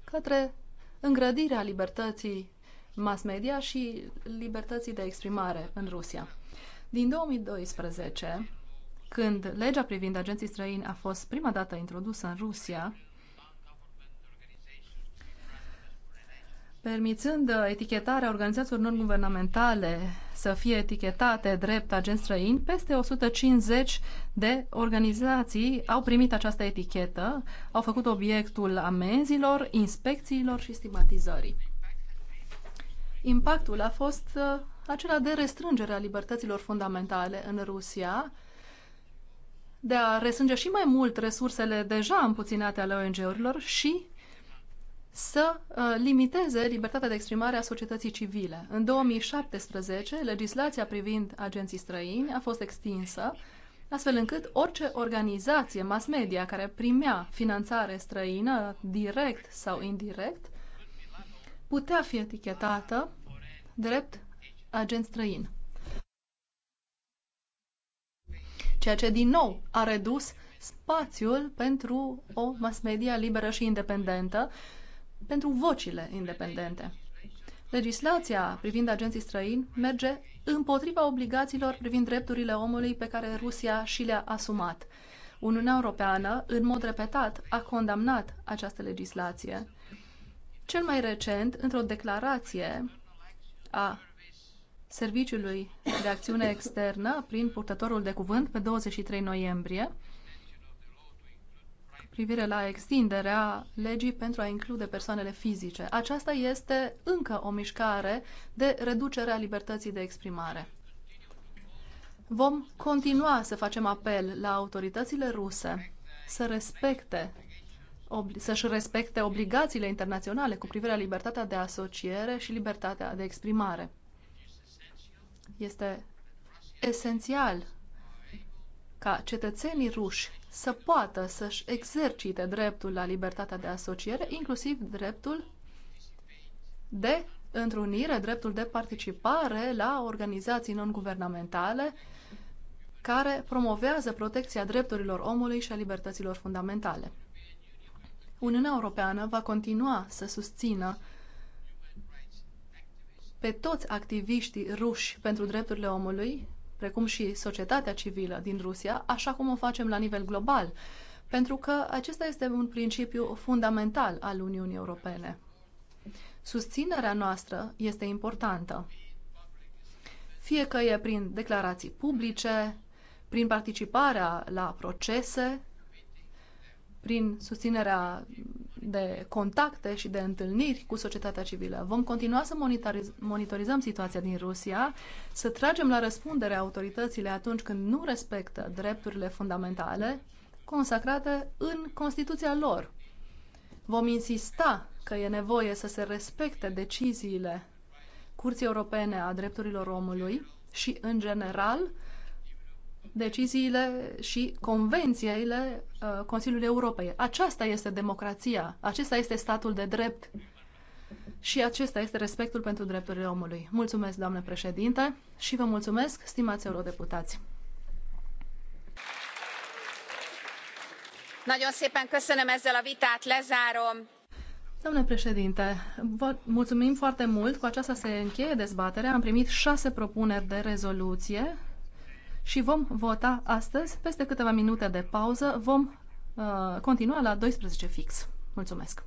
către îngrădirea libertății mass media și libertății de exprimare în Rusia. Din 2012, când legea privind agenții străini a fost prima dată introdusă în Rusia, permițând uh, etichetarea organizațiilor non-guvernamentale să fie etichetate drept agenți străini, peste 150 de organizații au primit această etichetă, au făcut obiectul amenzilor, inspecțiilor și stigmatizării. Impactul a fost uh, acela de restrângere a libertăților fundamentale în Rusia, de a restrânge și mai mult resursele deja împuținate ale ONG-urilor și să uh, limiteze libertatea de exprimare a societății civile. În 2017, legislația privind agenții străini a fost extinsă, astfel încât orice organizație mass media care primea finanțare străină, direct sau indirect, putea fi etichetată drept agent străin. Ceea ce din nou a redus spațiul pentru o mass media liberă și independentă, pentru vocile independente. Legislația privind agenții străini merge împotriva obligațiilor privind drepturile omului pe care Rusia și le-a asumat. Uniunea Europeană, în mod repetat, a condamnat această legislație. Cel mai recent, într-o declarație a Serviciului de Acțiune Externă, prin purtătorul de cuvânt, pe 23 noiembrie, privire la extinderea legii pentru a include persoanele fizice. Aceasta este încă o mișcare de reducere a libertății de exprimare. Vom continua să facem apel la autoritățile ruse să respecte să-și respecte obligațiile internaționale cu privire la libertatea de asociere și libertatea de exprimare. Este esențial ca cetățenii ruși să poată să-și exercite dreptul la libertatea de asociere, inclusiv dreptul de întrunire, dreptul de participare la organizații non-guvernamentale care promovează protecția drepturilor omului și a libertăților fundamentale. Uniunea Europeană va continua să susțină pe toți activiștii ruși pentru drepturile omului precum și societatea civilă din Rusia, așa cum o facem la nivel global, pentru că acesta este un principiu fundamental al Uniunii Europene. Susținerea noastră este importantă, fie că e prin declarații publice, prin participarea la procese prin susținerea de contacte și de întâlniri cu societatea civilă. Vom continua să monitoriz monitorizăm situația din Rusia, să tragem la răspundere autoritățile atunci când nu respectă drepturile fundamentale consacrate în Constituția lor. Vom insista că e nevoie să se respecte deciziile Curții Europene a Drepturilor Omului și, în general, deciziile și convențiile uh, Consiliului Europei. Aceasta este democrația, acesta este statul de drept și acesta este respectul pentru drepturile omului. Mulțumesc, doamnă președinte, și vă mulțumesc, stimați eurodeputați. Nagyon szépen köszönöm ezzel a vitát, lezárom. președinte, vă mulțumim foarte mult. Cu aceasta se încheie dezbaterea. Am primit șase propuneri de rezoluție și vom vota astăzi, peste câteva minute de pauză, vom uh, continua la 12 fix. Mulțumesc!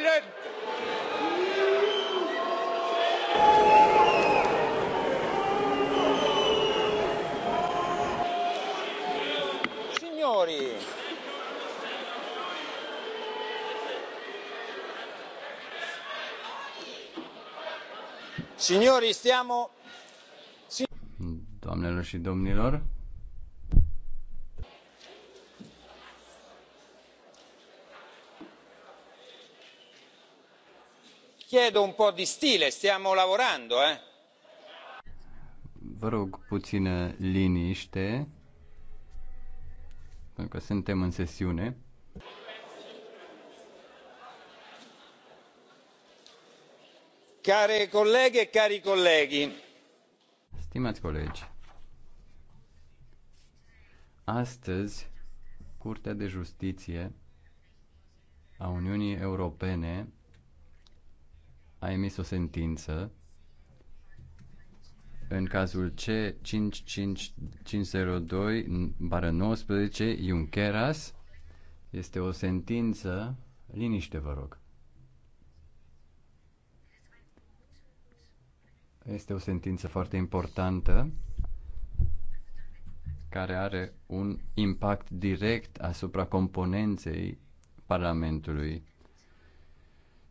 president! Signori! Signori, stiamo... Doamnelor și domnilor, chiedo un po' di stile, stiamo lavorando, eh? Vă rog puțină liniște, pentru că suntem în sesiune. Care colleghe, cari colleghi. Stimați colegi, astăzi Curtea de Justiție a Uniunii Europene a emis o sentință în cazul C55502-19 Junqueras. Este o sentință. Liniște, vă rog. Este o sentință foarte importantă care are un impact direct asupra componenței Parlamentului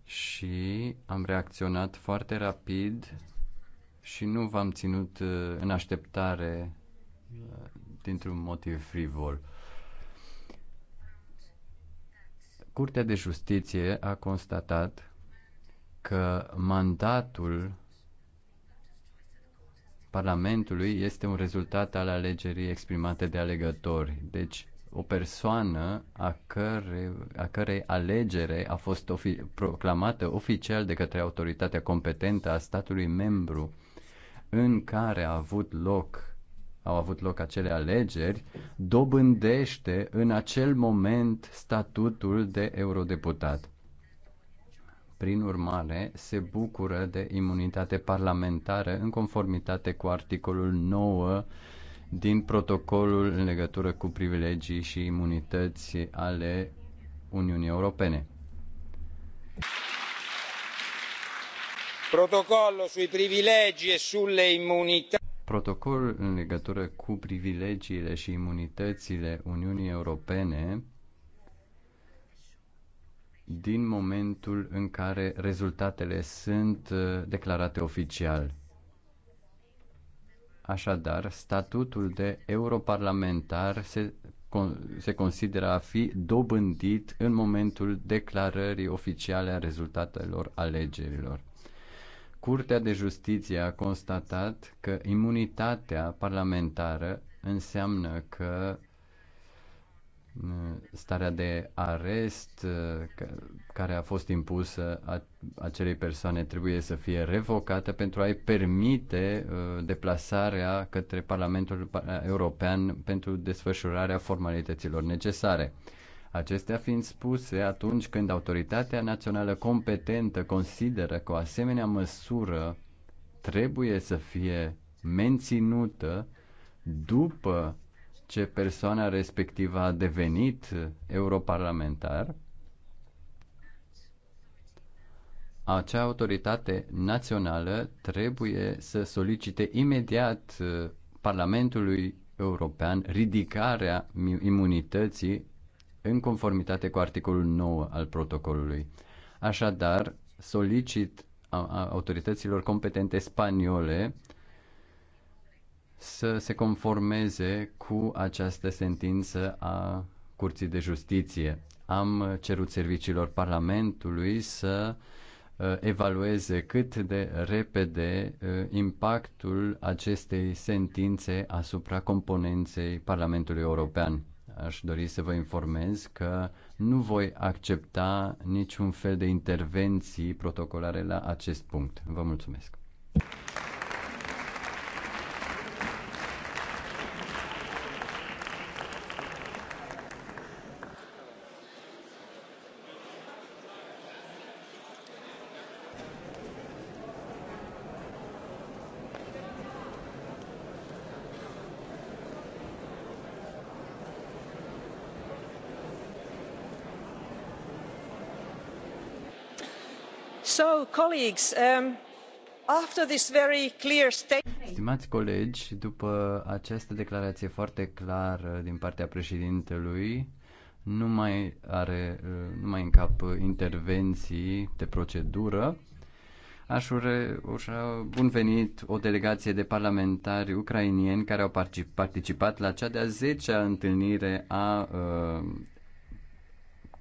și am reacționat foarte rapid și nu v-am ținut uh, în așteptare uh, dintr-un motiv frivol. Curtea de Justiție a constatat că mandatul Parlamentului este un rezultat al alegerii exprimate de alegători. Deci, o persoană a, cărei, a cărei alegere a fost ofi- proclamată oficial de către autoritatea competentă a statului membru în care a avut loc au avut loc acele alegeri, dobândește în acel moment statutul de eurodeputat. Prin urmare, se bucură de imunitate parlamentară în conformitate cu articolul 9 din protocolul în legătură cu privilegii și imunități ale Uniunii Europene. Protocolul sui privilegii e sulle imunități. Protocolul în legătură cu privilegiile și imunitățile Uniunii Europene din momentul în care rezultatele sunt uh, declarate oficial. Așadar, statutul de europarlamentar se, se consideră a fi dobândit în momentul declarării oficiale a rezultatelor alegerilor. Curtea de Justiție a constatat că imunitatea parlamentară înseamnă că starea de arest uh, care a fost impusă acelei persoane trebuie să fie revocată pentru a-i permite uh, deplasarea către Parlamentul uh, European pentru desfășurarea formalităților necesare. Acestea fiind spuse, atunci când autoritatea națională competentă consideră că o asemenea măsură trebuie să fie menținută după ce persoana respectivă a devenit europarlamentar, acea autoritate națională trebuie să solicite imediat uh, Parlamentului European ridicarea imunității în conformitate cu articolul 9 al protocolului. Așadar, solicit autorităților competente spaniole să se conformeze cu această sentință a Curții de Justiție. Am cerut serviciilor Parlamentului să uh, evalueze cât de repede uh, impactul acestei sentințe asupra componenței Parlamentului European. Aș dori să vă informez că nu voi accepta niciun fel de intervenții protocolare la acest punct. Vă mulțumesc. Um, Stimați colegi, după această declarație foarte clară din partea președintelui, nu mai are, uh, nu mai încap intervenții de procedură. Aș ure, ușa bun venit o delegație de parlamentari ucrainieni care au participat la cea de-a 10-a întâlnire a uh,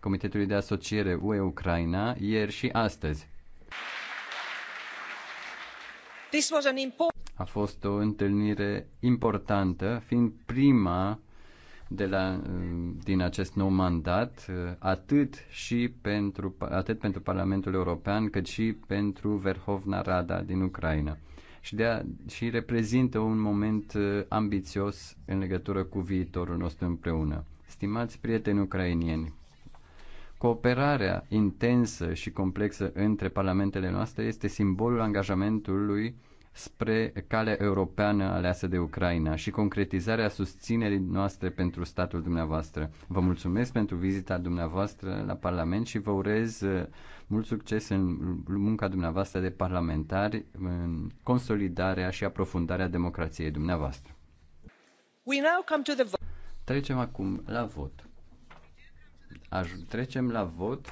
Comitetului de Asociere UE-Ucraina ieri și astăzi. A fost o întâlnire importantă, fiind prima de la, din acest nou mandat, atât, și pentru, atât pentru Parlamentul European, cât și pentru Verhovna Rada din Ucraina. Și, de a, și reprezintă un moment uh, ambițios în legătură cu viitorul nostru împreună. Stimați prieteni ucrainieni, Cooperarea intensă și complexă între parlamentele noastre este simbolul angajamentului spre calea europeană aleasă de Ucraina și concretizarea susținerii noastre pentru statul dumneavoastră. Vă mulțumesc pentru vizita dumneavoastră la Parlament și vă urez uh, mult succes în munca dumneavoastră de parlamentari, în consolidarea și aprofundarea democrației dumneavoastră. We now come to the... Trecem acum la vot. Aj- trecem la vot.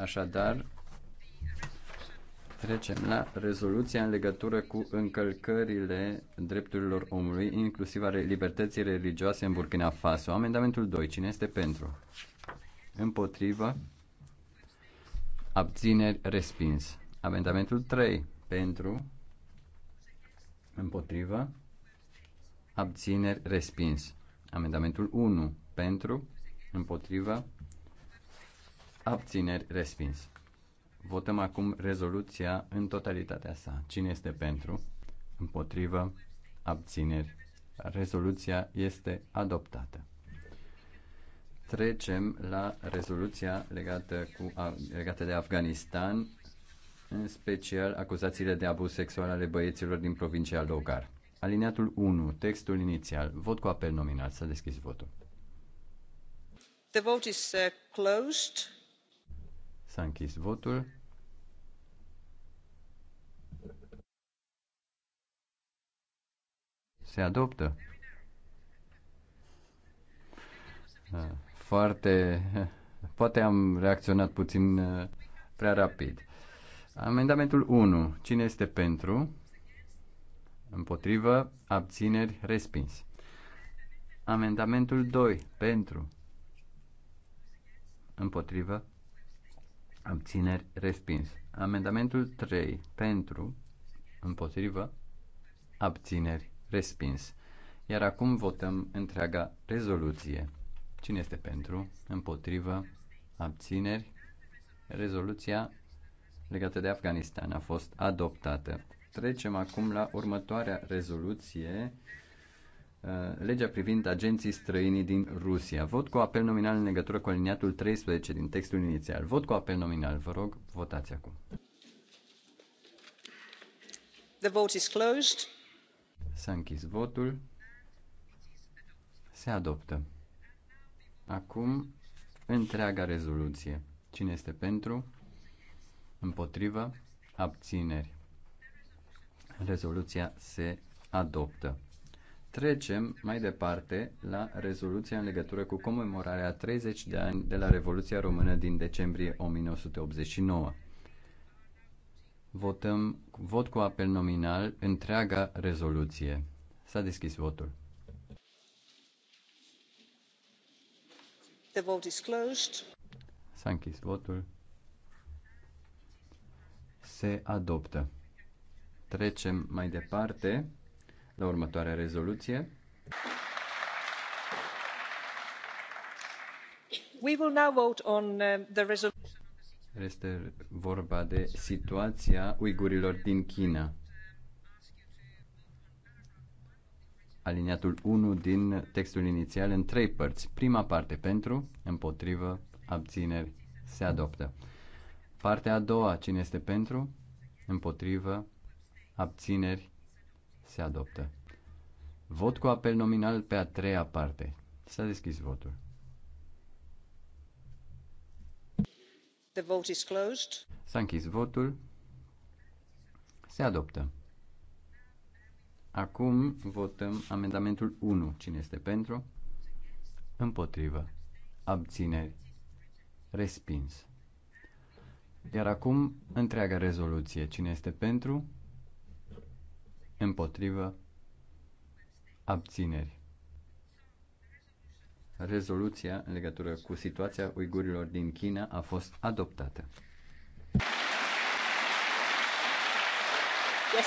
Așadar, trecem la rezoluția în legătură cu încălcările drepturilor omului, inclusiv ale libertății religioase în Burkina Faso. Amendamentul 2. Cine este pentru? Împotrivă? Abțineri? Respins. Amendamentul 3. Pentru? Împotrivă? Abțineri? Respins. Amendamentul 1. Pentru? Împotrivă. Abțineri respins. Votăm acum rezoluția în totalitatea sa. Cine este pentru? Împotrivă. Abțineri. Rezoluția este adoptată. Trecem la rezoluția legată, cu, legată de Afganistan, în special acuzațiile de abuz sexual ale băieților din provincia Logar. Aliniatul 1, textul inițial, vot cu apel nominal, Să deschizi votul. The vote is uh, closed. S-a închis votul. Se adoptă. Uh, foarte. Poate am reacționat puțin uh, prea rapid. Amendamentul 1. Cine este pentru? Împotrivă, abțineri, respins. Amendamentul 2. Pentru împotrivă, abțineri, respins. Amendamentul 3 pentru, împotrivă, abțineri, respins. Iar acum votăm întreaga rezoluție. Cine este pentru, împotrivă, abțineri? Rezoluția legată de Afganistan a fost adoptată. Trecem acum la următoarea rezoluție Uh, legea privind agenții străini din Rusia. Vot cu apel nominal în legătură cu aliniatul 13 din textul inițial. Vot cu apel nominal. Vă rog, votați acum. The vote is closed. S-a închis votul. Se adoptă. Acum, întreaga rezoluție. Cine este pentru? Împotrivă? Abțineri. Rezoluția se adoptă. Trecem mai departe la rezoluția în legătură cu comemorarea 30 de ani de la Revoluția Română din decembrie 1989. Votăm vot cu apel nominal întreaga rezoluție. S-a deschis votul. The vote is closed. S-a închis votul. Se adoptă. Trecem mai departe la următoarea rezoluție. We will now vote on uh, the resolution. Este vorba de situația uigurilor din China. Aliniatul 1 din textul inițial în trei părți. Prima parte pentru, împotrivă, abțineri, se adoptă. Partea a doua, cine este pentru, împotrivă, abțineri, se adoptă. Vot cu apel nominal pe a treia parte. S-a deschis votul. The vote is closed. S-a închis votul. Se adoptă. Acum votăm amendamentul 1. Cine este pentru? Împotrivă. Abțineri. Respins. Iar acum întreaga rezoluție. Cine este pentru? împotrivă, abțineri. Rezoluția în legătură cu situația uigurilor din China a fost adoptată. Yes.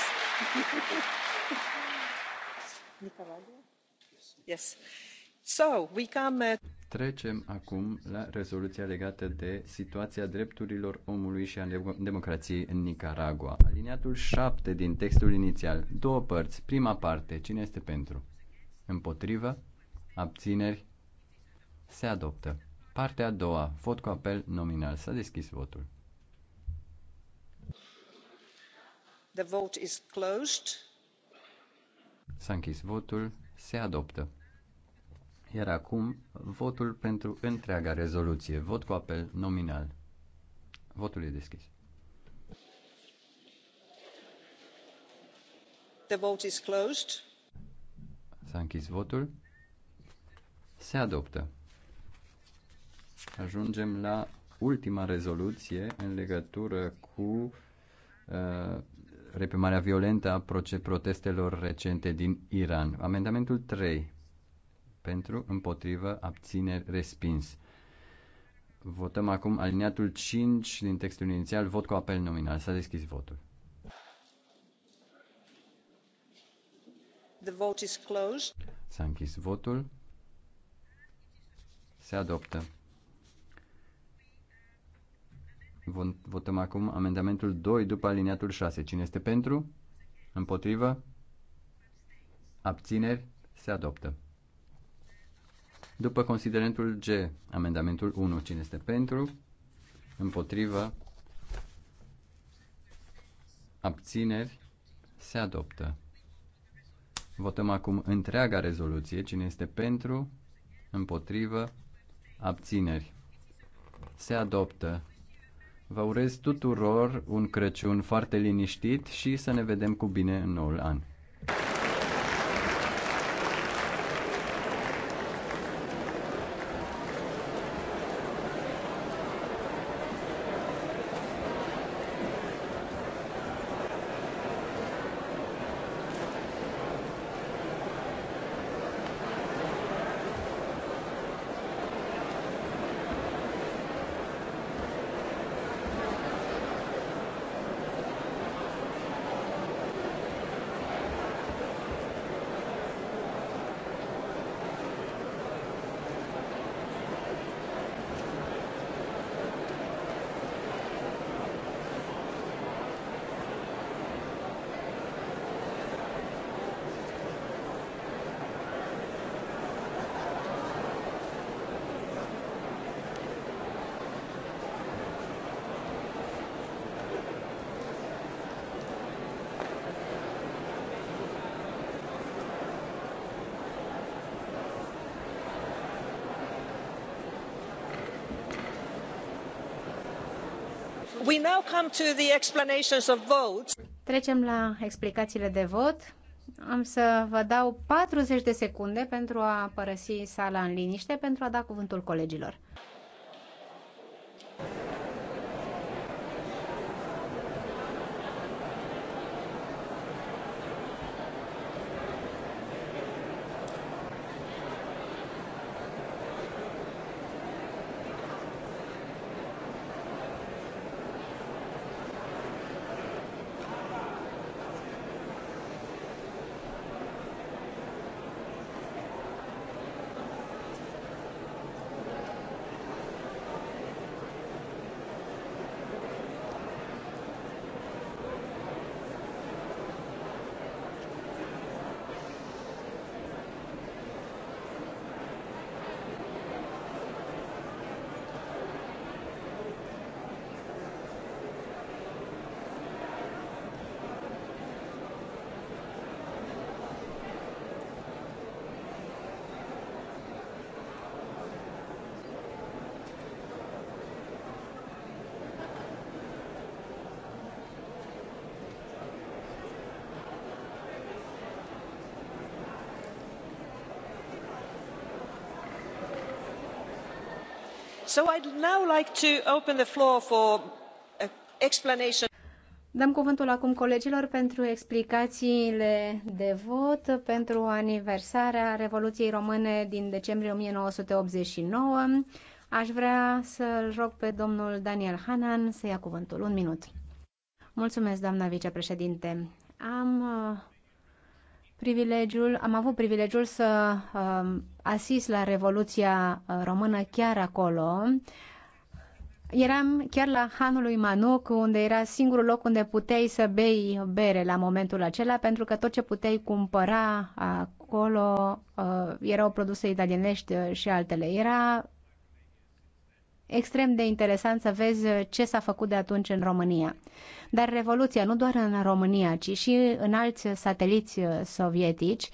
Yes. Uh, Trecem acum la rezoluția legată de situația drepturilor omului și a democrației în Nicaragua. Aliniatul 7 din textul inițial, două părți. Prima parte, cine este pentru? Împotrivă? Abțineri? Se adoptă. Partea a doua, vot cu apel nominal. S-a deschis votul. The vote is closed. S-a închis votul. Se adoptă. Iar acum, votul pentru întreaga rezoluție. Vot cu apel nominal. Votul e deschis. The vote is closed. S-a închis votul. Se adoptă. Ajungem la ultima rezoluție în legătură cu uh, reprimarea violentă a protestelor recente din Iran. Amendamentul 3 pentru, împotrivă, abțineri, respins. Votăm acum aliniatul 5 din textul inițial, vot cu apel nominal. S-a deschis votul. The vote is closed. S-a închis votul. Se adoptă. Votăm acum amendamentul 2 după aliniatul 6. Cine este pentru? Împotrivă? Abțineri? Se adoptă. După considerentul G, amendamentul 1, cine este pentru, împotrivă, abțineri, se adoptă. Votăm acum întreaga rezoluție, cine este pentru, împotrivă, abțineri. Se adoptă. Vă urez tuturor un Crăciun foarte liniștit și să ne vedem cu bine în noul an. Trecem la explicațiile de vot. Am să vă dau 40 de secunde pentru a părăsi sala în liniște, pentru a da cuvântul colegilor. Dăm cuvântul acum colegilor pentru explicațiile de vot pentru aniversarea Revoluției Române din decembrie 1989. Aș vrea să-l rog pe domnul Daniel Hanan să ia cuvântul. Un minut. Mulțumesc, doamna vicepreședinte. Am uh, privilegiul, am avut privilegiul să uh, asis la Revoluția uh, Română chiar acolo. Eram chiar la hanul lui Manuc, unde era singurul loc unde puteai să bei bere la momentul acela, pentru că tot ce puteai cumpăra acolo uh, erau produse italienești uh, și altele. Era extrem de interesant să vezi ce s-a făcut de atunci în România. Dar revoluția, nu doar în România, ci și în alți sateliți sovietici, uh,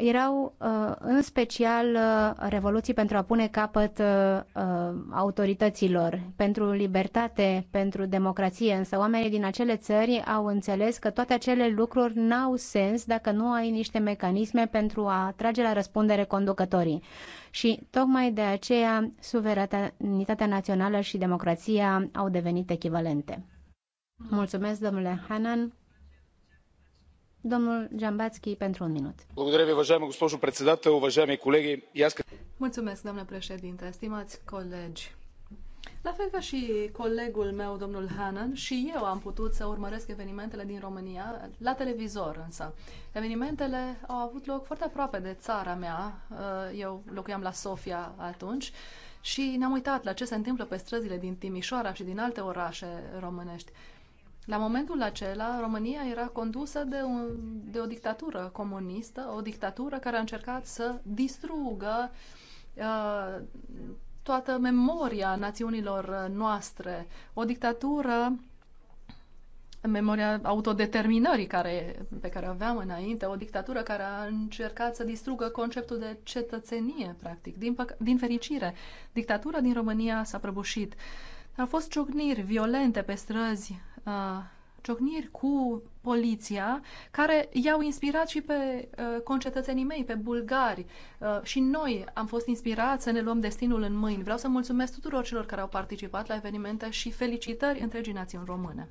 erau uh, în special uh, revoluții pentru a pune capăt uh, autorităților, pentru libertate, pentru democrație, însă oamenii din acele țări au înțeles că toate acele lucruri n-au sens dacă nu ai niște mecanisme pentru a trage la răspundere conducătorii. Și tocmai de aceea suveranitatea națională și democrația au devenit echivalente. Mulțumesc, domnule Hanan. Domnul Jambatski, pentru un minut. Mulțumesc, doamnă președinte, stimați colegi. La fel ca și colegul meu, domnul Hannan, și eu am putut să urmăresc evenimentele din România la televizor însă. Evenimentele au avut loc foarte aproape de țara mea. Uh, eu locuiam la Sofia atunci și ne-am uitat la ce se întâmplă pe străzile din Timișoara și din alte orașe românești. La momentul acela, România era condusă de, un, de o dictatură comunistă, o dictatură care a încercat să distrugă uh, toată memoria națiunilor noastre, o dictatură memoria autodeterminării care, pe care o aveam înainte, o dictatură care a încercat să distrugă conceptul de cetățenie, practic. Din, din fericire, dictatura din România s-a prăbușit. Au fost ciocniri violente pe străzi Uh, ciocniri cu poliția, care i-au inspirat și pe uh, concetățenii mei, pe bulgari. Uh, și noi am fost inspirați să ne luăm destinul în mâini. Vreau să mulțumesc tuturor celor care au participat la evenimente și felicitări întregii națiuni române.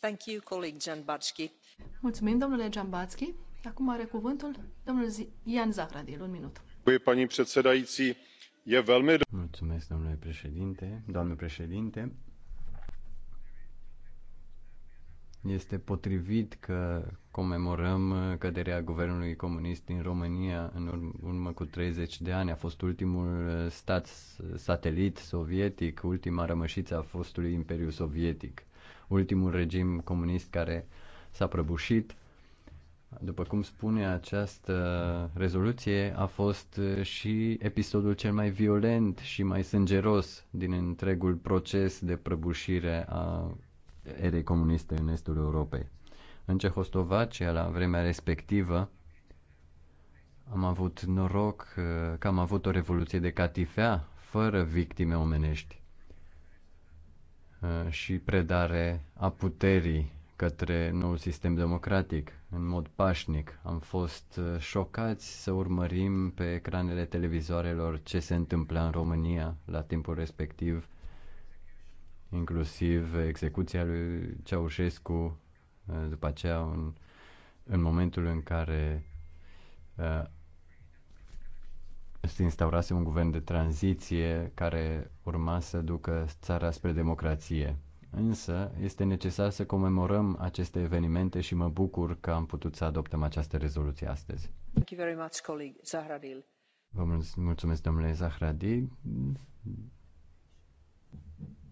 Thank you, colleague Giambatski. Mulțumim, domnule Giambatski. Acum are cuvântul domnul Ian Zahradil. Un minut. Mulțumesc, domnule președinte, Doamne președinte Este potrivit că comemorăm căderea guvernului comunist din România în urmă cu 30 de ani. A fost ultimul uh, stat uh, satelit sovietic, ultima rămășiță a fostului Imperiu Sovietic, ultimul regim comunist care s-a prăbușit. După cum spune această rezoluție, a fost uh, și episodul cel mai violent și mai sângeros din întregul proces de prăbușire a erei comuniste în estul Europei. În Cehostovacia, la vremea respectivă, am avut noroc uh, că am avut o revoluție de catifea fără victime omenești uh, și predare a puterii către noul sistem democratic în mod pașnic. Am fost uh, șocați să urmărim pe ecranele televizoarelor ce se întâmpla în România la timpul respectiv inclusiv execuția lui Ceaușescu, eh, după aceea în, în momentul în care uh, se instaurase un guvern de tranziție care urma să ducă țara spre democrație. Însă este necesar să comemorăm aceste evenimente și mă bucur că am putut să adoptăm această rezoluție astăzi. Thank you very much, colleague Zahradil. Vă mulțumesc, domnule Zahradil.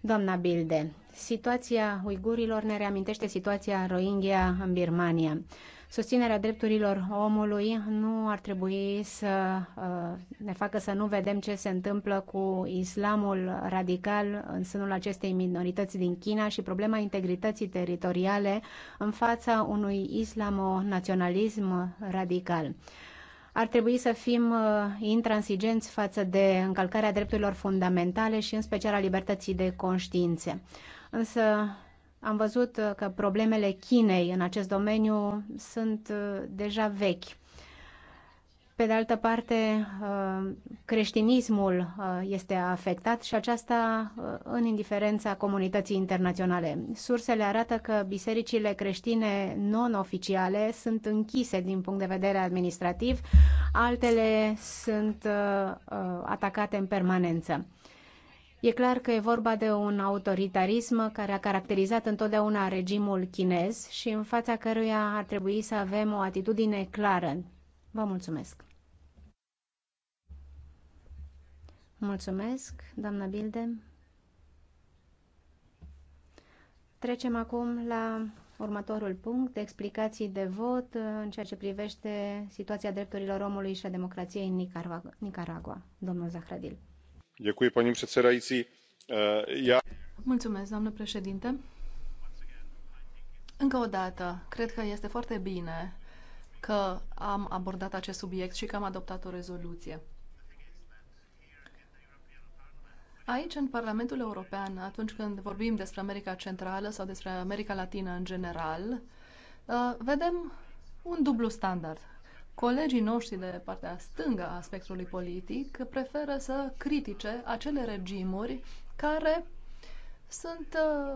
Doamna Bilde, situația uigurilor ne reamintește situația Rohingya în Birmania. Susținerea drepturilor omului nu ar trebui să uh, ne facă să nu vedem ce se întâmplă cu islamul radical în sânul acestei minorități din China și problema integrității teritoriale în fața unui islamo-naționalism radical ar trebui să fim uh, intransigenți față de încălcarea drepturilor fundamentale și în special a libertății de conștiințe. Însă am văzut uh, că problemele Chinei în acest domeniu sunt uh, deja vechi pe de altă parte, uh, creștinismul uh, este afectat și aceasta uh, în indiferența comunității internaționale. Sursele arată că bisericile creștine non-oficiale sunt închise din punct de vedere administrativ, altele sunt atacate în permanență. E clar că e vorba de un autoritarism care a caracterizat întotdeauna regimul chinez și în fața căruia ar trebui să avem o atitudine clară. Vă mulțumesc! Mulțumesc, doamna Bilde. Trecem acum la următorul punct, explicații de vot în ceea ce privește situația drepturilor omului și a democrației în Nicaragua. Domnul Zahradil. Děkuji, paní předsedající. Eh, já... Mulțumesc, doamnă președinte. Încă o dată, cred că este foarte bine că am abordat acest subiect și că am adoptat o rezoluție. Aici, în Parlamentul European, atunci când vorbim despre America Centrală sau despre America Latină în general, uh, vedem un dublu standard. Colegii noștri de partea stângă a spectrului politic preferă să critique acele regimuri care sunt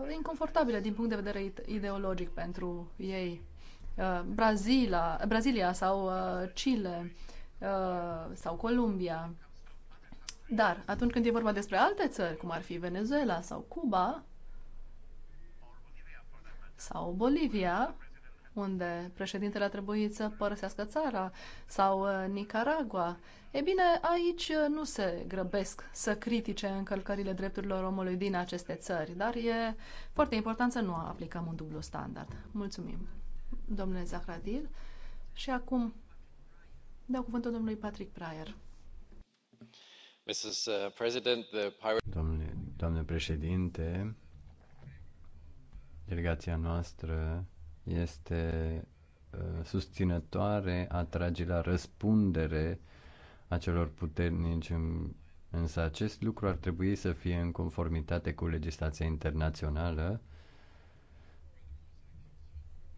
uh, inconfortabile din punct de vedere ideologic pentru ei. Uh, Brazilia, Brazilia sau Chile sau Columbia. Dar atunci când e vorba despre alte țări, cum ar fi Venezuela sau Cuba sau Bolivia, unde președintele a trebuit să părăsească țara, sau uh, Nicaragua. E bine, aici uh, nu se grăbesc să critique încălcările drepturilor omului din aceste țări, dar e foarte important să nu aplicăm un dublu standard. Mulțumim, domnule Zahradil. Și acum dau cuvântul domnului Patrick Pryor. Uh, Domnule președinte, delegația noastră este uh, susținătoare a trage la răspundere a celor puternici, însă acest lucru ar trebui să fie în conformitate cu legislația internațională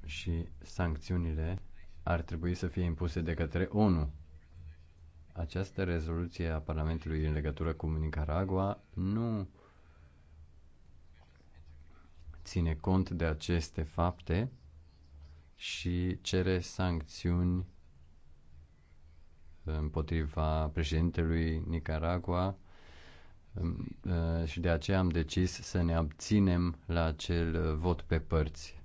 și sancțiunile ar trebui să fie impuse de către ONU. Această rezoluție a Parlamentului în legătură cu Nicaragua nu ține cont de aceste fapte și cere sancțiuni împotriva președintelui Nicaragua um, uh, și de aceea am decis să ne abținem la acel vot pe părți.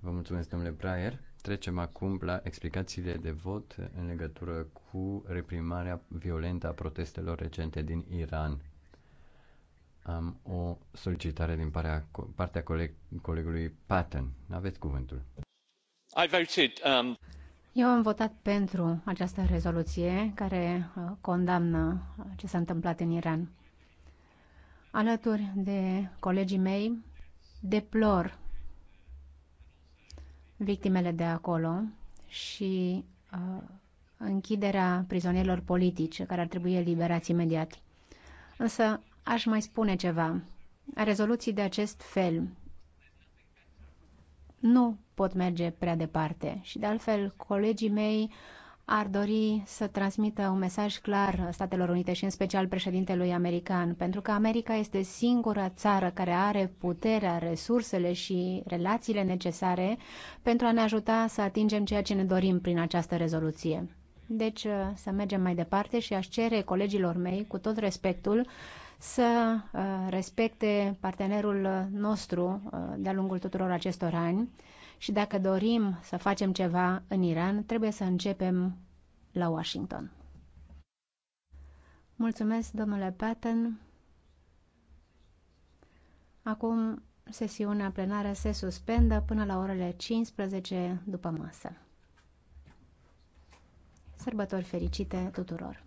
Vă mulțumesc, domnule Braier. Trecem acum la explicațiile de vot în legătură cu reprimarea violentă a protestelor recente din Iran. Am o solicitare din partea, partea coleg, colegului Patton. Aveți cuvântul. I voted, um... Eu am votat pentru această rezoluție care uh, condamnă uh, ce s-a întâmplat în Iran. Alături de colegii mei, deplor victimele de acolo și uh, închiderea prizonierilor politici care ar trebui eliberați imediat. Însă aș mai spune ceva. Rezoluții de acest fel nu pot merge prea departe și de altfel colegii mei uh, ar dori să transmită un mesaj clar Statelor Unite și în special președintelui american, pentru că America este singura țară care are puterea, resursele și relațiile necesare pentru a ne ajuta să atingem ceea ce ne dorim prin această rezoluție. Deci uh, să mergem mai departe și aș cere colegilor mei, cu tot respectul, să uh, respecte partenerul nostru uh, de-a lungul tuturor acestor ani, și dacă dorim să facem ceva în Iran, trebuie să începem la Washington. Mulțumesc, domnule Patton. Acum sesiunea plenară se suspendă până la orele 15 după masă. Sărbători fericite tuturor!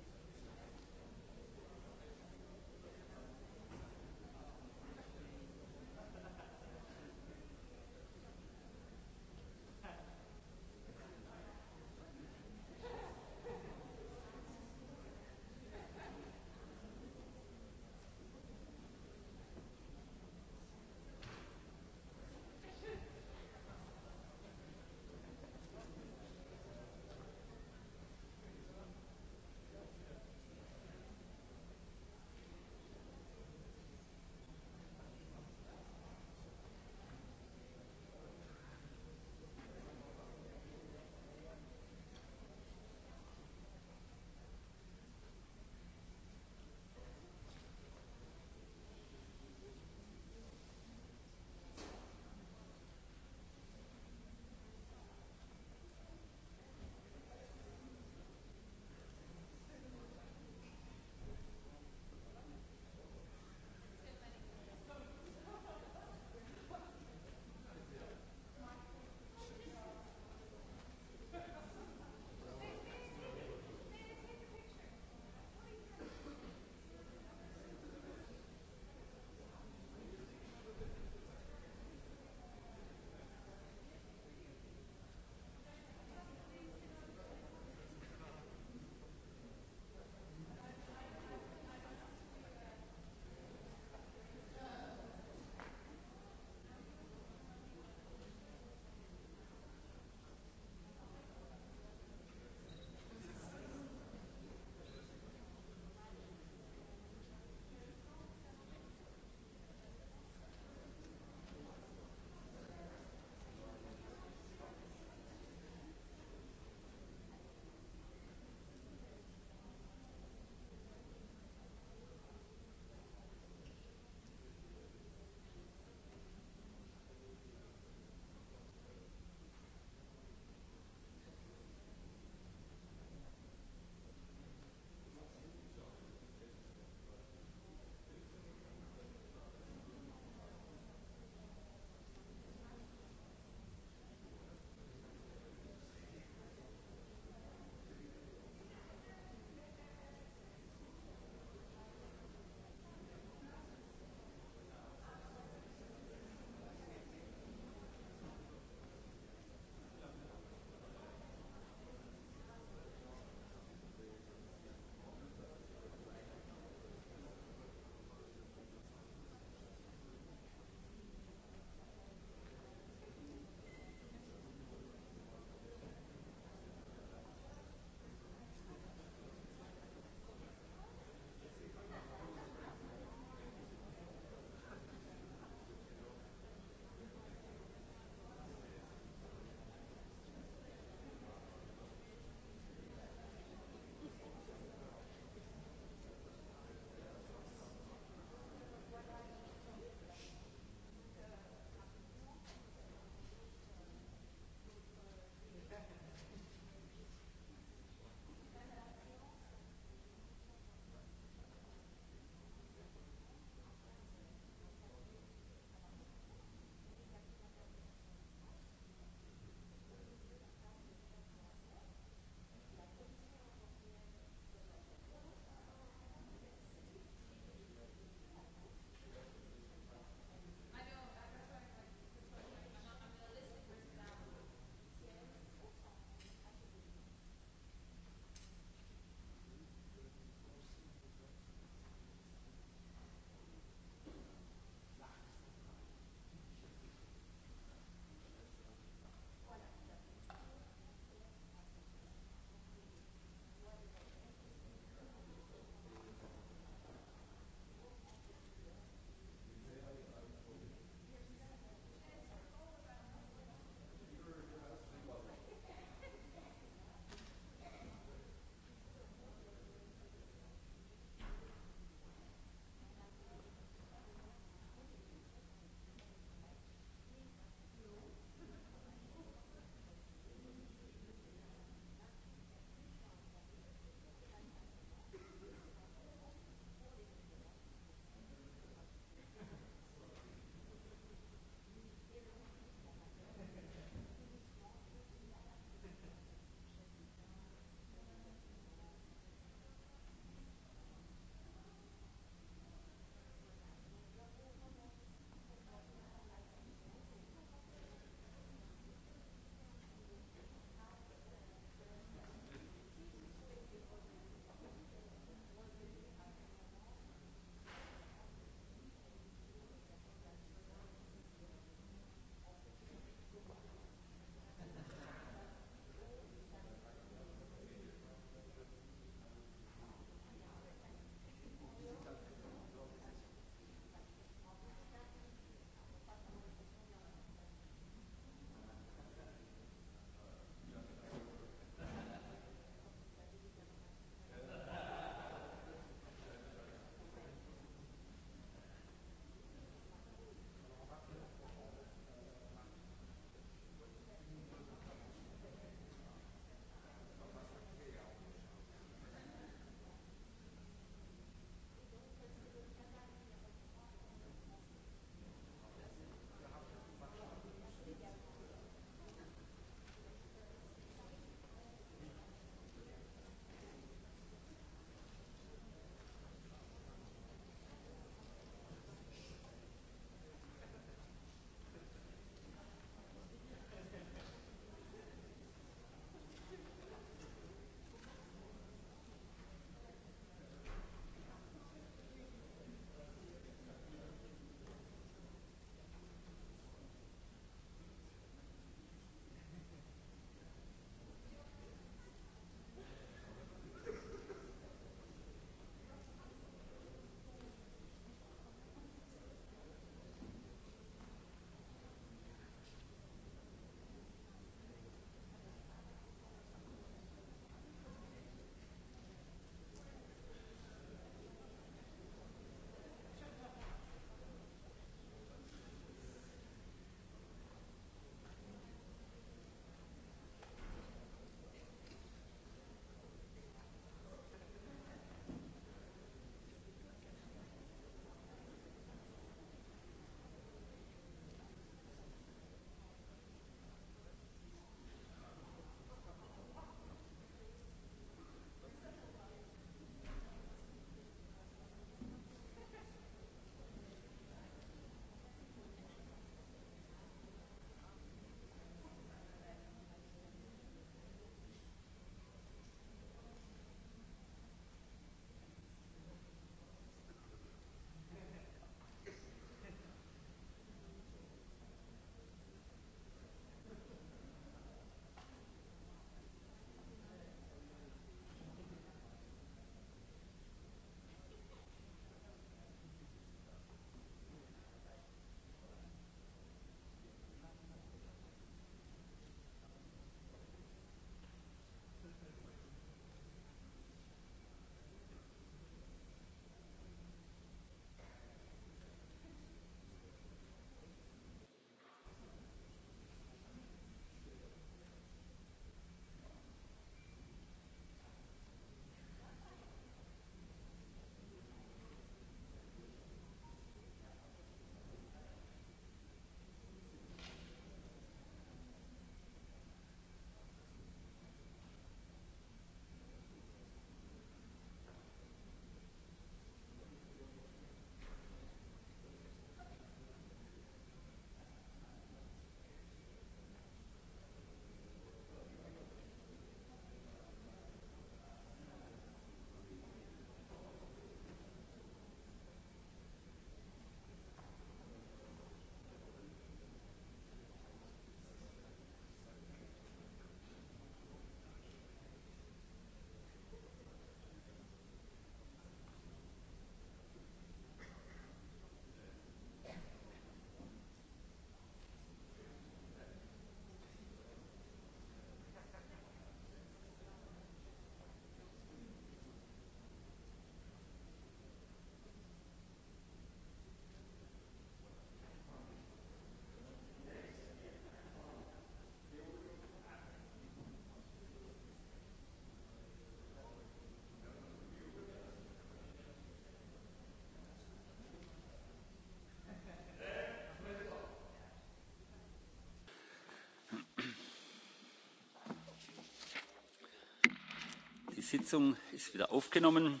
sitzung ist wieder aufgenommen.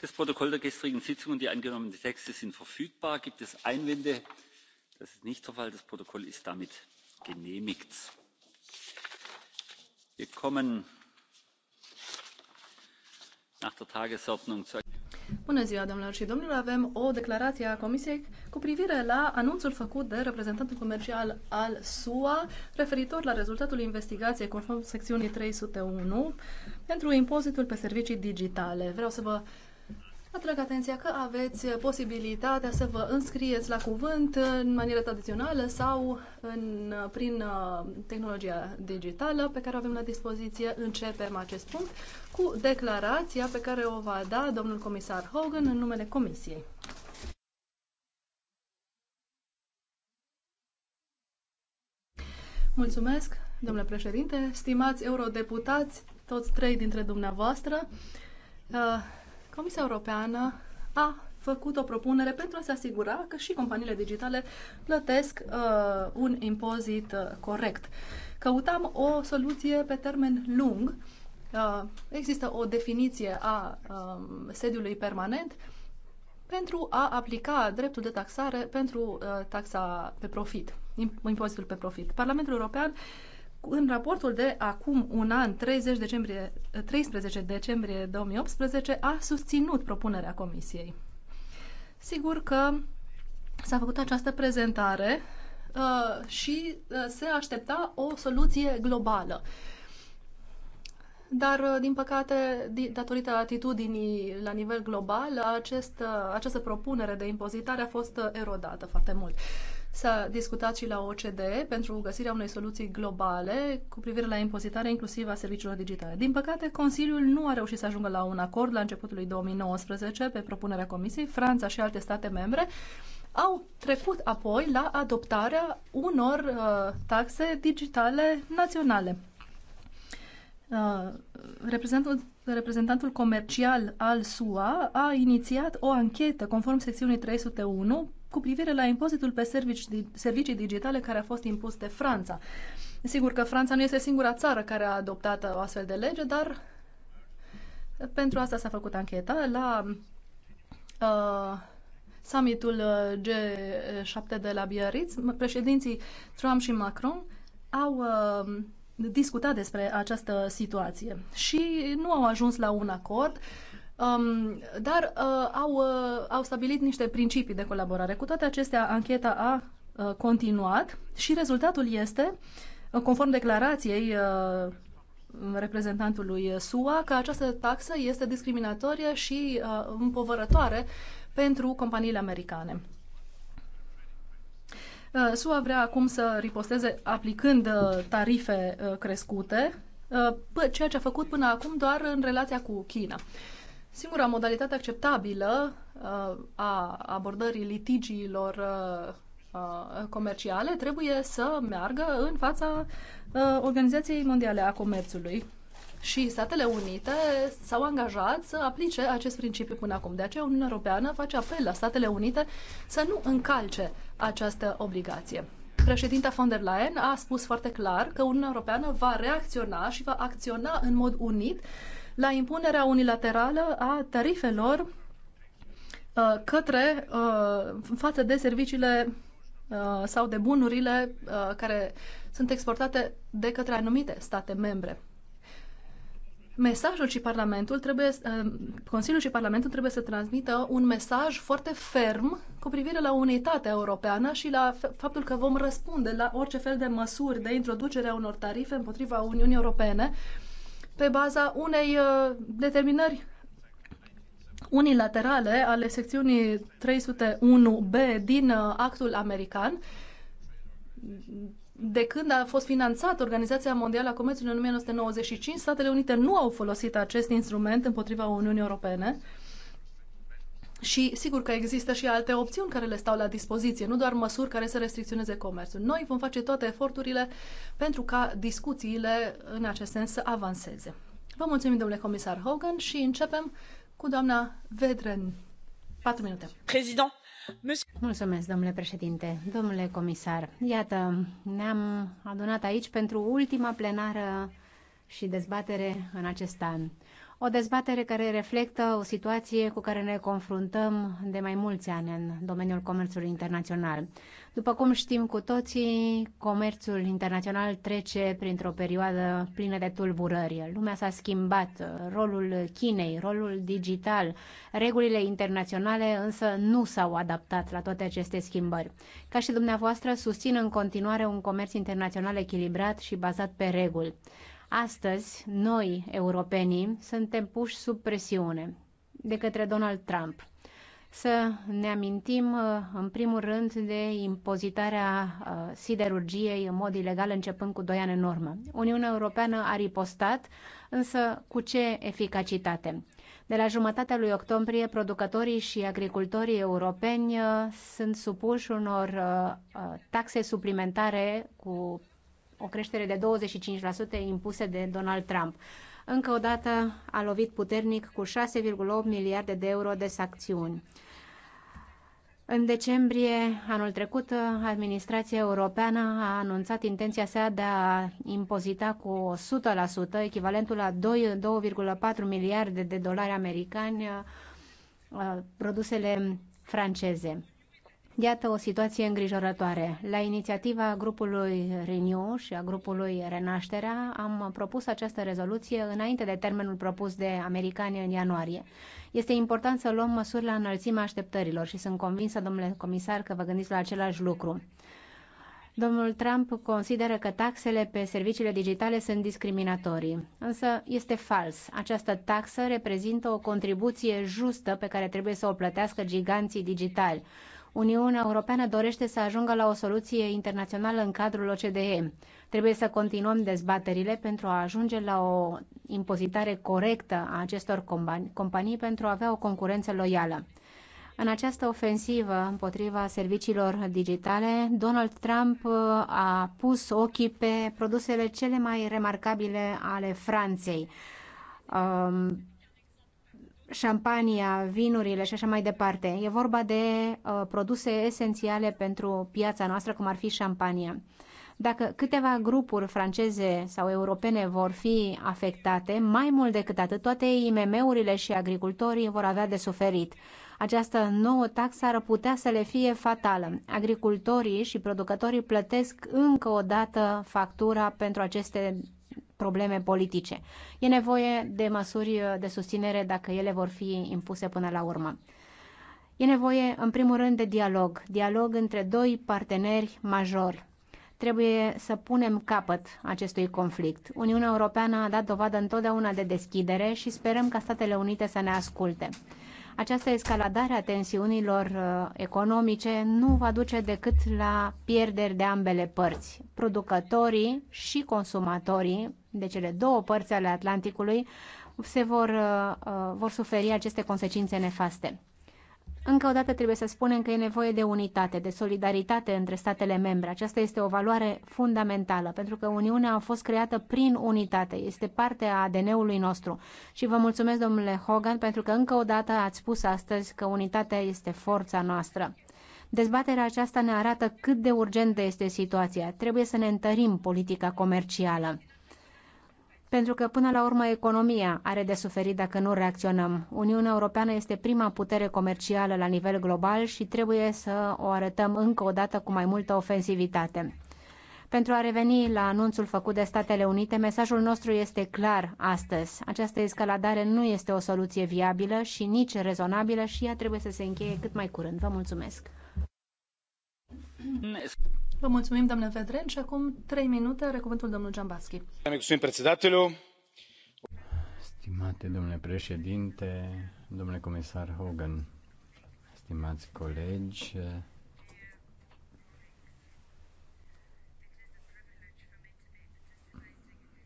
das protokoll der gestrigen sitzung und die angenommenen texte sind verfügbar. gibt es einwände? das ist nicht der fall. das protokoll ist damit genehmigt. wir kommen nach der tagesordnung zu. bună cu privire la anunțul făcut de reprezentantul comercial al SUA referitor la rezultatul investigației conform secțiunii 301 pentru impozitul pe servicii digitale. Vreau să vă atrag atenția că aveți posibilitatea să vă înscrieți la cuvânt în manieră tradițională sau în, prin uh, tehnologia digitală pe care o avem la dispoziție. Începem acest punct cu declarația pe care o va da domnul comisar Hogan în numele Comisiei. Mulțumesc, domnule președinte, stimați eurodeputați, toți trei dintre dumneavoastră. Uh, Comisia Europeană a făcut o propunere pentru a se asigura că și companiile digitale plătesc uh, un impozit uh, corect. Căutam o soluție pe termen lung. Uh, există o definiție a uh, sediului permanent pentru a aplica dreptul de taxare pentru uh, taxa pe profit impozitul pe profit. Parlamentul European în raportul de acum un an, 30 decembrie, 13 decembrie 2018, a susținut propunerea Comisiei. Sigur că s-a făcut această prezentare uh, și uh, se aștepta o soluție globală. Dar, uh, din păcate, datorită atitudinii la nivel global, acest, uh, această propunere de impozitare a fost uh, erodată foarte mult. Uh, S-a discutat și la OCDE pentru găsirea unei soluții globale cu privire la impozitarea inclusivă a serviciilor digitale. Din păcate, Consiliul nu a reușit să ajungă la un acord la începutul lui 2019 pe propunerea Comisiei. Franța și alte state membre au trecut apoi la adoptarea unor uh, taxe digitale naționale. Uh, reprezentantul, reprezentantul comercial al SUA a inițiat o anchetă conform secțiunii 301 cu privire la impozitul pe servicii, servicii digitale care a fost impus de Franța. Sigur că Franța nu este singura țară care a adoptat o astfel de lege, dar pentru asta s-a făcut ancheta la uh, summitul uh, G7 de la Biarritz. Președinții Trump și Macron au uh, discutat despre această situație și nu au ajuns la un acord. Uh, Um, dar uh, au, uh, au stabilit niște principii de colaborare. Cu toate acestea, ancheta a uh, continuat și rezultatul este, uh, conform declarației uh, reprezentantului SUA, că această taxă este discriminatorie și uh, împovărătoare pentru companiile americane. Uh, SUA vrea acum să riposteze aplicând uh, tarife uh, crescute, uh, ceea ce a făcut până acum doar în relația cu China. Singura modalitate acceptabilă uh, a abordării litigiilor uh, uh, comerciale trebuie să meargă în fața Organizației Mondiale a Comerțului. Și Statele Unite s-au angajat să aplice acest principiu până acum. De aceea Uniunea Europeană face apel la Statele Unite să nu încalce această obligație. Președinta von der Leyen a spus foarte clar că Uniunea Europeană va reacționa și va acționa în mod unit uh, la impunerea unilaterală a tarifelor uh, către uh, față de serviciile uh, sau de bunurile care sunt exportate de către anumite state membre. Mesajul și Parlamentul trebuie, Consiliul și Parlamentul trebuie să transmită un mesaj foarte ferm cu privire la unitatea europeană și la faptul că vom răspunde la orice fel de măsuri de introducere a unor tarife împotriva Uniunii Europene uh, pe baza unei uh, determinări unilaterale ale secțiunii 301B din uh, actul american, de când a fost finanțată Organizația Mondială a Comerțului în 1995, Statele Unite nu au folosit acest instrument împotriva Uniunii Europene și sigur că există și alte opțiuni care le stau la dispoziție, nu doar măsuri care să restricționeze comerțul. Noi vom face toate eforturile pentru ca discuțiile în acest sens să avanseze. Vă mulțumim, domnule comisar Hogan, și începem cu doamna Vedren. Patru minute. Prezident. Mulțumesc, domnule președinte, domnule comisar. Iată, ne-am adunat aici pentru ultima plenară și dezbatere în acest an. O dezbatere care reflectă o situație cu care ne confruntăm de mai mulți ani în domeniul comerțului internațional. După cum știm cu toții, comerțul internațional trece printr-o perioadă plină de tulburări. Lumea s-a schimbat, rolul Chinei, rolul digital, regulile internaționale însă nu s-au adaptat la toate aceste schimbări. Ca și dumneavoastră, susțin în continuare un comerț internațional echilibrat și bazat pe reguli. Astăzi, noi, europenii, suntem puși sub presiune de către Donald Trump. Să ne amintim, uh, în primul rând, de impozitarea uh, siderurgiei în mod ilegal începând cu doi ani în urmă. Uniunea Europeană a ripostat, însă cu ce eficacitate? De la jumătatea lui octombrie, producătorii și agricultorii europeni uh, sunt supuși unor taxe suplimentare cu o creștere de 25% impuse de Donald Trump. Încă o dată a lovit puternic cu 6,8 miliarde de euro de sancțiuni. În decembrie anul trecut, administrația europeană a anunțat intenția sa de a impozita cu 100%, echivalentul la 2,4 miliarde de dolari americani, uh, produsele franceze. Iată o situație îngrijorătoare. La inițiativa grupului Renew și a grupului Renașterea am propus această rezoluție înainte de termenul propus de americani în ianuarie. Este important să luăm măsuri la înălțimea așteptărilor și sunt convinsă, domnule comisar, că vă gândiți la același lucru. Domnul Trump consideră că taxele pe serviciile digitale sunt discriminatorii, însă este fals. Această taxă reprezintă o contribuție justă pe care trebuie să o plătească giganții digitali Uniunea Europeană dorește să ajungă la o soluție internațională în cadrul OCDE. Trebuie să continuăm dezbaterile pentru a ajunge la o impozitare corectă a acestor companii pentru a avea o concurență loială. În această ofensivă împotriva serviciilor digitale, Donald Trump uh, a pus ochii pe produsele cele mai remarcabile ale Franței. Um, șampania, vinurile și așa mai departe. E vorba de uh, produse esențiale pentru piața noastră, cum ar fi șampania. Dacă câteva grupuri franceze sau europene vor fi afectate, mai mult decât atât, toate IMM-urile și agricultorii vor avea de suferit. Această nouă taxă ar putea să le fie fatală. Agricultorii și producătorii plătesc încă o dată factura pentru aceste probleme politice. E nevoie de măsuri de susținere dacă ele vor fi impuse până la urmă. E nevoie, în primul rând, de dialog. Dialog între doi parteneri majori. Trebuie să punem capăt acestui conflict. Uniunea Europeană a dat dovadă întotdeauna de deschidere și sperăm ca Statele Unite să ne asculte. Această escaladare a tensiunilor uh, economice nu va duce decât la pierderi de ambele părți. Producătorii și consumatorii de cele două părți ale Atlanticului se vor, uh, uh, vor suferi aceste consecințe nefaste. Încă o dată trebuie să spunem că e nevoie de unitate, de solidaritate între statele membre. Aceasta este o valoare fundamentală, pentru că Uniunea a fost creată prin unitate, este parte a ADN-ului nostru. Și vă mulțumesc, domnule Hogan, pentru că încă o dată ați spus astăzi că unitatea este forța noastră. Dezbaterea aceasta ne arată cât de urgentă este situația. Trebuie să ne întărim politica comercială. Pentru că, până la urmă, economia are de suferit dacă nu reacționăm. Uniunea Europeană este prima putere comercială la nivel global și trebuie să o arătăm încă o dată cu mai multă ofensivitate. Pentru a reveni la anunțul făcut de Statele Unite, mesajul nostru este clar astăzi. Această escaladare nu este o soluție viabilă și nici rezonabilă și ea trebuie să se încheie cât mai curând. Vă mulțumesc! Vă mulțumim, domnule Vedren, și acum trei minute are cuvântul domnul Giambaschi. Stimate domnule președinte, domnule comisar Hogan, stimați colegi,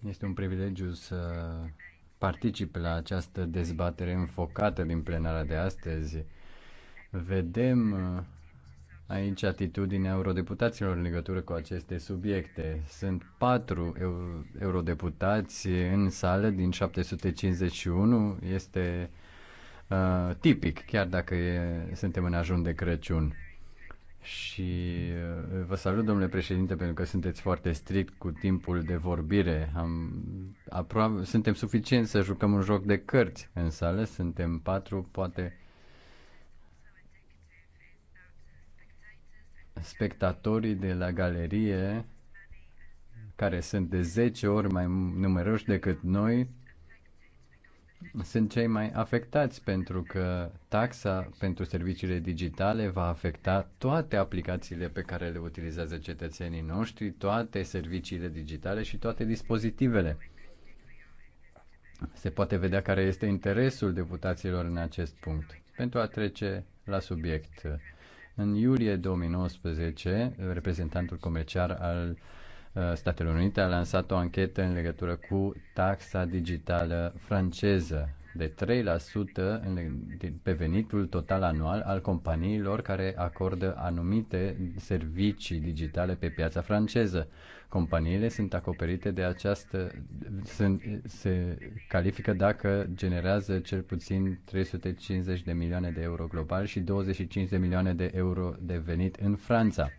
Este un privilegiu să particip la această dezbatere înfocată din plenara de astăzi. Vedem aici atitudinea eurodeputaților în legătură cu aceste subiecte. Sunt patru eurodeputați în sală din 751, este uh, tipic, chiar dacă e, suntem în ajun de Crăciun. Și uh, vă salut, domnule președinte, pentru că sunteți foarte strict cu timpul de vorbire. Am, aproape, suntem suficient să jucăm un joc de cărți în sală, suntem patru, poate spectatorii de la galerie, care sunt de 10 ori mai numeroși decât noi, sunt cei mai afectați pentru că taxa pentru serviciile digitale va afecta toate aplicațiile pe care le utilizează cetățenii noștri, toate serviciile digitale și toate dispozitivele. Se poate vedea care este interesul deputaților în acest punct. Pentru a trece la subiect, în iulie 2019, reprezentantul comercial al uh, Statelor Unite a lansat o anchetă în legătură cu taxa digitală franceză de 3% pe venitul total anual al companiilor care acordă anumite servicii digitale pe piața franceză. Companiile sunt acoperite de această, sunt, se califică dacă generează cel puțin 350 de milioane de euro global și 25 de milioane de euro de venit în Franța.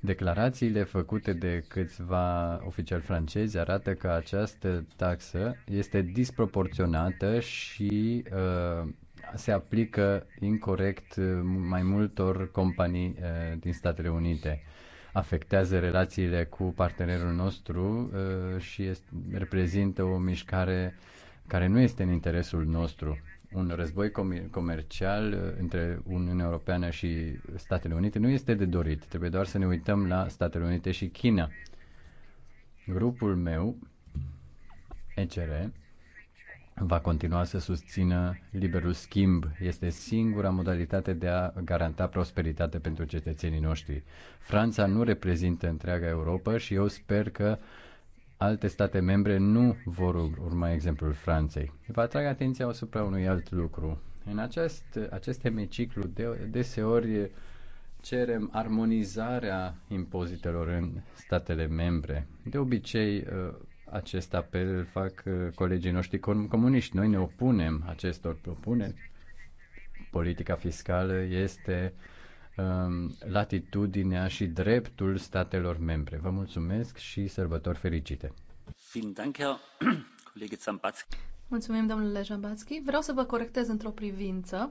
Declarațiile făcute de câțiva oficiali francezi arată că această taxă este disproporționată și uh, se aplică incorrect uh, mai multor companii uh, din Statele Unite afectează relațiile cu partenerul nostru uh, și este, reprezintă o mișcare care nu este în interesul nostru. Un război comercial uh, între Uniunea Europeană și Statele Unite nu este de dorit. Trebuie doar să ne uităm la Statele Unite și China. Grupul meu, ECR, va continua să susțină liberul schimb. Este singura modalitate de a garanta prosperitate pentru cetățenii noștri. Franța nu reprezintă întreaga Europa și eu sper că alte state membre nu vor urma exemplul Franței. Vă atrag atenția asupra unui alt lucru. În acest, acest hemiciclu de, deseori cerem armonizarea impozitelor în statele membre. De obicei, uh, acest apel îl fac uh, colegii noștri comuniști. Noi ne opunem acestor propuneri. Politica fiscală este um, latitudinea și dreptul statelor membre. Vă mulțumesc și sărbători fericite! Mulțumim, domnule Jambatski. Vreau să vă corectez într-o privință.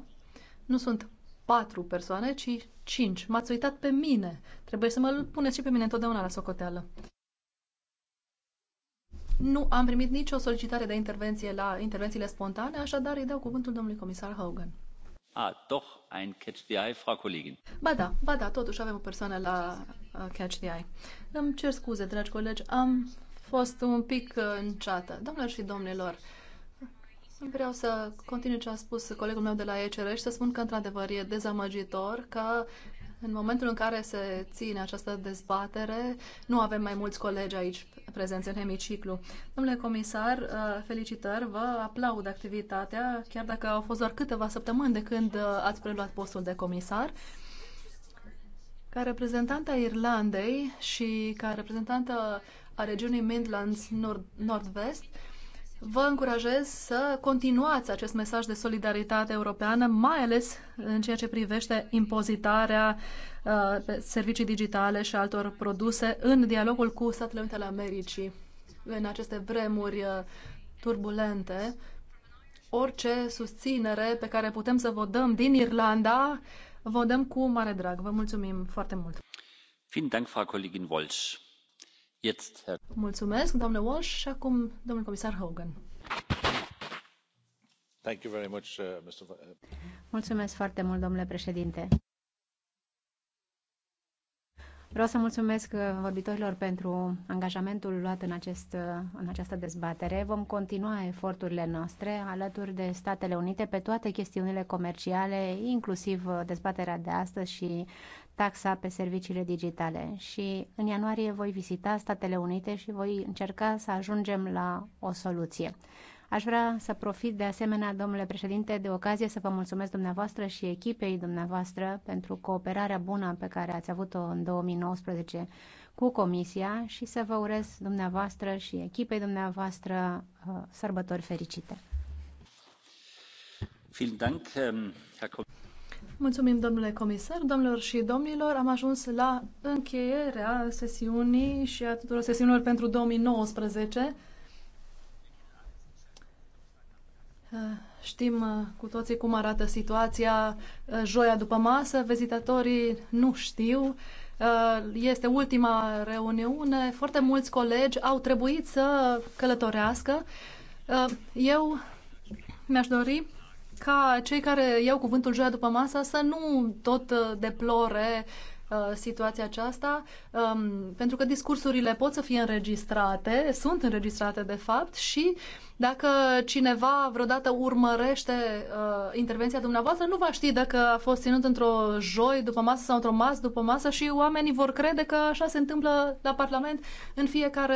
Nu sunt patru persoane, ci cinci. M-ați uitat pe mine. Trebuie să mă puneți și pe mine întotdeauna la socoteală. Nu am primit nicio solicitare de intervenție la intervențiile spontane, așadar îi dau cuvântul domnului comisar Hogan. Ah, doch, ein Catch the Eye, Frau Kollegin. Ba da, ba da, totuși avem o persoană la uh, Catch the Eye. Îmi cer scuze, dragi colegi, am fost un pic uh, înceată. Domnilor și domnilor, vreau să continui ce a spus colegul meu de la ECR și să spun că, într-adevăr, e dezamăgitor că în momentul în care se ține această dezbatere, nu avem mai mulți colegi aici prezenți în hemiciclu. Domnule comisar, uh, felicitări, vă aplaud activitatea, chiar dacă au fost doar câteva săptămâni de când uh, ați preluat postul de comisar. Ca reprezentantă a Irlandei și ca reprezentantă a regiunii Midlands Nord-Vest, nord, Vă încurajez să continuați acest mesaj de solidaritate europeană, mai ales în ceea ce privește impozitarea uh, pe servicii digitale și altor produse în dialogul cu Statele Unite ale Americii. În aceste vremuri uh, turbulente, orice susținere pe care putem să vă dăm din Irlanda, vă dăm cu mare drag. Vă mulțumim foarte mult! Vielen Dank, Frau Kollegin Wolsch. Mulțumesc, domnule Walsh, și acum domnul comisar Hogan. Uh, uh, mulțumesc foarte mult, domnule președinte. Vreau să mulțumesc uh, vorbitorilor pentru angajamentul luat în, acest, în această dezbatere. Vom continua eforturile noastre alături de Statele Unite pe toate chestiunile comerciale, inclusiv dezbaterea de astăzi și taxa pe serviciile digitale și în ianuarie voi vizita Statele Unite și voi încerca să ajungem la o soluție. Aș vrea să profit de asemenea, domnule președinte, de ocazie să vă mulțumesc dumneavoastră și echipei dumneavoastră pentru cooperarea bună pe care ați avut-o în 2019 cu Comisia și să vă urez dumneavoastră și echipei dumneavoastră uh, sărbători fericite. Vielen Dank, ähm, Herr Mulțumim, domnule comisar, domnilor și domnilor. Am ajuns la încheierea sesiunii și a tuturor sesiunilor pentru 2019. Știm uh, cu toții cum arată situația uh, joia după masă. Vizitatorii nu știu. Uh, este ultima reuniune. Foarte mulți colegi au trebuit să călătorească. Eu mi-aș dori ca cei care iau cuvântul joia după masă să nu tot uh, deplore uh, situația aceasta, um, pentru că discursurile pot să fie înregistrate, sunt înregistrate de fapt și dacă cineva vreodată urmărește uh, intervenția dumneavoastră, nu va ști dacă a fost ținut într-o joi după masă sau într-o masă după masă și oamenii vor crede că așa se întâmplă la Parlament în fiecare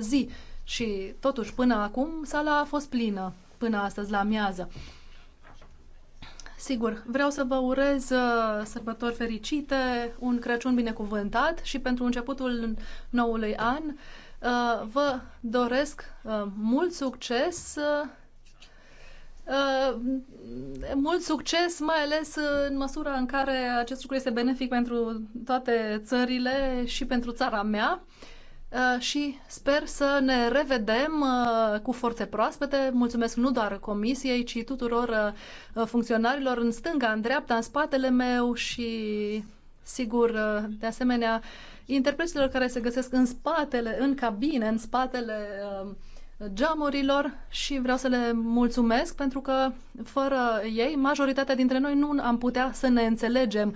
zi. Și totuși, până acum, sala a fost plină până astăzi la miază. Sigur, vreau să vă urez uh, sărbători fericite, un Crăciun binecuvântat și pentru începutul noului an uh, vă doresc uh, mult succes mult succes, mai ales în măsura în care acest lucru este benefic pentru toate țările și pentru țara mea. Uh, și sper să ne revedem uh, cu forțe proaspete. Mulțumesc nu doar comisiei, ci tuturor uh, funcționarilor în stânga, în dreapta, în spatele meu și, sigur, de asemenea, interpreților care se găsesc în spatele, în cabine, în spatele geamurilor și vreau să le mulțumesc pentru că fără ei, majoritatea dintre noi nu am putea să ne înțelegem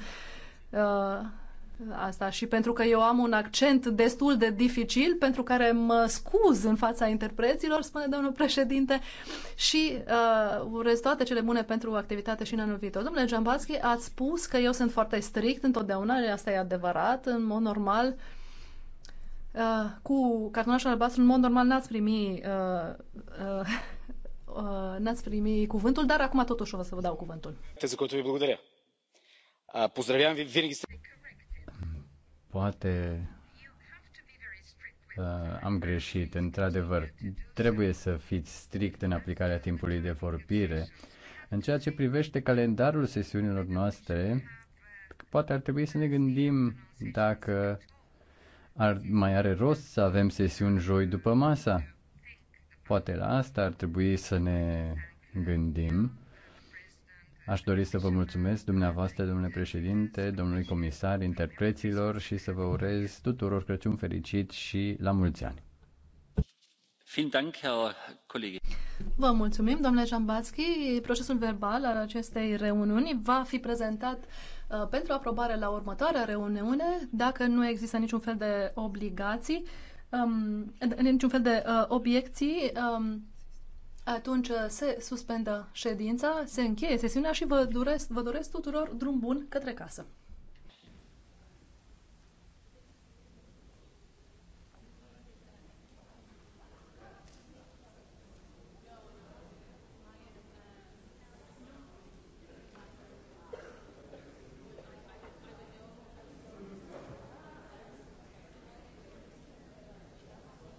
asta și pentru că eu am un accent destul de dificil pentru care mă scuz în fața interpreților, spune domnul președinte, și uh, urez toate cele bune pentru activitate și în anul viitor. Domnule Giambatski, ați spus că eu sunt foarte strict întotdeauna, asta e adevărat, în mod normal, uh, cu cartonașul albastru, în mod normal n-ați primi uh, uh, uh, n-ați primi cuvântul, dar acum totuși o să vă dau cuvântul. Te să благодаря. Поздравявам ви винаги poate uh, am greșit, într-adevăr. Trebuie să fiți strict în aplicarea timpului de vorbire. În ceea ce privește calendarul sesiunilor noastre, poate ar trebui să ne gândim dacă ar, mai are rost să avem sesiuni joi după masa. Poate la asta ar trebui să ne gândim Aș dori să vă mulțumesc dumneavoastră, domnule președinte, domnului comisar, interpreților și să vă urez tuturor Crăciun fericit și la mulți ani. Vă mulțumim, domnule Jambatski. Procesul verbal al acestei reuniuni va fi prezentat uh, pentru aprobare la următoarea reuniune, dacă nu există niciun fel de obligații, um, niciun fel de uh, obiecții. Um, atunci uh, se suspendă ședința, se încheie sesiunea și vă doresc, vă doresc tuturor drum bun către casă.